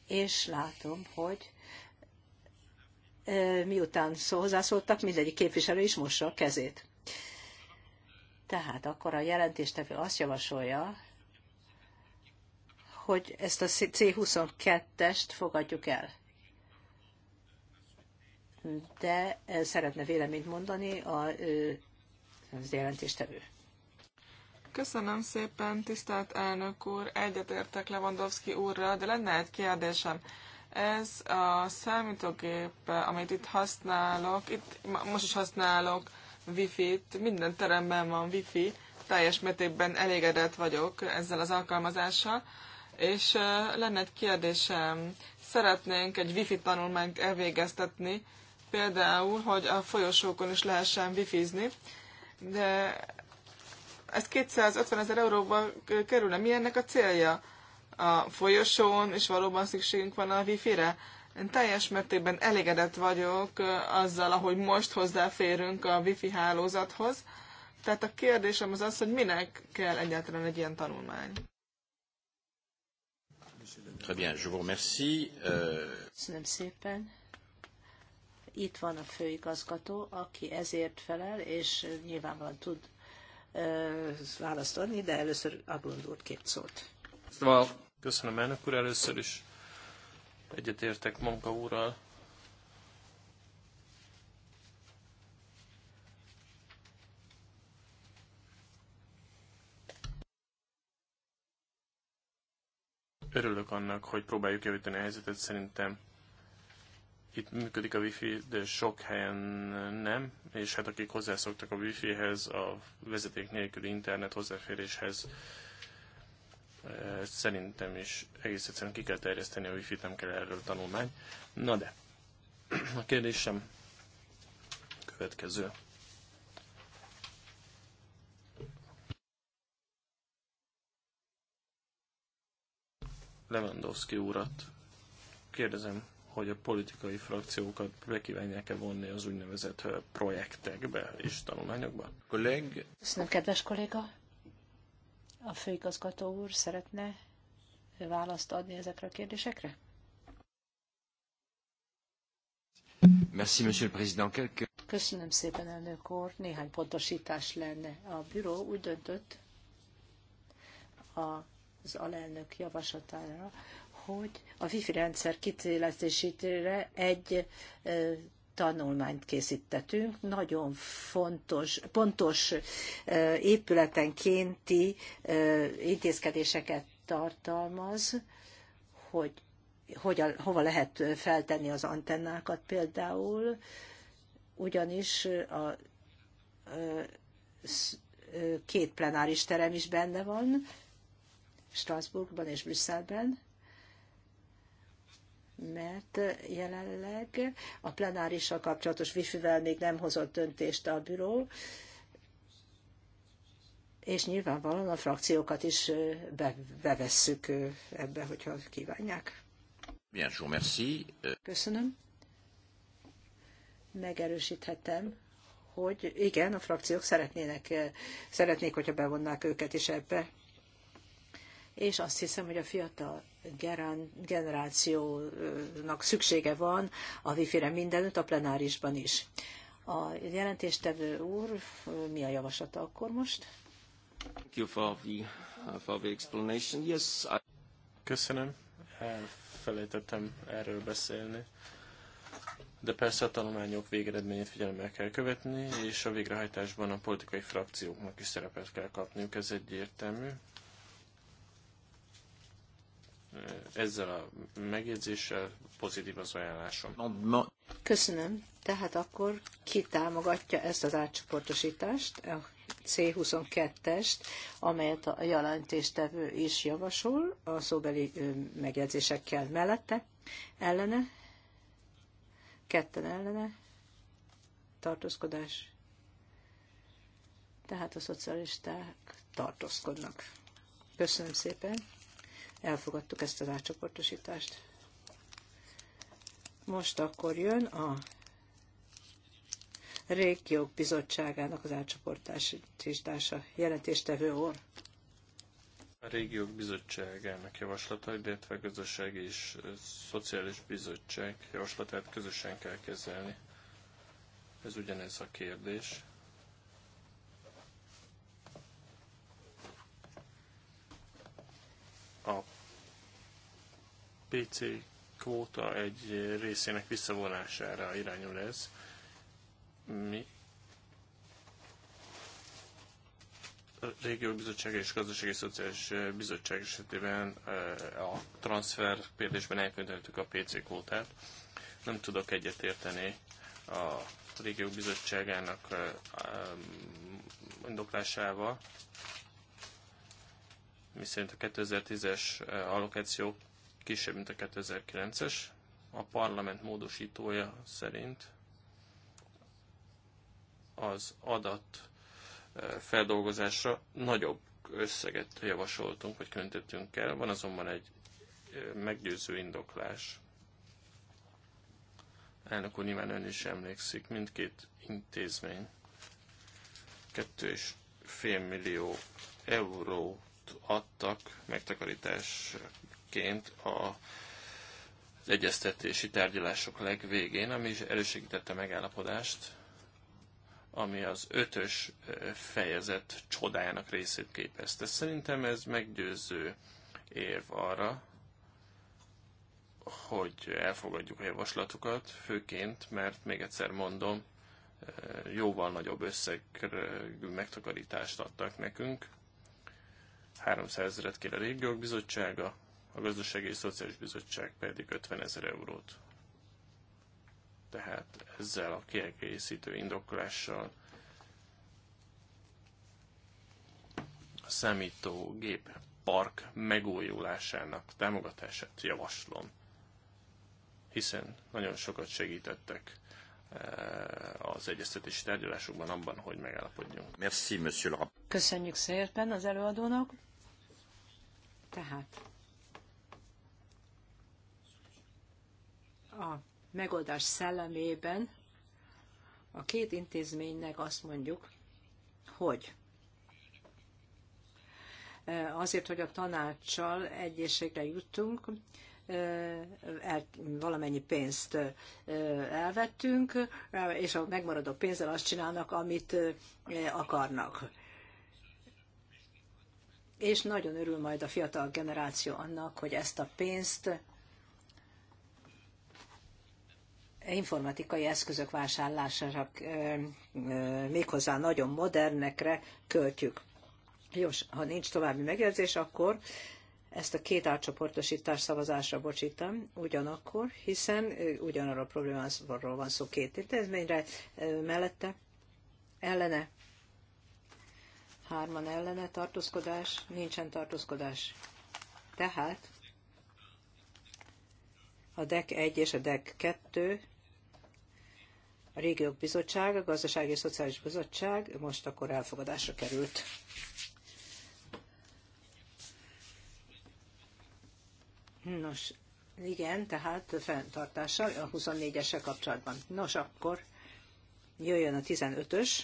És látom, hogy miután szó hozzászóltak, mindegyik képviselő is mossa a kezét. Tehát akkor a jelentéstevő azt javasolja, hogy ezt a C22-est fogadjuk el de eh, szeretne véleményt mondani a, az jelentéstevő. Köszönöm szépen, tisztelt elnök úr, egyetértek Lewandowski úrra, de lenne egy kérdésem. Ez a számítógép, amit itt használok, itt most is használok Wi-Fi-t, minden teremben van Wi-Fi, teljes mértékben elégedett vagyok ezzel az alkalmazással, és lenne egy kérdésem, szeretnénk egy Wi-Fi tanulmányt elvégeztetni, például, hogy a folyosókon is lehessen wifizni, de ez 250 ezer euróba kerülne. Mi ennek a célja? A folyosón és valóban szükségünk van a wifi-re? Én teljes mértékben elégedett vagyok azzal, ahogy most hozzáférünk a wifi hálózathoz. Tehát a kérdésem az az, hogy minek kell egyáltalán egy ilyen tanulmány. Très bien, je vous remercie. Euh, Köszönöm szépen. Itt van a főigazgató, aki ezért felel, és nyilvánvalóan tud választ adni, de először a gondolt két szót. Köszönöm elnök úr, először is egyetértek Monka úrral. Örülök annak, hogy próbáljuk javítani a helyzetet, szerintem itt működik a wifi, de sok helyen nem, és hát akik hozzászoktak a wifi-hez, a vezeték nélküli internet hozzáféréshez, eh, szerintem is egész egyszerűen ki kell terjeszteni a wifi-t, nem kell erről tanulmány. Na de, a kérdésem következő. Lewandowski úrat kérdezem, hogy a politikai frakciókat bekívánják-e vonni az úgynevezett projektekbe és tanulmányokba? Kolleg... Köszönöm, kedves kolléga! A főigazgató úr szeretne választ adni ezekre a kérdésekre? Merci, monsieur le président. Quelque... Köszönöm szépen, elnök úr. Néhány pontosítás lenne. A Büro úgy döntött a az alelnök javaslatára, hogy a wifi rendszer kitélesztésére egy tanulmányt készítettünk, nagyon fontos, pontos épületenkénti intézkedéseket tartalmaz, hogy hogyan, hova lehet feltenni az antennákat például, ugyanis a két plenáris terem is benne van, Strasbourgban és Brüsszelben, mert jelenleg a plenárissal kapcsolatos wifi-vel még nem hozott döntést a büró, és nyilvánvalóan a frakciókat is be, bevesszük ebbe, hogyha kívánják. Bien, jó, merci. Euh, Köszönöm. Megerősíthetem, hogy igen, a frakciók szeretnének, szeretnék, hogyha bevonnák őket is ebbe és azt hiszem, hogy a fiatal generációnak szüksége van a wifi-re mindenütt, a plenárisban is. A jelentéstevő úr, mi a javaslata akkor most? Thank you for the, for the explanation. Yes, Köszönöm. Elfelejtettem erről beszélni. De persze a tanulmányok végeredményét figyelemmel kell követni, és a végrehajtásban a politikai frakcióknak is szerepet kell kapniuk, ez egyértelmű ezzel a megjegyzéssel pozitív az ajánlásom. Köszönöm. Tehát akkor ki támogatja ezt az átcsoportosítást, a C22-est, amelyet a jelentéstevő is javasol, a szóbeli megjegyzésekkel mellette, ellene, ketten ellene, tartózkodás. Tehát a szocialisták tartózkodnak. Köszönöm szépen elfogadtuk ezt az átcsoportosítást. Most akkor jön a Régiók Bizottságának az átcsoportosítása jelentéstevő or. A Régiók Bizottságának javaslata, illetve a Gazdasági és Szociális Bizottság javaslatát közösen kell kezelni. Ez ugyanez a kérdés. PC kvóta egy részének visszavonására irányul ez. Mi a Régió Bizottság és Gazdasági Szociális Bizottság esetében eh, a transfer kérdésben elkönyveltük a PC kvótát. Nem tudok egyetérteni a régió Bizottságának eh, indoklásával, miszerint a 2010-es eh, allokációk kisebb, mint a 2009-es. A parlament módosítója szerint az adat eh, feldolgozásra nagyobb összeget javasoltunk, vagy köntöttünk el. Van azonban egy eh, meggyőző indoklás. Elnök úr, nyilván ön is emlékszik, mindkét intézmény 2,5 millió eurót adtak megtakarítás egyébként a az egyeztetési tárgyalások legvégén, ami is elősegítette megállapodást, ami az ötös fejezet csodájának részét képezte. Szerintem ez meggyőző érv arra, hogy elfogadjuk a javaslatukat, főként, mert még egyszer mondom, jóval nagyobb összegű megtakarítást adtak nekünk. 300 ezeret kér a régiók bizottsága, a Gazdasági és Szociális Bizottság pedig 50 ezer eurót. Tehát ezzel a kiegészítő indokolással a számítógép park megújulásának támogatását javaslom, hiszen nagyon sokat segítettek eh, az egyeztetési tárgyalásokban abban, hogy megállapodjunk. Merci, monsieur le Köszönjük szépen az előadónak. Tehát a megoldás szellemében a két intézménynek azt mondjuk, hogy eh, azért, hogy a tanácssal egyészségre jutunk, eh, el, valamennyi pénzt eh, elvettünk, és a megmaradó pénzzel azt csinálnak, amit akarnak. És nagyon örül majd a fiatal generáció annak, hogy ezt a pénzt informatikai eszközök vásárlására méghozzá nagyon modernekre költjük. Jós, ha nincs további megjegyzés, akkor ezt a két átcsoportosítás szavazásra bocsítam ugyanakkor, hiszen ugyanarra a problémáról van szó két intézményre, mellette ellene, hárman ellene tartózkodás, nincsen tartózkodás. Tehát a DEC 1 és a DEC 2 a Régiók Bizottság, a Gazdasági és Szociális Bizottság most akkor elfogadásra került. Nos, igen, tehát fenntartással a 24-essel kapcsolatban. Nos, akkor jöjjön a 15-ös,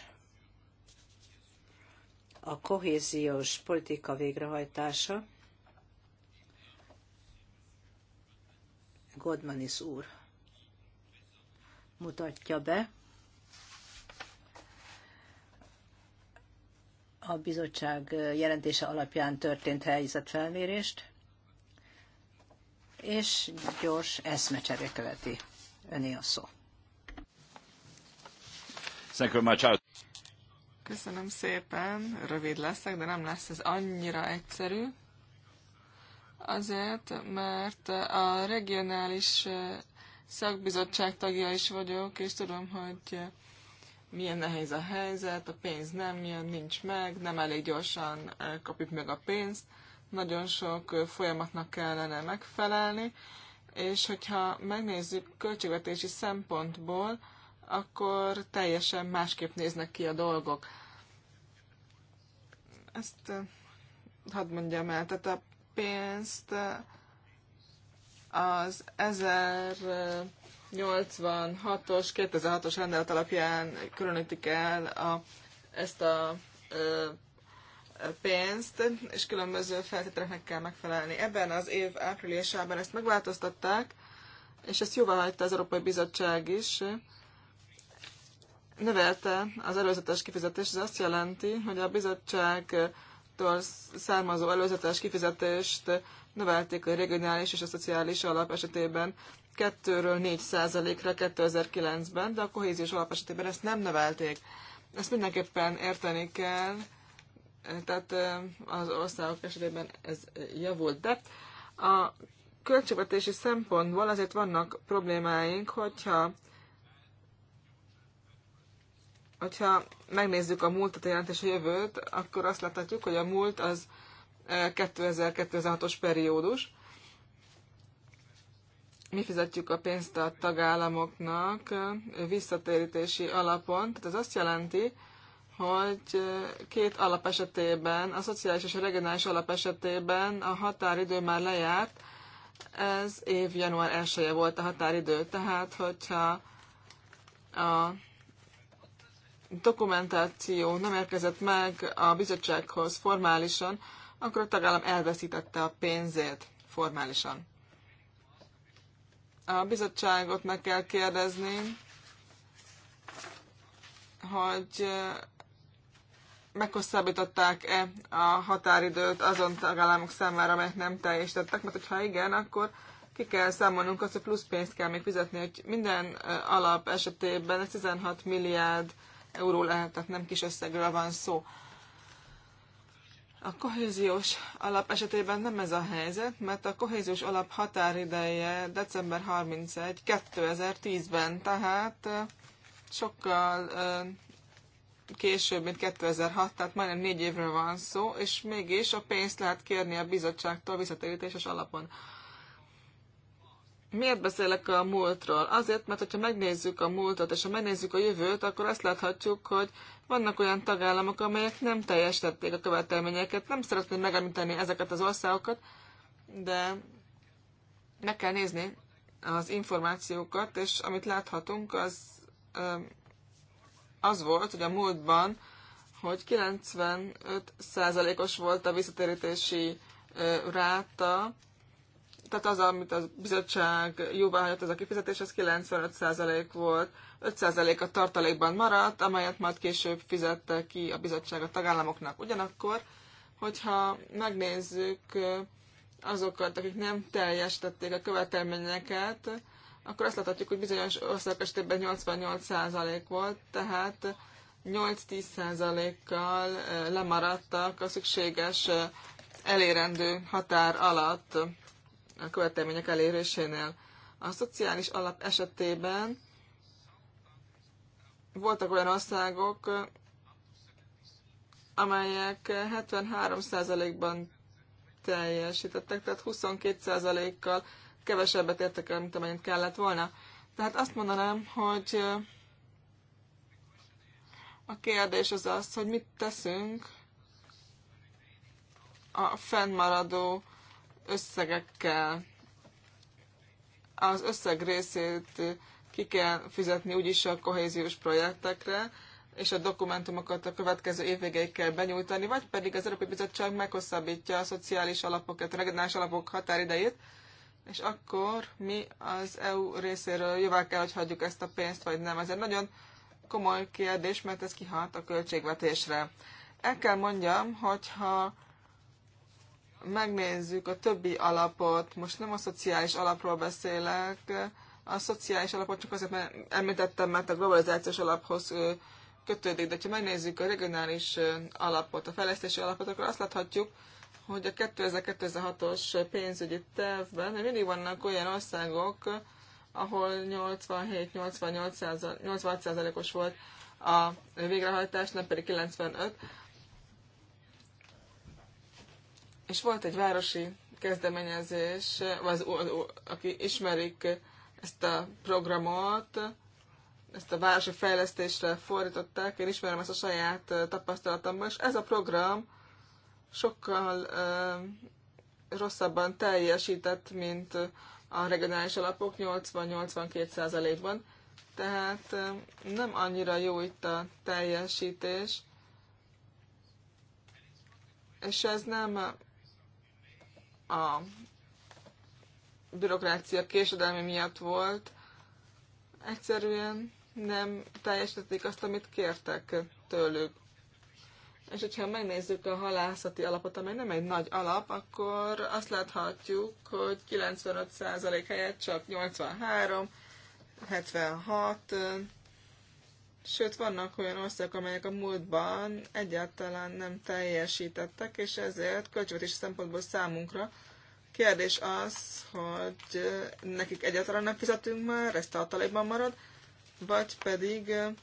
a kohéziós politika végrehajtása. Godmanis úr mutatja be. A bizottság jelentése alapján történt helyzetfelmérést, és gyors eszmecsere követi. Öné a szó. Köszönöm szépen, rövid leszek, de nem lesz ez annyira egyszerű. Azért, mert a regionális szakbizottság tagja is vagyok, és tudom, hogy milyen nehéz a helyzet, a pénz nem jön, nincs meg, nem elég gyorsan kapjuk meg a pénzt, nagyon sok folyamatnak kellene megfelelni, és hogyha megnézzük költségvetési szempontból, akkor teljesen másképp néznek ki a dolgok. Ezt eh, hadd mondjam el, tehát a pénzt eh, az 1086-os, 2006-os rendelet alapján különítik el a, ezt a ö, pénzt, és különböző feltételeknek kell megfelelni. Ebben az év áprilisában ezt megváltoztatták, és ezt jóvá hagyta az Európai Bizottság is, növelte az előzetes kifizetés, ez azt jelenti, hogy a bizottság származó előzetes kifizetést növelték a regionális és a szociális alap esetében 2-ről 4 százalékra 2009-ben, de a kohéziós alap esetében ezt nem növelték. Ezt mindenképpen érteni kell, tehát az országok esetében ez javult. De a költségvetési szempontból azért vannak problémáink, hogyha Hogyha megnézzük a múltat, a jelentés a jövőt, akkor azt láthatjuk, hogy a múlt az 2000-2006-os periódus. Mi fizetjük a pénzt a tagállamoknak visszatérítési alapon, tehát ez azt jelenti, hogy két alap esetében, a szociális és a regionális alap esetében a határidő már lejárt, ez év január 1 volt a határidő, tehát hogyha a dokumentáció nem érkezett meg a bizottsághoz formálisan, akkor a tagállam elveszítette a pénzét formálisan. A bizottságot meg kell kérdezni, hogy meghosszabbították-e a határidőt azon tagállamok számára, amelyek nem teljesítettek, mert ha igen, akkor ki kell számolnunk azt, hogy plusz pénzt kell még fizetni, hogy minden alap esetében 16 milliárd euró lehet, tehát nem kis összegről van szó. A kohéziós alap esetében nem ez a helyzet, mert a kohéziós alap határideje december 31, 2010-ben, tehát sokkal később, mint 2006, tehát majdnem négy évről van szó, és mégis a pénzt lehet kérni a bizottságtól visszatérítéses alapon. Miért beszélek a múltról? Azért, mert hogyha megnézzük a múltat és ha megnézzük a jövőt, akkor azt láthatjuk, hogy vannak olyan tagállamok, amelyek nem teljesítették a követelményeket. Nem szeretném megemlíteni ezeket az országokat, de meg kell nézni az információkat, és amit láthatunk, az az volt, hogy a múltban, hogy 95%-os volt a visszatérítési ráta, tehát az, amit a bizottság jóvá hagyott, az a kifizetés, az 95% volt, 5% a tartalékban maradt, amelyet majd később fizette ki a bizottság a tagállamoknak. Ugyanakkor, hogyha megnézzük eh, azokat, akik nem teljesítették a követelményeket, akkor azt láthatjuk, hogy bizonyos országok esetében 88% volt, tehát 8-10%-kal eh, lemaradtak a szükséges eh, elérendő határ alatt a követelmények elérésénél. A szociális alap esetében voltak olyan országok, amelyek 73%-ban teljesítettek, tehát 22%-kal kevesebbet értek el, mint amennyit kellett volna. Tehát azt mondanám, hogy uh, a kérdés az az, hogy mit teszünk a fennmaradó összegekkel. Az összeg részét ki kell fizetni úgyis a kohéziós projektekre, és a dokumentumokat a következő évvégeig kell benyújtani, vagy pedig az Európai Bizottság meghosszabbítja a szociális alapokat, a regionális alapok határidejét, és akkor mi az EU részéről jóvá kell, hogy hagyjuk ezt a pénzt, vagy nem. Ez egy nagyon komoly kérdés, mert ez kihat a költségvetésre. El kell mondjam, hogyha megnézzük a többi alapot, most nem a szociális alapról beszélek, a szociális alapot csak azért, mert említettem, mert a globalizációs alaphoz kötődik, de ha megnézzük a regionális alapot, a fejlesztési alapot, akkor azt láthatjuk, hogy a 2006 os pénzügyi tervben mindig vannak olyan országok, ahol 87-88%-os volt a végrehajtás, nem pedig 95, És volt egy városi kezdeményezés, az, aki ismerik ezt a programot, ezt a városi fejlesztésre fordították, én ismerem ezt a saját tapasztalatomban, és ez a program sokkal ö, rosszabban teljesített, mint a regionális alapok 80-82%-ban, tehát nem annyira jó itt a teljesítés, és ez nem a bürokrácia késedelmi miatt volt. Egyszerűen nem teljesítették azt, amit kértek tőlük. És hogyha megnézzük a halászati alapot, amely nem egy nagy alap, akkor azt láthatjuk, hogy 95% helyett csak 83, 76, Sőt, vannak olyan országok, amelyek a múltban egyáltalán nem teljesítettek, és ezért költségvetési szempontból számunkra kérdés az, hogy eh, nekik egyáltalán nem fizetünk már, ez tartalékban marad, vagy pedig eh,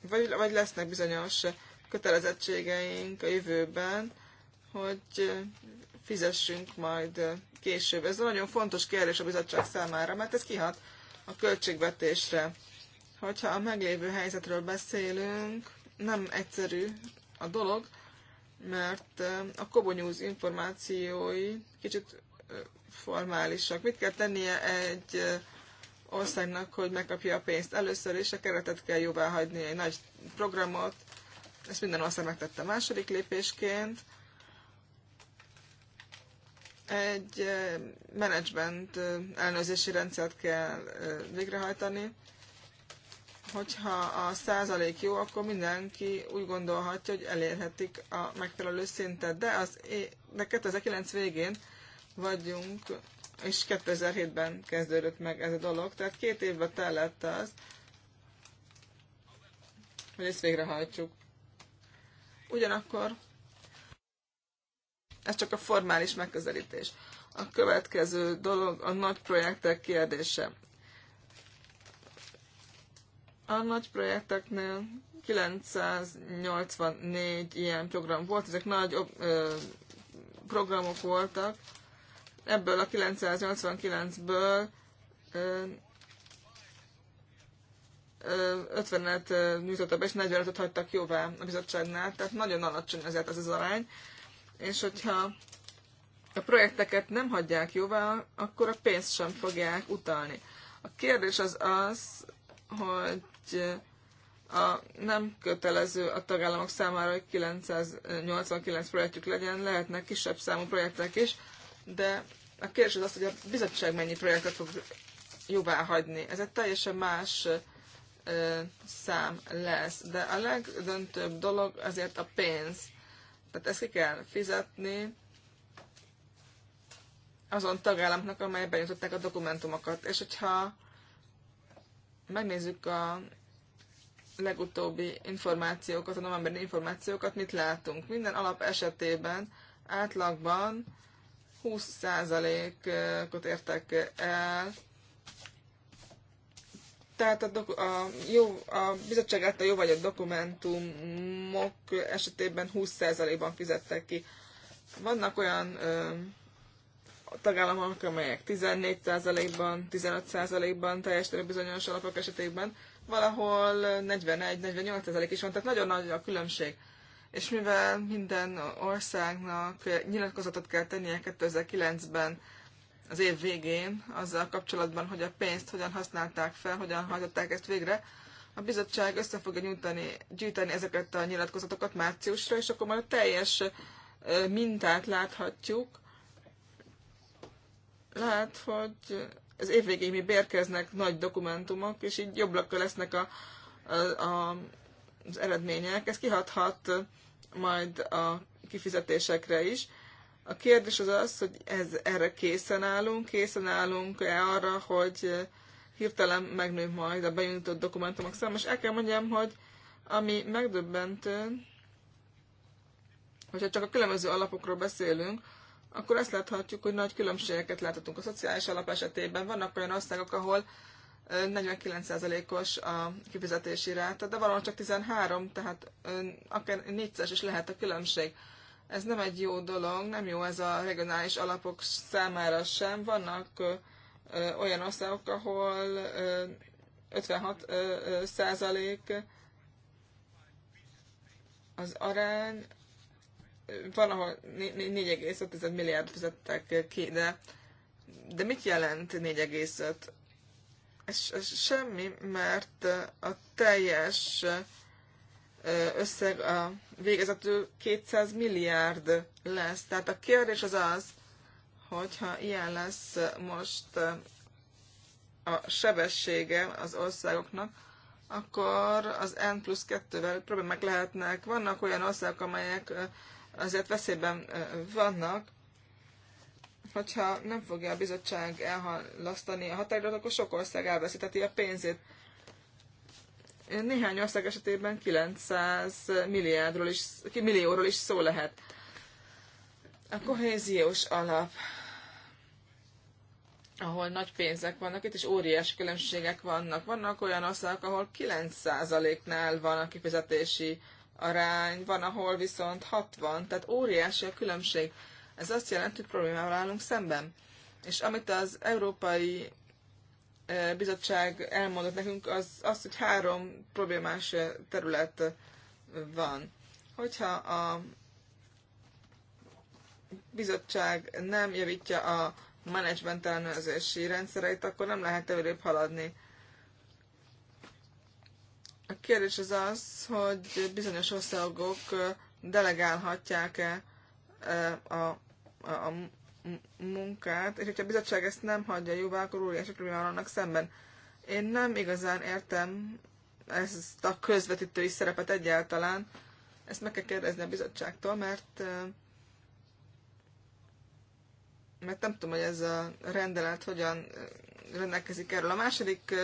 vagy, vagy lesznek bizonyos kötelezettségeink a jövőben, hogy eh, fizessünk majd később. Ez nagyon fontos kérdés a bizottság számára, mert ez kihat a költségvetésre. Hogyha a meglévő helyzetről beszélünk, nem egyszerű a dolog, mert eh, a kobonyúz információi kicsit eh, formálisak. Mit kell tennie egy eh, országnak, hogy megkapja a pénzt? Először és a keretet kell jóvá hagyni, egy nagy programot. Ezt minden ország megtette második lépésként egy menedzsment elnőzési rendszert kell végrehajtani. Hogyha a százalék jó, akkor mindenki úgy gondolhatja, hogy elérhetik a megfelelő szintet. De, az, de 2009 végén vagyunk, és 2007-ben kezdődött meg ez a dolog, tehát két évben tellett az, hogy ezt végrehajtsuk. Ugyanakkor ez csak a formális megközelítés. A következő dolog a nagy projektek kérdése. A nagy projekteknél 984 ilyen program volt, ezek nagy ö, programok voltak. Ebből a 989-ből 50-et nyújtottak be, és 45 et hagytak jóvá a bizottságnál, tehát nagyon alacsony ezért az az arány és hogyha a projekteket nem hagyják jóvá, akkor a pénzt sem fogják utalni. A kérdés az az, hogy a nem kötelező a tagállamok számára, hogy 989 projektjük legyen, lehetnek kisebb számú projektek is, de a kérdés az az, hogy a bizottság mennyi projektet fog jóvá hagyni. Ez egy teljesen más szám lesz, de a legdöntőbb dolog azért a pénz. Tehát ezt ki kell fizetni azon tagállamnak, amely benyújtották a dokumentumokat. És hogyha megnézzük a legutóbbi információkat, a novemberi információkat, mit látunk? Minden alap esetében átlagban 20%-ot értek el tehát a, doku- a, jó, a bizottság által jó vagy dokumentumok esetében 20%-ban fizettek ki. Vannak olyan ö, tagállamok, amelyek 14%-ban, 15%-ban teljesítenek bizonyos alapok esetében, valahol 41-48% is van, tehát nagyon nagy a különbség. És mivel minden országnak nyilatkozatot kell tennie 2009-ben az év végén azzal kapcsolatban, hogy a pénzt hogyan használták fel, hogyan hajtották ezt végre. A bizottság össze fogja nyújtani, gyűjteni ezeket a nyilatkozatokat márciusra, és akkor már a teljes mintát láthatjuk. Lehet, hogy az év végén mi bérkeznek nagy dokumentumok, és így jobbak lesznek a, a, a, az eredmények. Ez kihathat majd a kifizetésekre is a kérdés az az, hogy ez, erre készen állunk, készen állunk-e arra, hogy eh, hirtelen megnő majd a bejutott dokumentumok száma, és el kell mondjam, hogy ami megdöbbentő, hogyha csak a különböző alapokról beszélünk, akkor ezt láthatjuk, hogy nagy különbségeket láthatunk a szociális alap esetében. Vannak olyan országok, ahol 49%-os eh, a kifizetési ráta, de valahol csak 13, tehát eh, akár négyszeres is lehet a különbség. Ez nem egy jó dolog, nem jó ez a regionális alapok számára sem. Vannak ö, ö, olyan országok, ahol ö, 56 ö, ö, százalék az arány, van, ahol 4,5 milliárd fizettek ki, de, de mit jelent 4,5? Ez, ez semmi, mert a teljes összeg a végezetül 200 milliárd lesz. Tehát a kérdés az az, hogyha ilyen lesz most eh, a sebessége az országoknak, akkor az N plusz 2-vel problémák lehetnek. Vannak olyan országok, amelyek eh, azért veszélyben eh, vannak, hogyha nem fogja a bizottság elhalasztani a határidőt, akkor sok ország elveszíteti a pénzét. Néhány ország esetében 900 milliárdról is, millióról is szó lehet. A kohéziós alap, ahol nagy pénzek vannak, itt is óriási különbségek vannak. Vannak olyan országok, ahol 9%-nál van a kifizetési arány, van, ahol viszont 60, tehát óriási a különbség. Ez azt jelenti, hogy problémával állunk szemben. És amit az Európai bizottság elmondott nekünk, az, az, hogy három problémás terület van. Hogyha a bizottság nem javítja a menedzsment ellenőrzési rendszereit, akkor nem lehet előrébb haladni. A kérdés az az, hogy bizonyos országok delegálhatják-e a, a, a munkát, és hogyha a bizottság ezt nem hagyja jóvá, akkor óriási probléma annak szemben. Én nem igazán értem ezt a közvetítői szerepet egyáltalán. Ezt meg kell kérdezni a bizottságtól, mert, mert nem tudom, hogy ez a rendelet hogyan rendelkezik erről. A második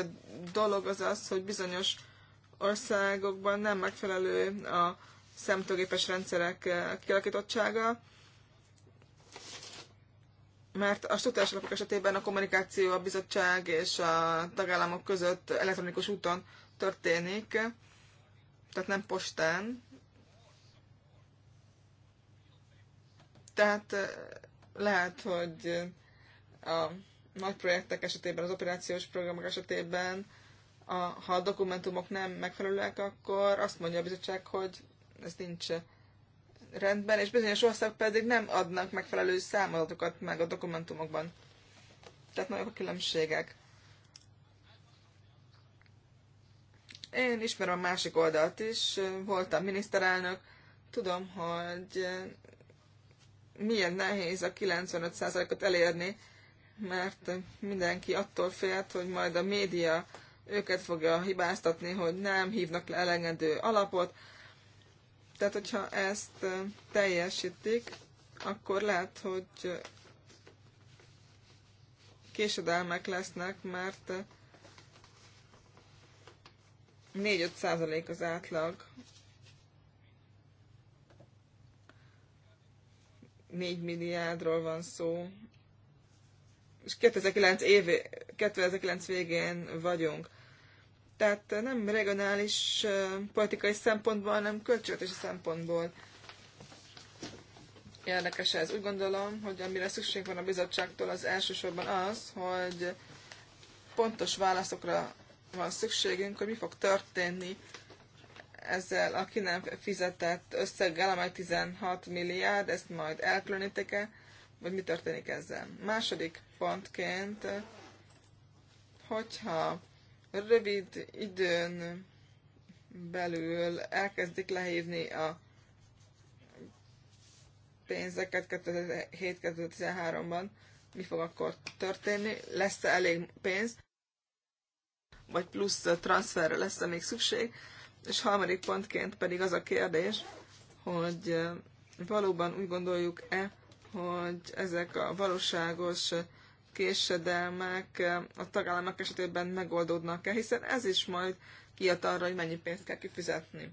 dolog az az, hogy bizonyos országokban nem megfelelő a szemtőgépes rendszerek kialakítottsága mert a struktúrás alapok esetében a kommunikáció a bizottság és a tagállamok között elektronikus úton történik, tehát nem postán. Tehát eh, lehet, hogy a nagy projektek esetében, az operációs programok esetében, a, ha a dokumentumok nem megfelelőek, akkor azt mondja a bizottság, hogy ez nincs rendben, és bizonyos országok pedig nem adnak megfelelő számadatokat meg a dokumentumokban. Tehát nagyok a különbségek. Én ismerem a másik oldalt is, voltam miniszterelnök, tudom, hogy milyen nehéz a 95%-ot elérni, mert mindenki attól félt, hogy majd a média őket fogja hibáztatni, hogy nem hívnak le elegendő alapot, tehát, hogyha ezt teljesítik, akkor lehet, hogy késedelmek lesznek, mert 4-5 százalék az átlag. 4 milliárdról van szó. És 2009, év, 2009 végén vagyunk. Tehát nem regionális politikai szempontból, hanem költségvetési szempontból érdekes ez. Úgy gondolom, hogy amire szükség van a bizottságtól, az elsősorban az, hogy pontos válaszokra van szükségünk, hogy mi fog történni ezzel a ki nem fizetett összeggel, amely 16 milliárd, ezt majd elkülönítik -e, vagy mi történik ezzel. Második pontként, hogyha rövid időn belül elkezdik lehívni a pénzeket 2007-2013-ban, mi fog akkor történni? Lesz-e elég pénz? Vagy plusz transferre lesz-e még szükség? És harmadik pontként pedig az a kérdés, hogy valóban úgy gondoljuk-e, hogy ezek a valóságos késedelmek a tagállamok esetében megoldódnak-e, hiszen ez is majd kiad arra, hogy mennyi pénzt kell kifizetni.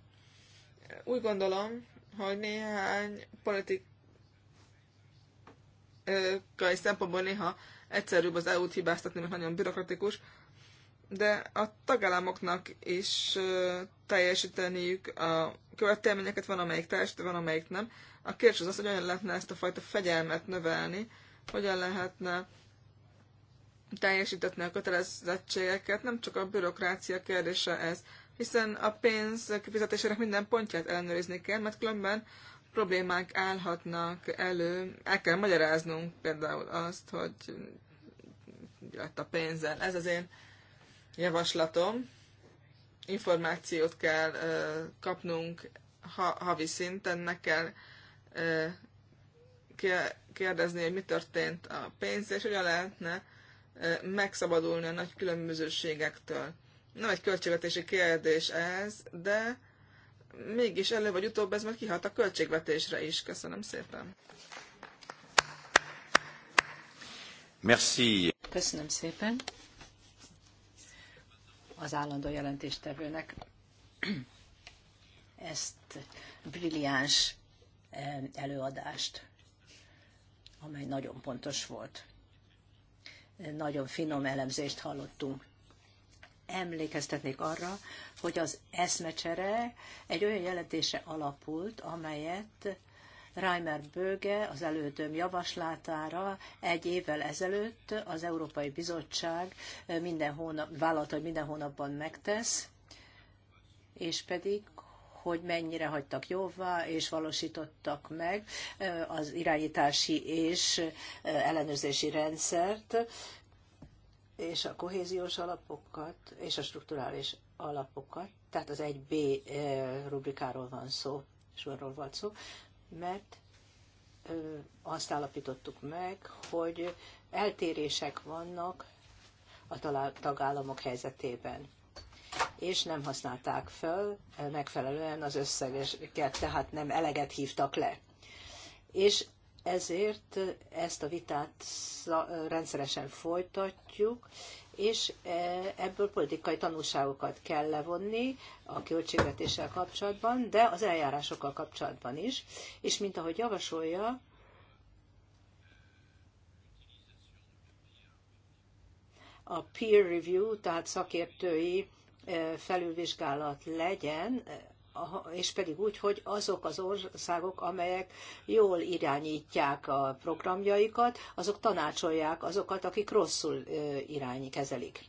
Úgy gondolom, hogy néhány politikai szempontból néha egyszerűbb az EU-t hibáztatni, mert nagyon bürokratikus, de a tagállamoknak is teljesíteniük a követelményeket, van amelyik teljesít, van amelyik nem. A kérdés az az, hogy hogyan lehetne ezt a fajta fegyelmet növelni, hogyan lehetne teljesítetni a kötelezettségeket, nem csak a bürokrácia kérdése ez, hiszen a pénz kifizetésének minden pontját ellenőrizni kell, mert különben problémák állhatnak elő. El kell magyaráznunk például azt, hogy mi lett a pénzzel. Ez az én javaslatom. Információt kell ö, kapnunk ha, havi szinten, ne kell ö, kérdezni, hogy mi történt a pénz, és hogyan lehetne megszabadulni a nagy különbözőségektől. Nem egy költségvetési kérdés ez, de mégis elő vagy utóbb ez majd kihat a költségvetésre is. Köszönöm szépen. Merci. Köszönöm szépen az állandó jelentéstevőnek ezt brilliáns eh, előadást, amely nagyon pontos volt nagyon finom elemzést hallottunk. Emlékeztetnék arra, hogy az eszmecsere egy olyan jelentése alapult, amelyet Reimer Böge az elődöm javaslátára egy évvel ezelőtt az Európai Bizottság minden hónap, vállalta, hogy minden hónapban megtesz, és pedig hogy mennyire hagytak jóvá és valósítottak meg az irányítási és ellenőrzési rendszert, és a kohéziós alapokat, és a strukturális alapokat, tehát az 1B rubrikáról van szó, sorról volt szó, mert azt állapítottuk meg, hogy eltérések vannak a tagállamok helyzetében és nem használták föl megfelelően az összegeket, tehát nem eleget hívtak le. És ezért ezt a vitát rendszeresen folytatjuk, és e, ebből politikai tanulságokat kell levonni a költségvetéssel kapcsolatban, de az eljárásokkal kapcsolatban is, és mint ahogy javasolja, a peer review, tehát szakértői felülvizsgálat legyen, és pedig úgy, hogy azok az országok, amelyek jól irányítják a programjaikat, azok tanácsolják azokat, akik rosszul irányi kezelik.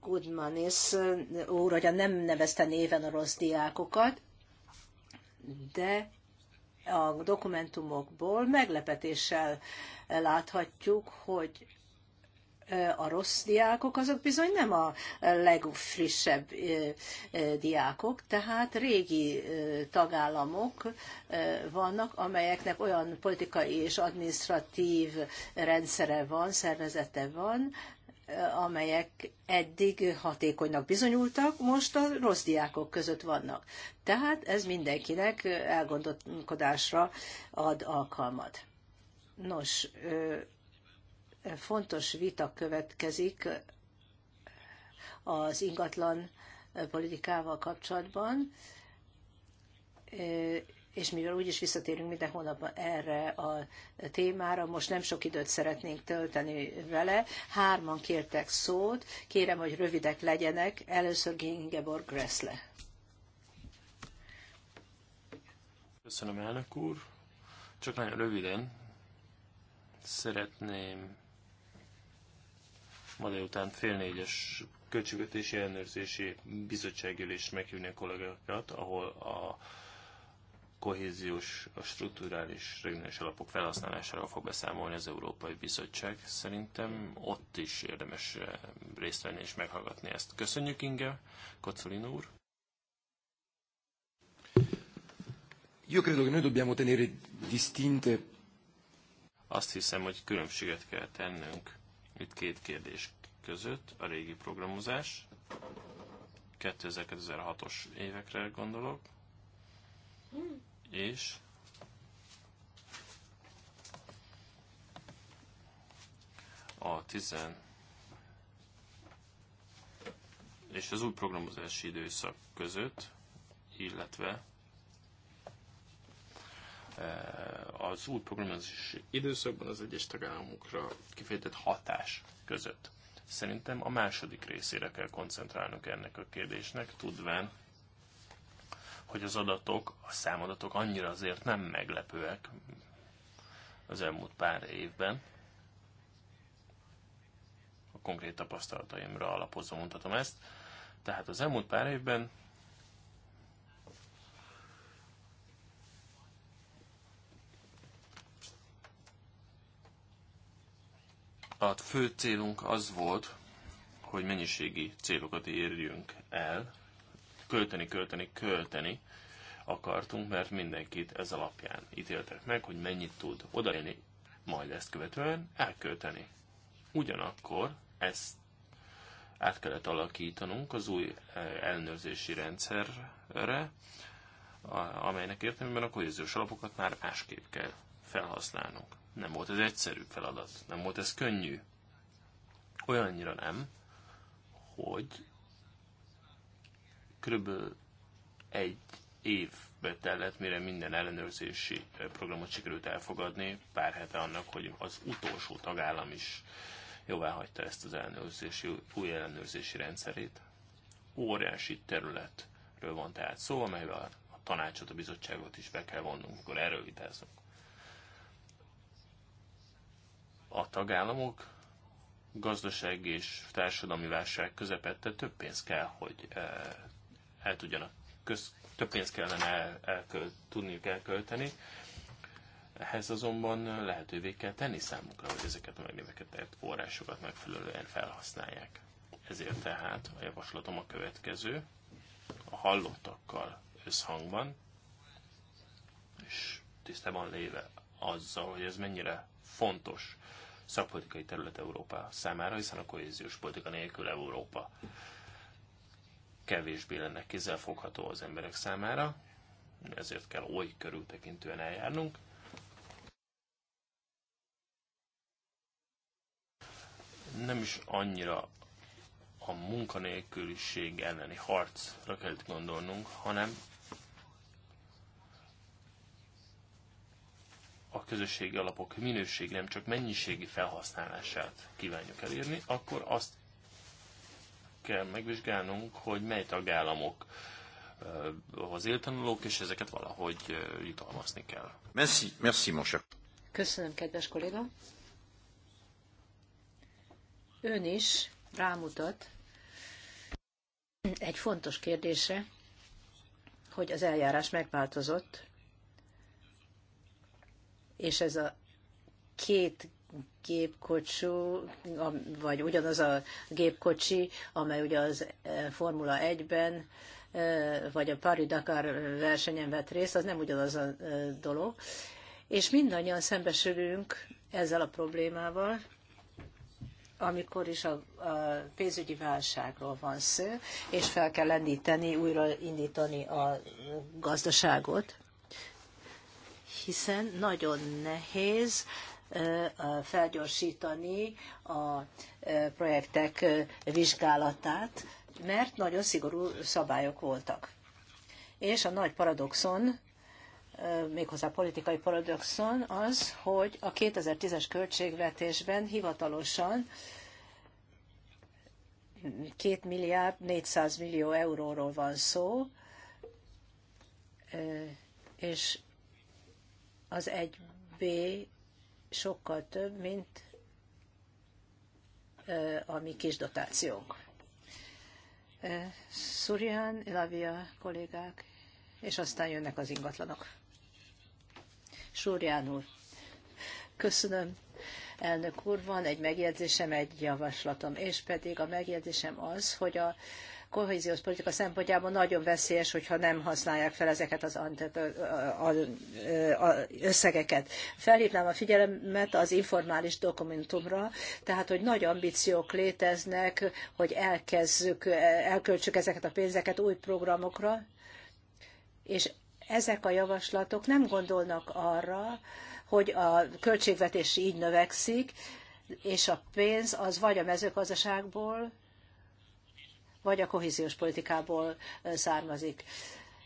Goodmanis úr, hogy nem nevezte néven a rossz diákokat, de a dokumentumokból meglepetéssel láthatjuk, hogy a rossz diákok azok bizony nem a legfrissebb diákok, tehát régi tagállamok vannak, amelyeknek olyan politikai és adminisztratív rendszere van, szervezete van, amelyek eddig hatékonynak bizonyultak, most a rossz diákok között vannak. Tehát ez mindenkinek elgondolkodásra ad alkalmat. Nos, fontos vita következik az ingatlan politikával kapcsolatban, és mivel úgyis visszatérünk minden hónapban erre a témára, most nem sok időt szeretnénk tölteni vele. Hárman kértek szót, kérem, hogy rövidek legyenek. Először Ingeborg Gressle. Köszönöm, elnök úr. Csak nagyon röviden szeretném ma délután fél négyes költségvetési ellenőrzési bizottságülést meghívni a kollégákat, ahol a kohéziós, a strukturális regionális alapok felhasználásáról fog beszámolni az Európai Bizottság. Szerintem ott is érdemes eh, részt venni és meghallgatni ezt. Köszönjük Inge, Kocolin úr. Io credo che noi dobbiamo tenere distinte. Azt hiszem, hogy különbséget kell tennünk itt két kérdés között, a régi programozás, 2006-os évekre gondolok, és a 10 és az új programozási időszak között, illetve az új útprogramozási időszakban az egyes tagállamokra kifejtett hatás között. Szerintem a második részére kell koncentrálnunk ennek a kérdésnek, tudván, hogy az adatok, a számadatok annyira azért nem meglepőek az elmúlt pár évben. A konkrét tapasztalataimra alapozva mondhatom ezt. Tehát az elmúlt pár évben A fő célunk az volt, hogy mennyiségi célokat érjünk el, költeni, költeni, költeni akartunk, mert mindenkit ez alapján ítéltek meg, hogy mennyit tud odaélni, majd ezt követően elkölteni. Ugyanakkor ezt át kellett alakítanunk az új e, ellenőrzési rendszerre, amelynek értelmében a kohéziós alapokat már másképp kell felhasználnunk. Nem volt ez egyszerű feladat, nem volt ez könnyű. Olyannyira nem, hogy körülbelül egy évbe tellett, mire minden ellenőrzési programot sikerült elfogadni, pár hete annak, hogy az utolsó tagállam is jóvá hagyta ezt az ellenőrzési, új ellenőrzési rendszerét. Óriási területről van tehát szó, amelyben a tanácsot, a bizottságot is be kell vonnunk, amikor erről vitázunk. a tagállamok gazdaság és társadalmi válság közepette több pénz kell, hogy eh, el tudjanak, köz, több pénzt kellene el, el, tudniuk elkölteni. Ehhez azonban lehetővé kell tenni számukra, hogy ezeket a megnevezett forrásokat megfelelően felhasználják. Ezért tehát a javaslatom a következő, a hallottakkal összhangban, és tisztában léve azzal, hogy ez mennyire fontos szakpolitikai terület Európa számára, hiszen a kohéziós politika nélkül Európa kevésbé lenne kézzelfogható az emberek számára, ezért kell oly körültekintően eljárnunk. Nem is annyira a munkanélküliség elleni harcra kell gondolnunk, hanem a közösségi alapok minőség, nem csak mennyiségi felhasználását kívánjuk elérni, akkor azt kell megvizsgálnunk, hogy mely tagállamok az eh, éltanulók, és ezeket valahogy eh, jutalmazni kell. Merci, merci, Mosa. Köszönöm, kedves kolléga. Ön is rámutat egy fontos kérdése, hogy az eljárás megváltozott, és ez a két gépkocsú, vagy ugyanaz a gépkocsi, amely ugye az e, Formula 1-ben, e, vagy a Paris-Dakar versenyen vett részt, az nem ugyanaz a e, dolog. És mindannyian szembesülünk ezzel a problémával, amikor is a, a pénzügyi válságról van szó, és fel kell lendíteni, újra indítani a gazdaságot hiszen nagyon nehéz felgyorsítani a projektek vizsgálatát, mert nagyon szigorú szabályok voltak. És a nagy paradoxon, méghozzá politikai paradoxon az, hogy a 2010-es költségvetésben hivatalosan 2 milliárd 400 millió euróról van szó, és az 1B sokkal több, mint a mi kis dotációnk. Szurian, Lavia kollégák, és aztán jönnek az ingatlanok. Súrján úr, köszönöm. Elnök úr, van egy megjegyzésem, egy javaslatom, és pedig a megjegyzésem az, hogy a kohéziós politika szempontjából nagyon veszélyes, hogyha nem használják fel ezeket az összegeket. Felhívnám a figyelmet az informális dokumentumra, tehát, hogy nagy ambíciók léteznek, hogy elkezdjük, elköltsük ezeket a pénzeket új programokra, és ezek a javaslatok nem gondolnak arra, hogy a költségvetés így növekszik, és a pénz az vagy a mezőgazdaságból, vagy a kohéziós politikából származik.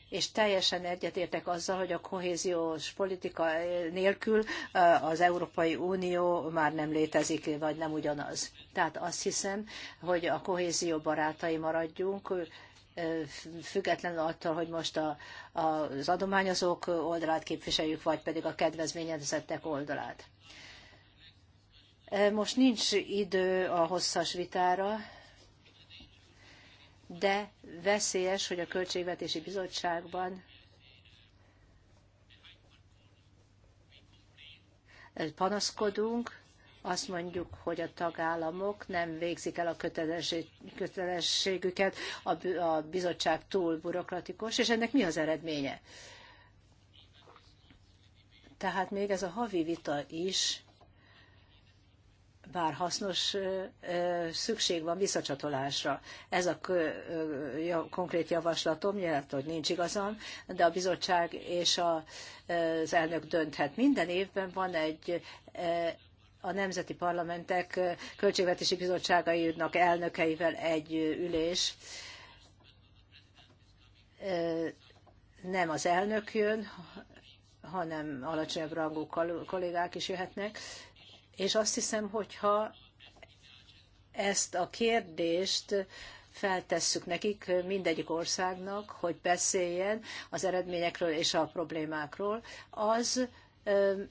És teljesen egyetértek azzal, hogy a kohéziós politika nélkül az Európai Unió már nem létezik, vagy nem ugyanaz. Tehát azt hiszem, hogy a kohézió barátai maradjunk, függetlenül attól, hogy most a, az adományozók oldalát képviseljük, vagy pedig a kedvezményezettek oldalát. Most nincs idő a hosszas vitára, de veszélyes, hogy a Költségvetési Bizottságban panaszkodunk, azt mondjuk, hogy a tagállamok nem végzik el a kötelességüket, a bizottság túl bürokratikus, és ennek mi az eredménye? Tehát még ez a havi vita is bár hasznos, szükség van visszacsatolásra. Ez a konkrét javaslatom, nyilván, hogy nincs igazán, de a bizottság és a, az elnök dönthet. Minden évben van egy a nemzeti parlamentek költségvetési bizottságainak elnökeivel egy ülés. Nem az elnök jön, hanem alacsonyabb rangú kollégák is jöhetnek, és azt hiszem, hogyha ezt a kérdést feltesszük nekik, mindegyik országnak, hogy beszéljen az eredményekről és a problémákról, az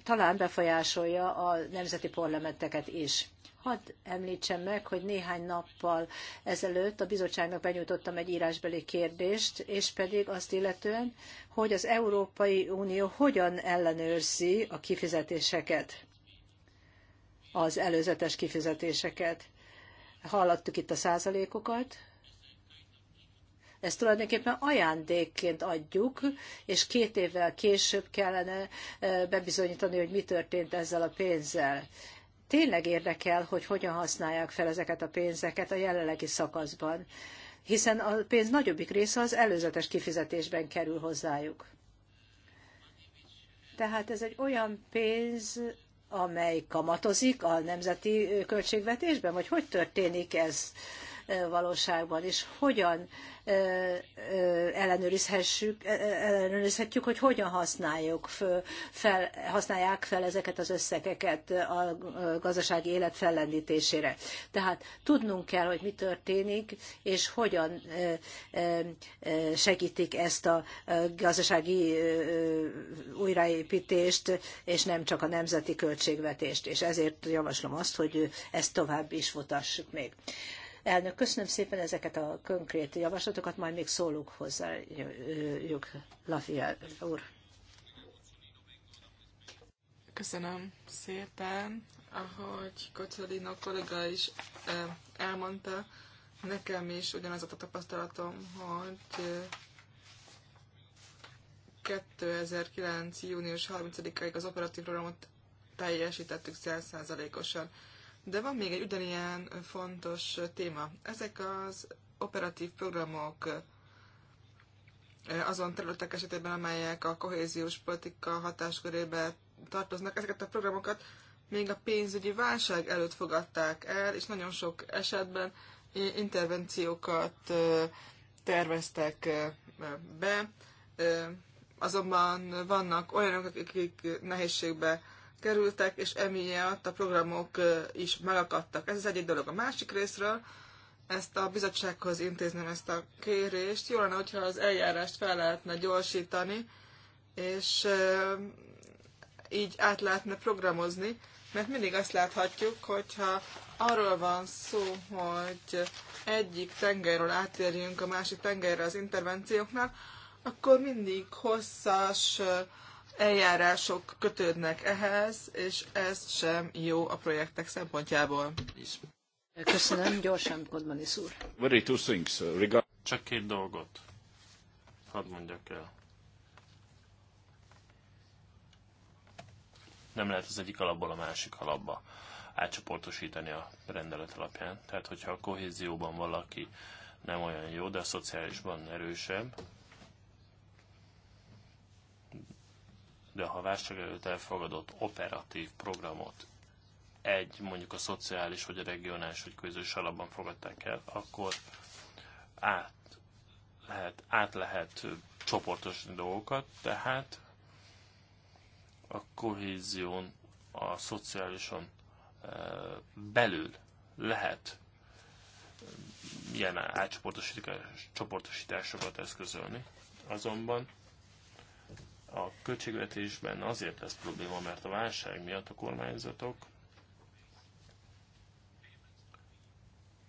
talán befolyásolja a nemzeti parlamenteket is. Hadd említsem meg, hogy néhány nappal ezelőtt a bizottságnak benyújtottam egy írásbeli kérdést, és pedig azt illetően, hogy az Európai Unió hogyan ellenőrzi a kifizetéseket az előzetes kifizetéseket. Hallottuk itt a százalékokat. Ezt tulajdonképpen ajándékként adjuk, és két évvel később kellene e, bebizonyítani, hogy mi történt ezzel a pénzzel. Tényleg érdekel, hogy hogyan használják fel ezeket a pénzeket a jelenlegi szakaszban, hiszen a pénz nagyobbik része az előzetes kifizetésben kerül hozzájuk. Tehát ez egy olyan pénz, amely kamatozik a nemzeti költségvetésben, vagy hogy történik ez? valóságban, és hogyan ellenőrizhessük, ellenőrizhetjük, hogy hogyan használjuk fel, használják fel ezeket az összegeket a gazdasági élet fellendítésére. Tehát tudnunk kell, hogy mi történik, és hogyan segítik ezt a gazdasági újraépítést, és nem csak a nemzeti költségvetést, és ezért javaslom azt, hogy ezt tovább is futassuk még. Elnök, köszönöm szépen ezeket a konkrét javaslatokat, majd még szólunk hozzá, Lafia úr. Köszönöm szépen, ahogy Kocolino kollega is elmondta, nekem is ugyanaz a tapasztalatom, hogy 2009. június 30-ig az operatív programot teljesítettük 100%-osan. De van még egy ugyanilyen fontos téma. Ezek az operatív programok azon területek esetében, amelyek a kohéziós politika hatáskörébe tartoznak, ezeket a programokat még a pénzügyi válság előtt fogadták el, és nagyon sok esetben intervenciókat terveztek be. Azonban vannak olyanok, akik nehézségbe kerültek, és emiatt a programok is megakadtak. Ez az egyik dolog. A másik részről ezt a bizottsághoz intézném ezt a kérést. Jó lenne, hogyha az eljárást fel lehetne gyorsítani, és így át lehetne programozni, mert mindig azt láthatjuk, hogyha arról van szó, hogy egyik tengerről átérjünk a másik tengerre az intervencióknak, akkor mindig hosszas eljárások kötődnek ehhez, és ez sem jó a projektek szempontjából. Köszönöm, gyorsan, Kodmanis úr. Very two things. Uh, Csak két dolgot hadd mondjak el. Nem lehet az egyik alapból a másik alapba átcsoportosítani a rendelet alapján. Tehát, hogyha a kohézióban valaki nem olyan jó, de a szociálisban erősebb, de ha válság előtt elfogadott operatív programot egy mondjuk a szociális, vagy a regionális, vagy közös alapban fogadták el, akkor át lehet, át lehet csoportos dolgokat, tehát a kohézión, a szociálison e, belül lehet ilyen átcsoportosításokat eszközölni. Azonban a költségvetésben azért lesz probléma, mert a válság miatt a kormányzatok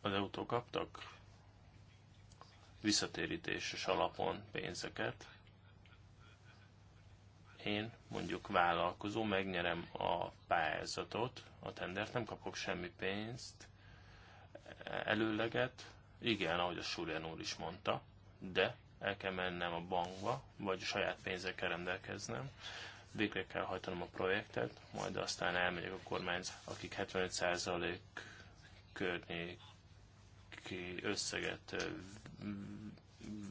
az eu kaptak visszatérítéses alapon pénzeket. Én mondjuk vállalkozó, megnyerem a pályázatot, a tendert, nem kapok semmi pénzt, előleget, igen, ahogy a Surjan úr is mondta, de el kell mennem a bankba, vagy saját kell rendelkeznem, végre kell hajtanom a projektet, majd aztán elmegyek a kormányz, akik 75% környéki összeget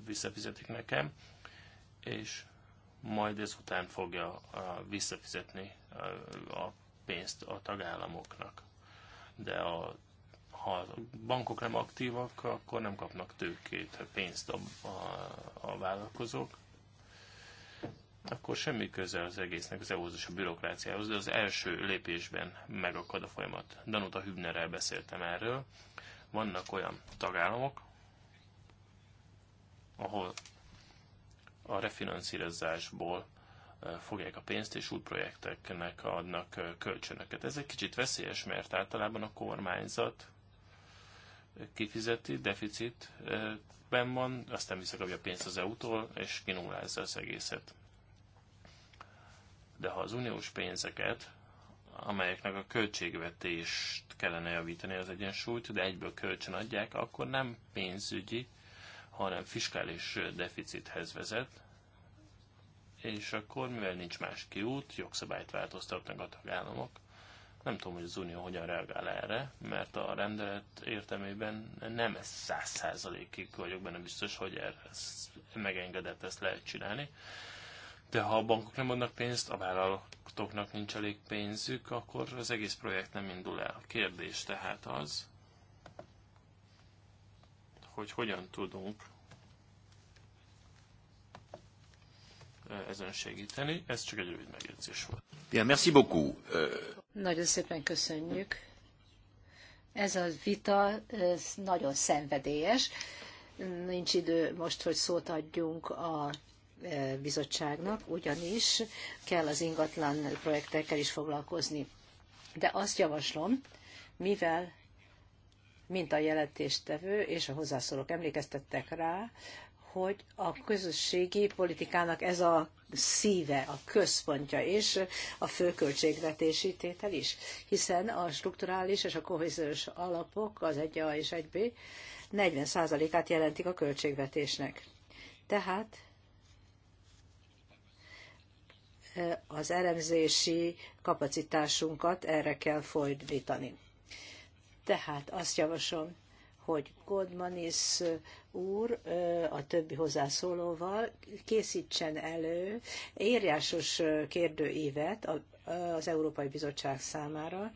visszafizetik nekem, és majd ezután fogja visszafizetni a pénzt a tagállamoknak. De a ha a bankok nem aktívak, akkor nem kapnak tőkét, pénzt a, a, a vállalkozók, akkor semmi köze az egésznek az EU-hoz és a bürokráciához, de az első lépésben megakad a folyamat. Danuta Hübnerrel beszéltem erről. Vannak olyan tagállamok, ahol a refinanszírozásból eh, fogják a pénzt, és új projekteknek adnak eh, kölcsönöket. Ez egy kicsit veszélyes, mert általában a kormányzat kifizeti, deficitben van, aztán visszakapja a pénzt az EU-tól, és kinullázza az egészet. De ha az uniós pénzeket, amelyeknek a költségvetést kellene javítani az egyensúlyt, de egyből kölcsön adják, akkor nem pénzügyi, hanem fiskális deficithez vezet, és akkor, mivel nincs más kiút, jogszabályt változtatnak a tagállamok, nem tudom, hogy az Unió hogyan reagál erre, mert a rendelet értelmében nem ez száz százalékig vagyok benne biztos, hogy erre megengedett, ezt lehet csinálni. De ha a bankok nem adnak pénzt, a vállalatoknak nincs elég pénzük, akkor az egész projekt nem indul el. A kérdés tehát az, hogy hogyan tudunk ezen segíteni. Ez csak egy rövid megjegyzés volt. Bien, merci beaucoup. Euh, nagyon szépen köszönjük. Ez a vita ez nagyon szenvedélyes. Nincs idő most, hogy szót adjunk a bizottságnak, ugyanis kell az ingatlan projektekkel is foglalkozni. De azt javaslom, mivel mint a jelentéstevő és a hozzászólók emlékeztettek rá, hogy a közösségi politikának ez a szíve, a központja és a fő költségvetési tétel is, hiszen a strukturális és a kohéziós alapok, az 1A és 1B 40%-át jelentik a költségvetésnek. Tehát az elemzési kapacitásunkat erre kell fordítani. Tehát azt javaslom, hogy Godmanis úr a többi hozzászólóval készítsen elő írjásos kérdőívet az Európai Bizottság számára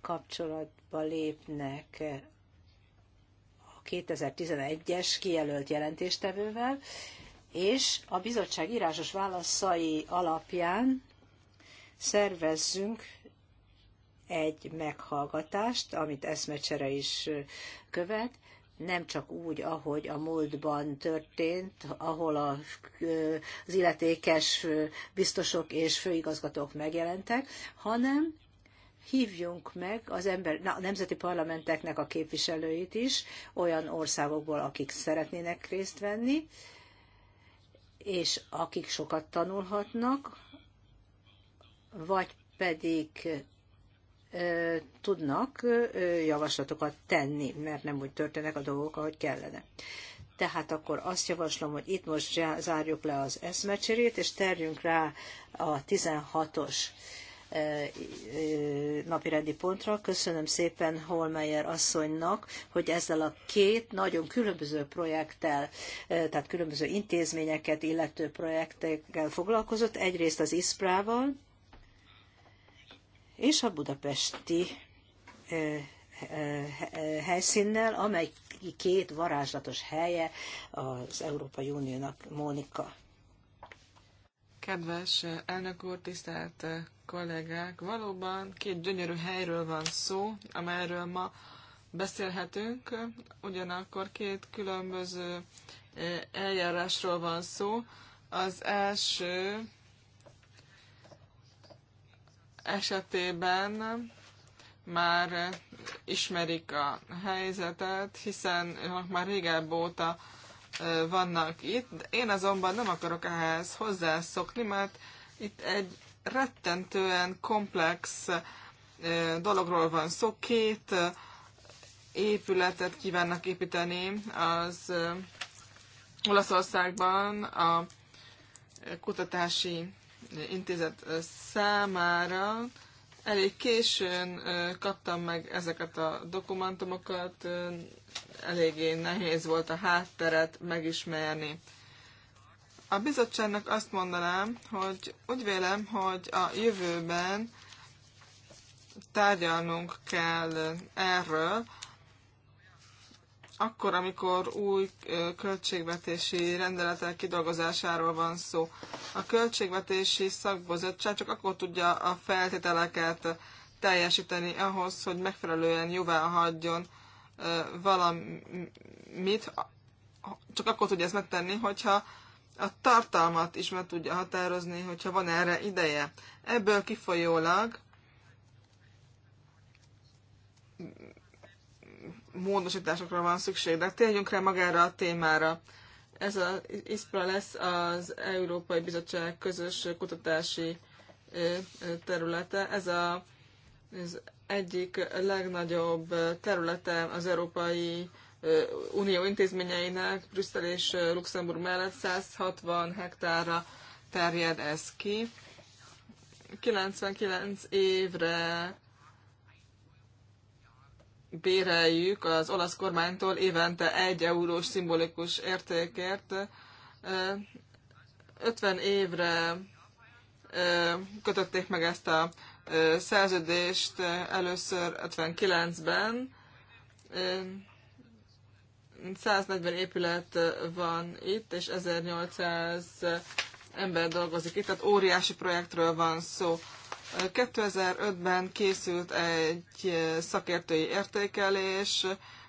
kapcsolatba lépnek a 2011-es kijelölt jelentéstevővel, és a bizottság írásos válaszai alapján szervezzünk egy meghallgatást, amit eszmecsere is követ, nem csak úgy, ahogy a múltban történt, ahol a, az illetékes biztosok és főigazgatók megjelentek, hanem hívjunk meg az ember, na, a nemzeti parlamenteknek a képviselőit is olyan országokból, akik szeretnének részt venni, és akik sokat tanulhatnak, vagy pedig tudnak javaslatokat tenni, mert nem úgy történnek a dolgok, ahogy kellene. Tehát akkor azt javaslom, hogy itt most zárjuk le az eszmecserét, és terjünk rá a 16-os napirendi pontra. Köszönöm szépen Holmeyer asszonynak, hogy ezzel a két nagyon különböző projekttel, tehát különböző intézményeket illető projektekkel foglalkozott. Egyrészt az ISPRA-val, és a budapesti helyszínnel, amely két varázslatos helye az Európai Uniónak, Mónika. Kedves elnök úr, tisztelt kollégák! Valóban két gyönyörű helyről van szó, amelyről ma beszélhetünk, ugyanakkor két különböző eljárásról van szó. Az első esetében már ismerik a helyzetet, hiszen ők már régebb óta vannak itt. Én azonban nem akarok ehhez hozzászokni, mert itt egy rettentően komplex dologról van szó. Két épületet kívánnak építeni az Olaszországban a kutatási intézet számára. Elég későn kaptam meg ezeket a dokumentumokat, eléggé nehéz volt a hátteret megismerni. A bizottságnak azt mondanám, hogy úgy vélem, hogy a jövőben tárgyalnunk kell erről, akkor, amikor új költségvetési rendeletek kidolgozásáról van szó. A költségvetési szakbozottság csak akkor tudja a feltételeket teljesíteni ahhoz, hogy megfelelően jóvá hagyjon valamit, csak akkor tudja ezt megtenni, hogyha a tartalmat is meg tudja határozni, hogyha van erre ideje. Ebből kifolyólag módosításokra van szükség, de térjünk rá magára a témára. Ez az ISPRA lesz az Európai Bizottság közös kutatási területe. Ez a, az egyik legnagyobb területe az Európai Unió intézményeinek, Brüsszel és Luxemburg mellett 160 hektárra terjed ez ki. 99 évre béreljük az olasz kormánytól évente egy eurós szimbolikus értékért. 50 évre kötötték meg ezt a szerződést először 59-ben. 140 épület van itt, és 1800 ember dolgozik itt, tehát óriási projektről van szó. 2005-ben készült egy eh, szakértői értékelés,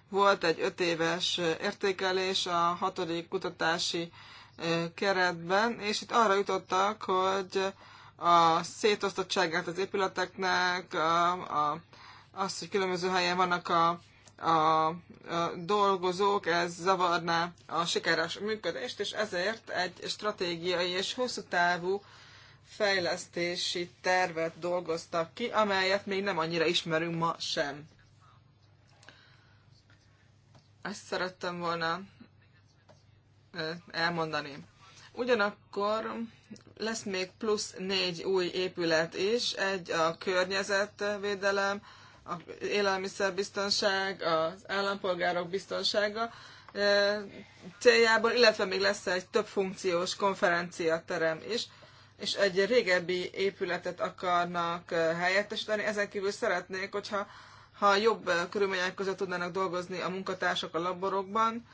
volt egy öt éves eh, értékelés a hatodik kutatási eh, keretben, és itt arra jutottak, hogy a szétosztottságát az épületeknek, a, a, az, hogy különböző helyen vannak a, a, a dolgozók, ez zavarná a sikeres működést, és ezért egy stratégiai és hosszú távú fejlesztési tervet dolgoztak ki, amelyet még nem annyira ismerünk ma sem. Ezt szerettem volna elmondani. Ugyanakkor lesz még plusz négy új épület is, egy a környezetvédelem, a élelmiszerbiztonság, az állampolgárok biztonsága céljából, illetve még lesz egy több funkciós konferenciaterem is, és egy régebbi épületet akarnak helyettesíteni. Ezen kívül szeretnék, hogyha ha jobb körülmények között tudnának dolgozni a munkatársak a laborokban,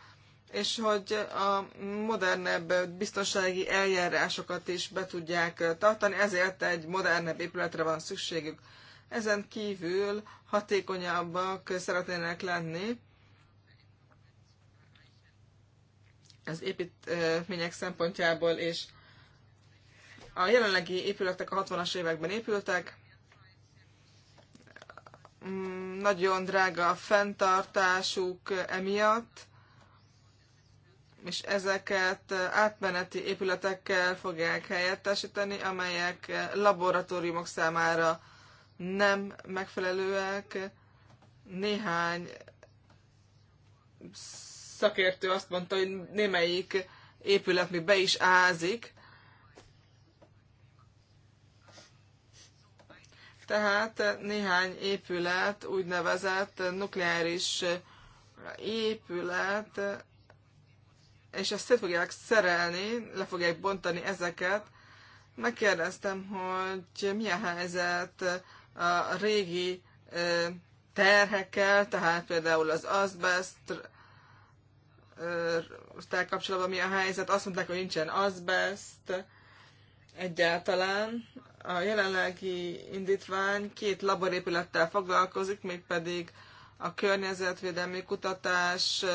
és hogy a modernebb biztonsági eljárásokat is be tudják tartani, ezért egy modernebb épületre van szükségük. Ezen kívül hatékonyabbak szeretnének lenni az építmények szempontjából és a jelenlegi épületek a 60-as években épültek, mm, nagyon drága a fenntartásuk emiatt, és ezeket átmeneti épületekkel fogják helyettesíteni, amelyek laboratóriumok számára nem megfelelőek. Néhány szakértő azt mondta, hogy némelyik épület még be is ázik, Tehát néhány épület, úgynevezett nukleáris épület, és ezt szét fogják szerelni, le fogják bontani ezeket. Megkérdeztem, hogy milyen helyzet a régi terhekkel, tehát például az azbest, tel kapcsolatban mi a helyzet. Azt mondták, hogy nincsen azbest egyáltalán. A jelenlegi indítvány két laborépülettel foglalkozik, mégpedig a környezetvédelmi kutatás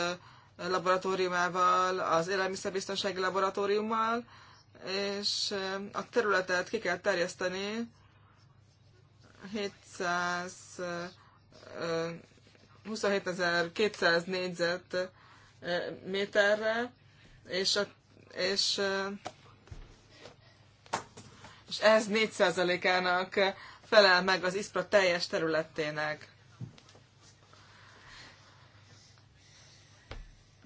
laboratóriumával, az élelmiszerbiztonsági laboratóriummal, és a területet ki kell terjeszteni 700 27.200 négyzet méterre, és, a, és és ez 4%-ának felel meg az ISPRA teljes területének.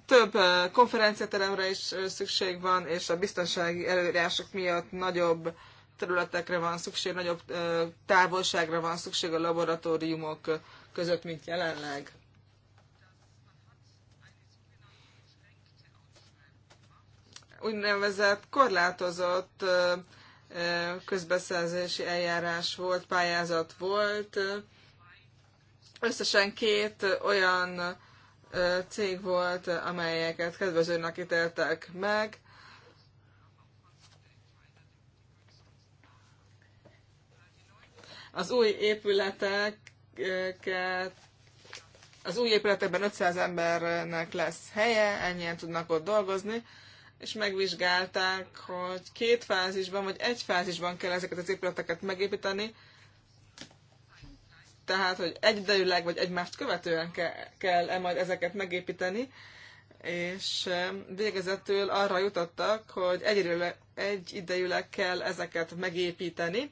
Több konferenciateremre is szükség van, és a biztonsági előírások miatt nagyobb területekre van szükség, nagyobb távolságra van szükség a laboratóriumok között, mint jelenleg. Úgynevezett korlátozott közbeszerzési eljárás volt, pályázat volt. Összesen két olyan cég volt, amelyeket kedvezőnek ítéltek meg. Az új épületeket az új épületekben 500 embernek lesz helye, ennyien tudnak ott dolgozni és megvizsgálták, hogy két fázisban vagy egy fázisban kell ezeket az épületeket megépíteni, tehát, hogy egyidejűleg vagy egymást követően ke- kell-e majd ezeket megépíteni, és végezetül arra jutottak, hogy egyidejűleg, egyidejűleg kell ezeket megépíteni,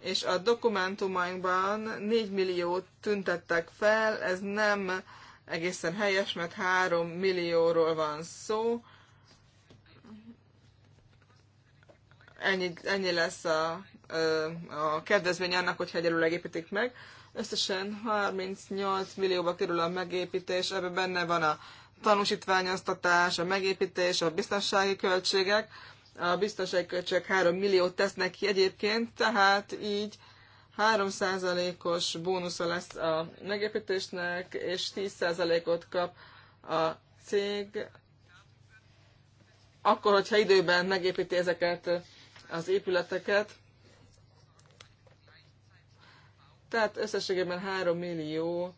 és a dokumentumainkban 4 milliót tüntettek fel, ez nem egészen helyes, mert 3 millióról van szó, ennyi, ennyi lesz a, a kedvezmény annak, hogyha egyelőre építik meg. Összesen 38 millióba kerül a megépítés, ebben benne van a tanúsítványoztatás, a megépítés, a biztonsági költségek. A biztonsági költségek 3 milliót tesznek ki egyébként, tehát így 3%-os bónusza lesz a megépítésnek, és 10%-ot kap a cég, akkor, hogyha időben megépíti ezeket az épületeket. Tehát összességében 3 millió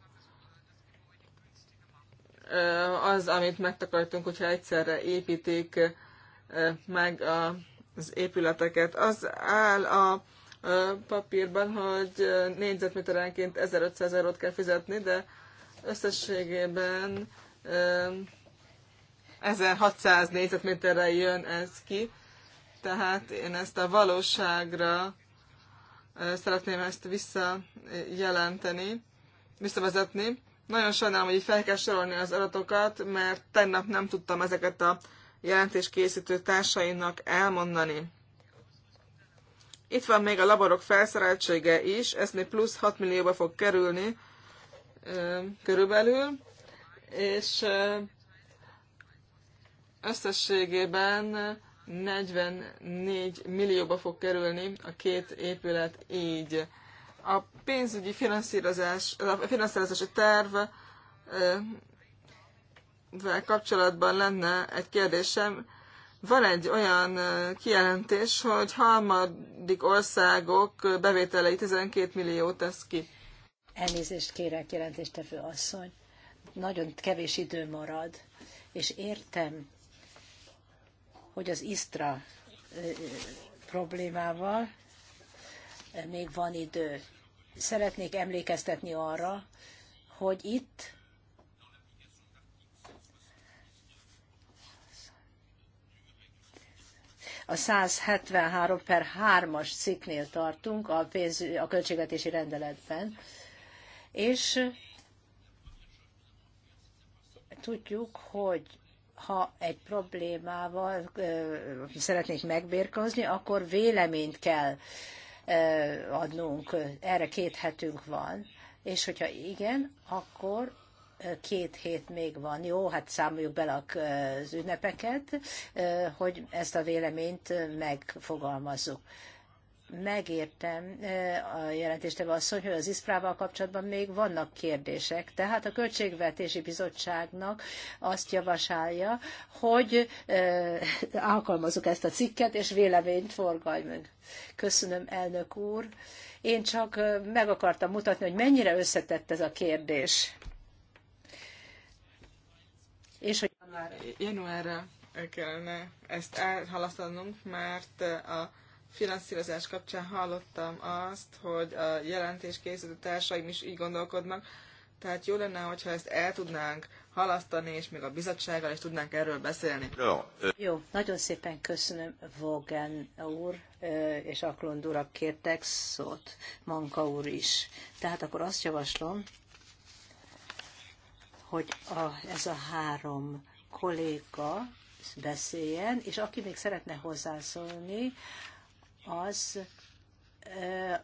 az, amit megtakarítunk, hogyha egyszerre építik meg az épületeket. Az áll a papírban, hogy négyzetméterenként 1500 eurót kell fizetni, de összességében 1600 négyzetméterre jön ez ki. Tehát én ezt a valóságra szeretném ezt visszajelenteni, visszavezetni. Nagyon sajnálom, hogy így fel kell sorolni az adatokat, mert tegnap nem tudtam ezeket a jelentéskészítő társainak elmondani. Itt van még a laborok felszereltsége is, ez még plusz 6 millióba fog kerülni körülbelül, és összességében 44 millióba fog kerülni a két épület így. A pénzügyi finanszírozás, a finanszírozási terv vel kapcsolatban lenne egy kérdésem. Van egy olyan kijelentés, hogy harmadik országok bevételei 12 millió tesz ki. Elnézést kérek, jelentéstevő asszony. Nagyon kevés idő marad, és értem, hogy az ISTRA problémával még van idő. Szeretnék emlékeztetni arra, hogy itt a 173 per 3-as cikknél tartunk a, pénz, a költségvetési rendeletben, és tudjuk, hogy ha egy problémával szeretnék megbérkozni, akkor véleményt kell adnunk, erre két hetünk van, és hogyha igen, akkor két hét még van. Jó, hát számoljuk bele az ünnepeket, hogy ezt a véleményt megfogalmazzuk megértem a jelentéstevő asszony, hogy az ISZPRÁ-val kapcsolatban még vannak kérdések. Tehát a Költségvetési Bizottságnak azt javasolja, hogy alkalmazzuk ezt a cikket, és véleményt forgaljunk. Köszönöm, elnök úr. Én csak meg akartam mutatni, hogy mennyire összetett ez a kérdés. És hogy januárra kellene ezt elhalasztanunk, mert a finanszírozás kapcsán hallottam azt, hogy a jelentés készítő társaim is így gondolkodnak, tehát jó lenne, hogyha ezt el tudnánk halasztani, és még a bizottsággal is tudnánk erről beszélni. Jó, nagyon szépen köszönöm Vogen úr és Aklond úr, kértek szót, Manka úr is. Tehát akkor azt javaslom, hogy a, ez a három kolléga beszéljen, és aki még szeretne hozzászólni, az, eh,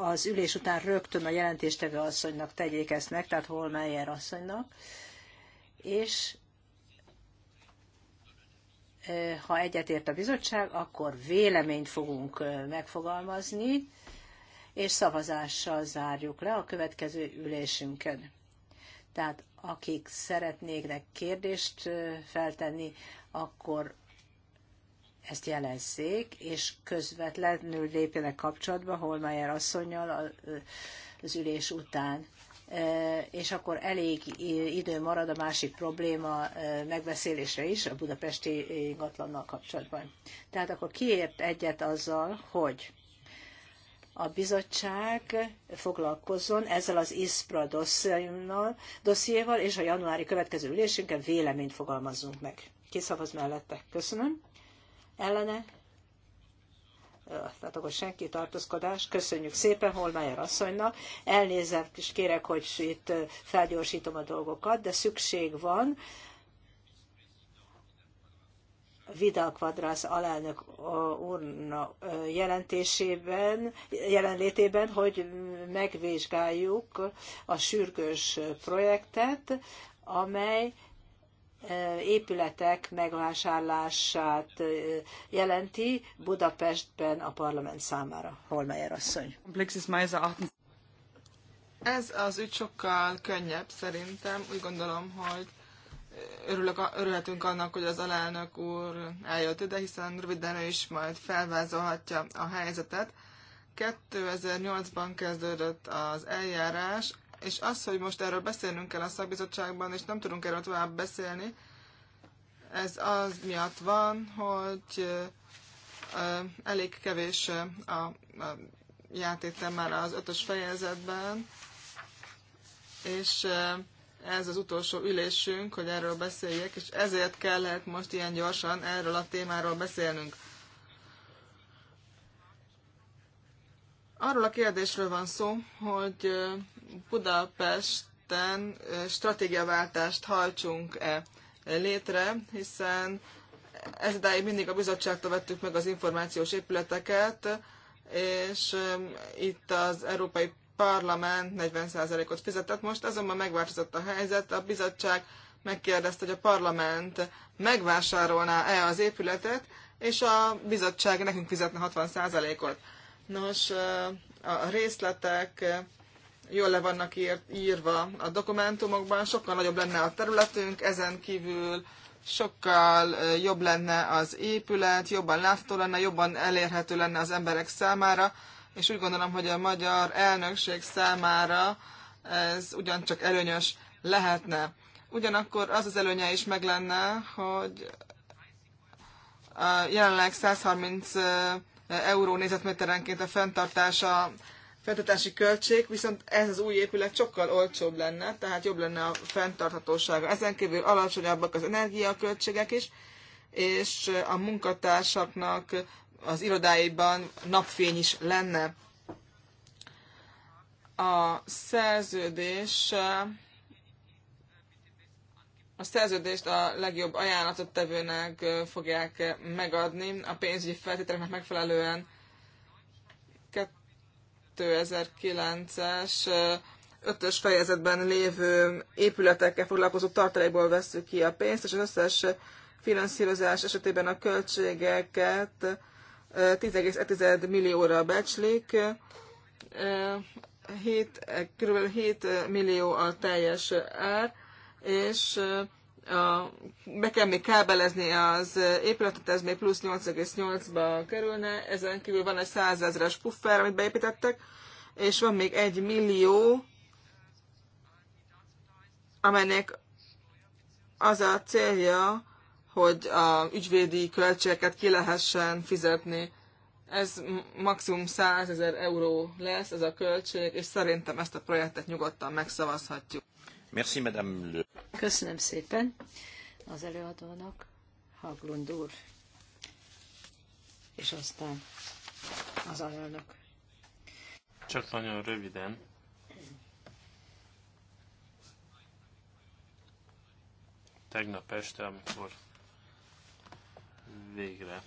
az ülés után rögtön a jelentéstevő asszonynak tegyék ezt meg, tehát Holmeyer asszonynak, és eh, ha egyetért a bizottság, akkor véleményt fogunk eh, megfogalmazni, és szavazással zárjuk le a következő ülésünkön. Tehát akik szeretnének kérdést feltenni, akkor ezt jelezzék, és közvetlenül lépjenek kapcsolatba Holmeyer asszonynal az ülés után. E, és akkor elég idő marad a másik probléma e, megbeszélésre is a budapesti ingatlannal kapcsolatban. Tehát akkor kiért egyet azzal, hogy a bizottság foglalkozzon ezzel az ISPRA dossziéval, és a januári következő ülésünkkel véleményt fogalmazzunk meg. Kiszavaz mellette. Köszönöm ellene, tehát akkor senki tartózkodás. Köszönjük szépen Holmájer asszonynak. Elnézést és kérek, hogy itt felgyorsítom a dolgokat, de szükség van. Vidal Quadrász alelnök úrna jelentésében, jelenlétében, hogy megvizsgáljuk a sürgős projektet, amely Eh, épületek megvásárlását eh, jelenti Budapestben a parlament számára. Holmeyer asszony. Ez az ügy sokkal könnyebb szerintem. Úgy gondolom, hogy eh, örülök, örülhetünk annak, hogy az alelnök úr eljött ide, hiszen röviden ő is majd felvázolhatja a helyzetet. 2008-ban kezdődött az eljárás, és az, hogy most erről beszélnünk kell a szakbizottságban, és nem tudunk erről tovább beszélni, ez az miatt van, hogy elég kevés a, a játéktem már az ötös fejezetben, és ez az utolsó ülésünk, hogy erről beszéljek, és ezért kellett most ilyen gyorsan erről a témáról beszélnünk. Arról a kérdésről van szó, hogy Budapesten stratégiaváltást hajtsunk-e létre, hiszen ez idáig mindig a bizottságtól vettük meg az információs épületeket, és itt az Európai Parlament 40%-ot fizetett. Most azonban megváltozott a helyzet, a bizottság megkérdezte, hogy a parlament megvásárolná-e az épületet, és a bizottság nekünk fizetne 60%-ot. Nos, a részletek jól le vannak ír, írva a dokumentumokban, sokkal nagyobb lenne a területünk, ezen kívül sokkal jobb lenne az épület, jobban látható lenne, jobban elérhető lenne az emberek számára, és úgy gondolom, hogy a magyar elnökség számára ez ugyancsak előnyös lehetne. Ugyanakkor az az előnye is meg lenne, hogy jelenleg 130 euró nézetméterenként a fenntartása fenntartási költség, viszont ez az új épület sokkal olcsóbb lenne, tehát jobb lenne a fenntarthatósága. Ezen kívül alacsonyabbak az energiaköltségek is, és a munkatársaknak az irodáiban napfény is lenne. A szerződés a szerződést a legjobb ajánlatot tevőnek fogják megadni, a pénzügyi feltételeknek megfelelően 2009-es ötös fejezetben lévő épületekkel foglalkozó tartalékból veszük ki a pénzt, és az összes finanszírozás esetében a költségeket 10,1 millióra becslik, 7, kb. 7 millió a teljes ár, és a, be kell még kábelezni az épületet, ez még plusz 8,8-ba kerülne, ezen kívül van egy 100 ezeres puffer, amit beépítettek, és van még egy millió, amelynek az a célja, hogy a ügyvédi költségeket ki lehessen fizetni. Ez maximum 100 ezer euró lesz ez a költség, és szerintem ezt a projektet nyugodtan megszavazhatjuk. Merci, Madame Le... Köszönöm szépen az előadónak, Haglund úr, és aztán az alelnök. Csak nagyon röviden. Tegnap este, amikor végre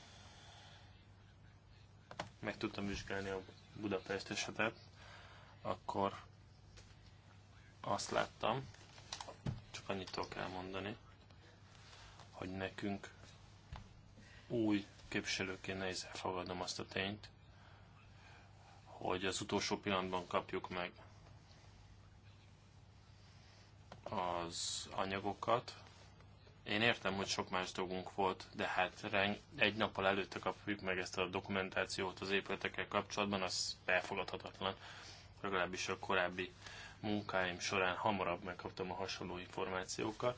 meg tudtam vizsgálni a Budapest esetet, akkor azt láttam, csak annyit tudok elmondani, hogy nekünk új képviselőként nehéz elfogadnom azt a tényt, hogy az utolsó pillanatban kapjuk meg az anyagokat. Én értem, hogy sok más dolgunk volt, de hát egy nappal előtte kapjuk meg ezt a dokumentációt az épületekkel kapcsolatban, az elfogadhatatlan, legalábbis a korábbi munkáim során hamarabb megkaptam a hasonló információkat.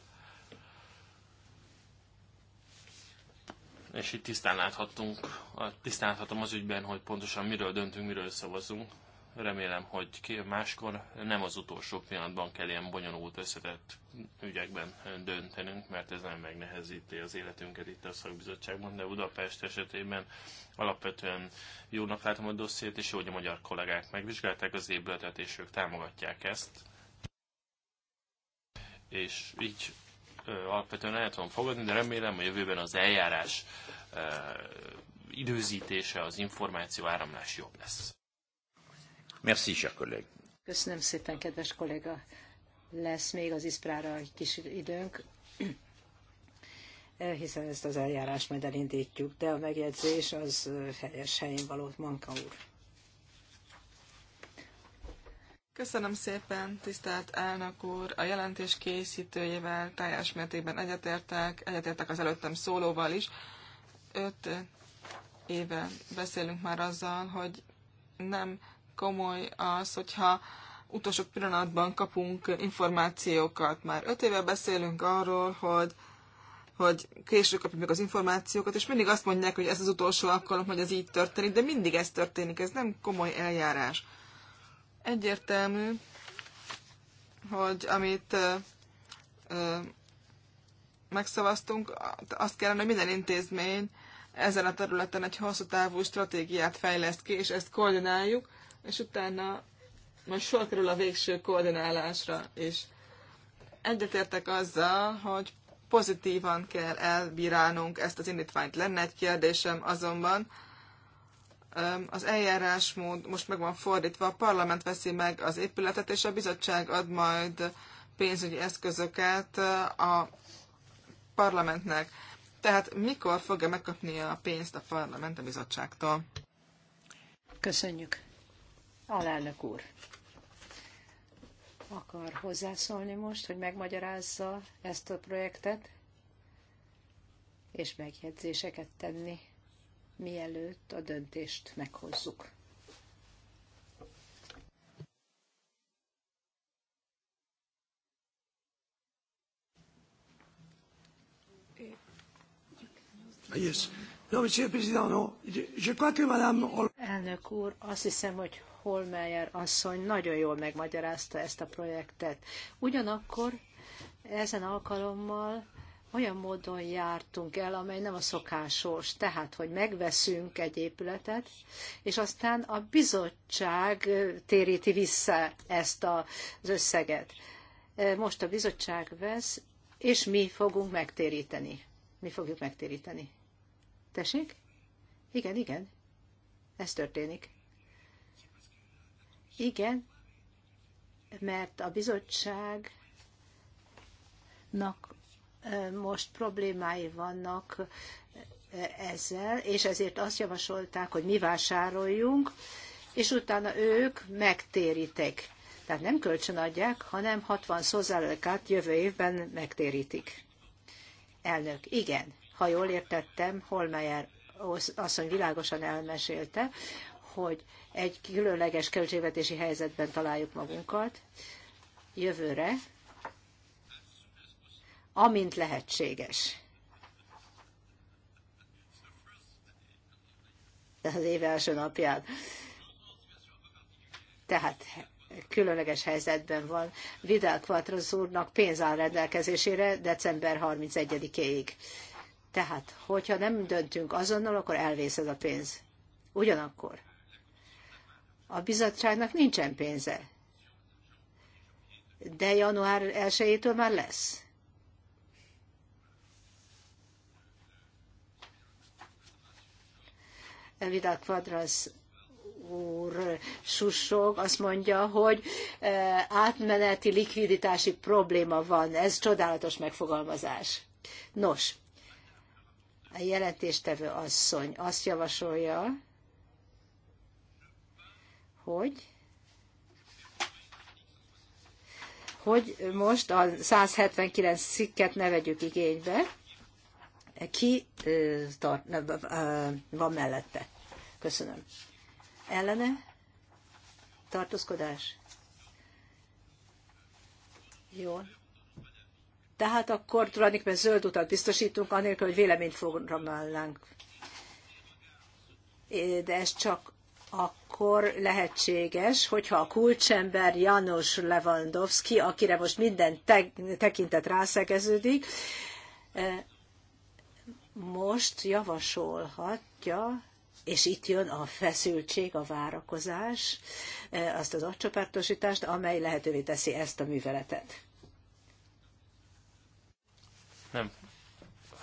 És itt tisztán láthatunk, tisztán láthatom az ügyben, hogy pontosan miről döntünk, miről szavazunk. Remélem, hogy máskor nem az utolsó pillanatban kell ilyen bonyolult összetett ügyekben döntenünk, mert ez nem megnehezíti az életünket itt a szakbizottságban, de Budapest esetében alapvetően jónak látom a dossziét, és jó, hogy a magyar kollégák megvizsgálták az épületet, és ők támogatják ezt. És így alapvetően el tudom fogadni, de remélem a jövőben az eljárás időzítése, az információ áramlás jobb lesz. Merci, cher collègue. Köszönöm szépen, kedves kollega. Lesz még az iszprára egy kis időnk, hiszen ezt az eljárást majd elindítjuk, de a megjegyzés az helyes helyén való, Manka úr. Köszönöm szépen, tisztelt elnök úr! A jelentés készítőjével teljes mértékben egyetértek, egyetértek az előttem szólóval is. Öt éve beszélünk már azzal, hogy nem komoly az, hogyha utolsó pillanatban kapunk információkat. Már öt éve beszélünk arról, hogy hogy késő kapjuk meg az információkat, és mindig azt mondják, hogy ez az utolsó alkalom, hogy ez így történik, de mindig ez történik, ez nem komoly eljárás. Egyértelmű, hogy amit ö, ö, megszavaztunk, azt kellene, hogy minden intézmény ezen a területen egy hosszú távú stratégiát fejleszt ki, és ezt koordináljuk, és utána majd sor kerül a végső koordinálásra, és egyetértek azzal, hogy pozitívan kell elbírálnunk ezt az indítványt. Lenne egy kérdésem azonban, az eljárásmód most meg van fordítva, a parlament veszi meg az épületet, és a bizottság ad majd pénzügyi eszközöket a parlamentnek. Tehát mikor fogja megkapni a pénzt a parlament a bizottságtól? Köszönjük. Alelnök úr akar hozzászólni most, hogy megmagyarázza ezt a projektet, és megjegyzéseket tenni, mielőtt a döntést meghozzuk. Yes. No, Mr. President, no. madame... Elnök úr, azt hiszem, hogy Holmeyer asszony nagyon jól megmagyarázta ezt a projektet. Ugyanakkor ezen alkalommal olyan módon jártunk el, amely nem a szokásos. Tehát, hogy megveszünk egy épületet, és aztán a bizottság téríti vissza ezt az összeget. Most a bizottság vesz, és mi fogunk megtéríteni. Mi fogjuk megtéríteni. Tessék? Igen, igen. Ez történik. Igen, mert a bizottságnak most problémái vannak ezzel, és ezért azt javasolták, hogy mi vásároljunk, és utána ők megtérítik. Tehát nem kölcsönadják, hanem 60 szózálékát jövő évben megtérítik. Elnök, igen, ha jól értettem, Holmeyer asszony világosan elmesélte, hogy egy különleges költségvetési helyzetben találjuk magunkat jövőre, amint lehetséges. De az év első napján. Tehát különleges helyzetben van. Vidal Quattroz úrnak pénz áll rendelkezésére december 31-éig. Tehát, hogyha nem döntünk azonnal, akkor elvész ez a pénz. Ugyanakkor a bizottságnak nincsen pénze. De január 1-től már lesz. Vidal Quadras úr sussog, azt mondja, hogy e, átmeneti likviditási probléma van. Ez csodálatos megfogalmazás. Nos, a jelentéstevő asszony azt javasolja, hogy hogy most a 179 szikket ne vegyük igénybe. Ki tart, van mellette? Köszönöm. Ellene? Tartózkodás? Jó. Tehát akkor tulajdonképpen zöld utat biztosítunk, anélkül, hogy véleményt formálnánk. De ez csak akkor lehetséges, hogyha a kulcsember Janos Lewandowski, akire most minden tekintet rászegeződik, eh, most javasolhatja, és itt jön a feszültség, a várakozás, eh, azt az agycsoportosítást, amely lehetővé teszi ezt a műveletet. Nem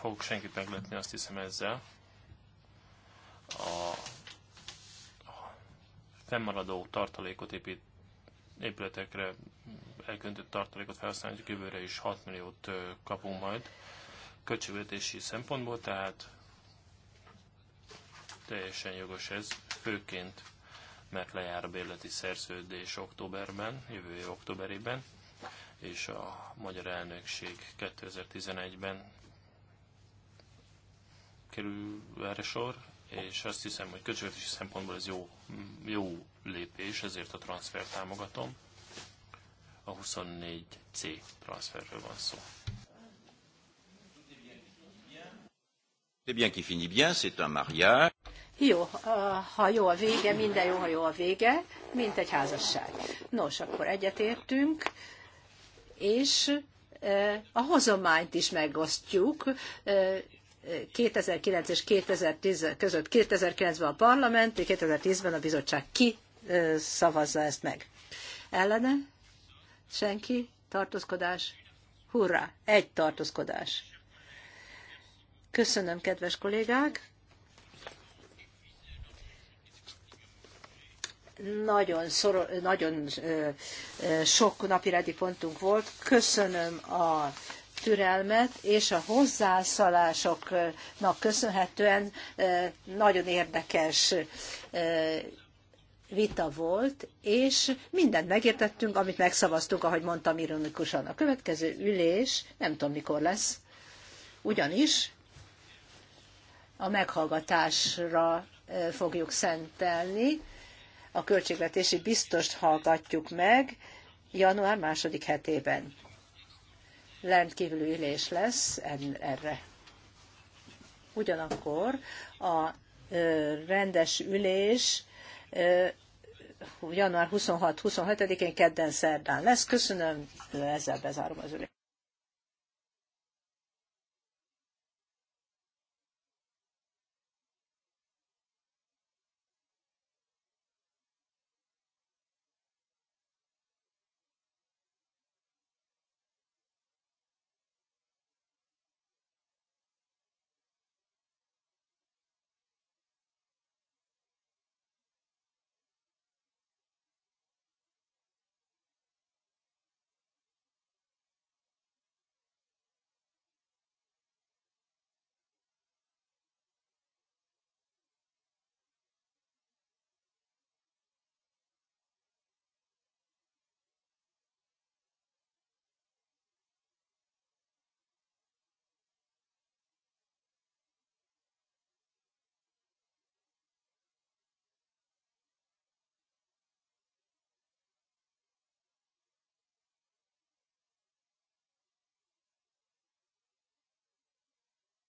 fogok senkit meglepni, azt hiszem ezzel. A fennmaradó tartalékot épít, épületekre elköntött tartalékot felhasználjuk, jövőre is 6 milliót kapunk majd költségvetési szempontból, tehát teljesen jogos ez, főként mert lejár a bérleti szerződés októberben, jövő év októberében, és a magyar elnökség 2011-ben kerül erre sor, és azt hiszem, hogy költségvetési szempontból ez jó, jó lépés, ezért a transfer támogatom. A 24C transferről van szó. Eh bien qui finit bien, c'est un mariage. Jó, ha jó a vége, minden jó, ha jó a vége, mint egy házasság. Nos, akkor egyetértünk, és eh, a hozományt is megosztjuk, eh, 2009 és 2010 között 2009-ben a parlament, 2010-ben a bizottság ki szavazza ezt meg. Ellene? Senki? Tartózkodás? Hurrá! Egy tartózkodás. Köszönöm, kedves kollégák! Nagyon, nagyon sok napirendi pontunk volt. Köszönöm a türelmet, és a hozzászólásoknak köszönhetően nagyon érdekes vita volt, és mindent megértettünk, amit megszavaztunk, ahogy mondtam ironikusan. A következő ülés, nem tudom mikor lesz, ugyanis a meghallgatásra fogjuk szentelni, a költségvetési biztost hallgatjuk meg január második hetében rendkívüli ülés lesz erre. Ugyanakkor a rendes ülés január 26-27-én kedden szerdán lesz. Köszönöm, ezzel bezárom az ülést.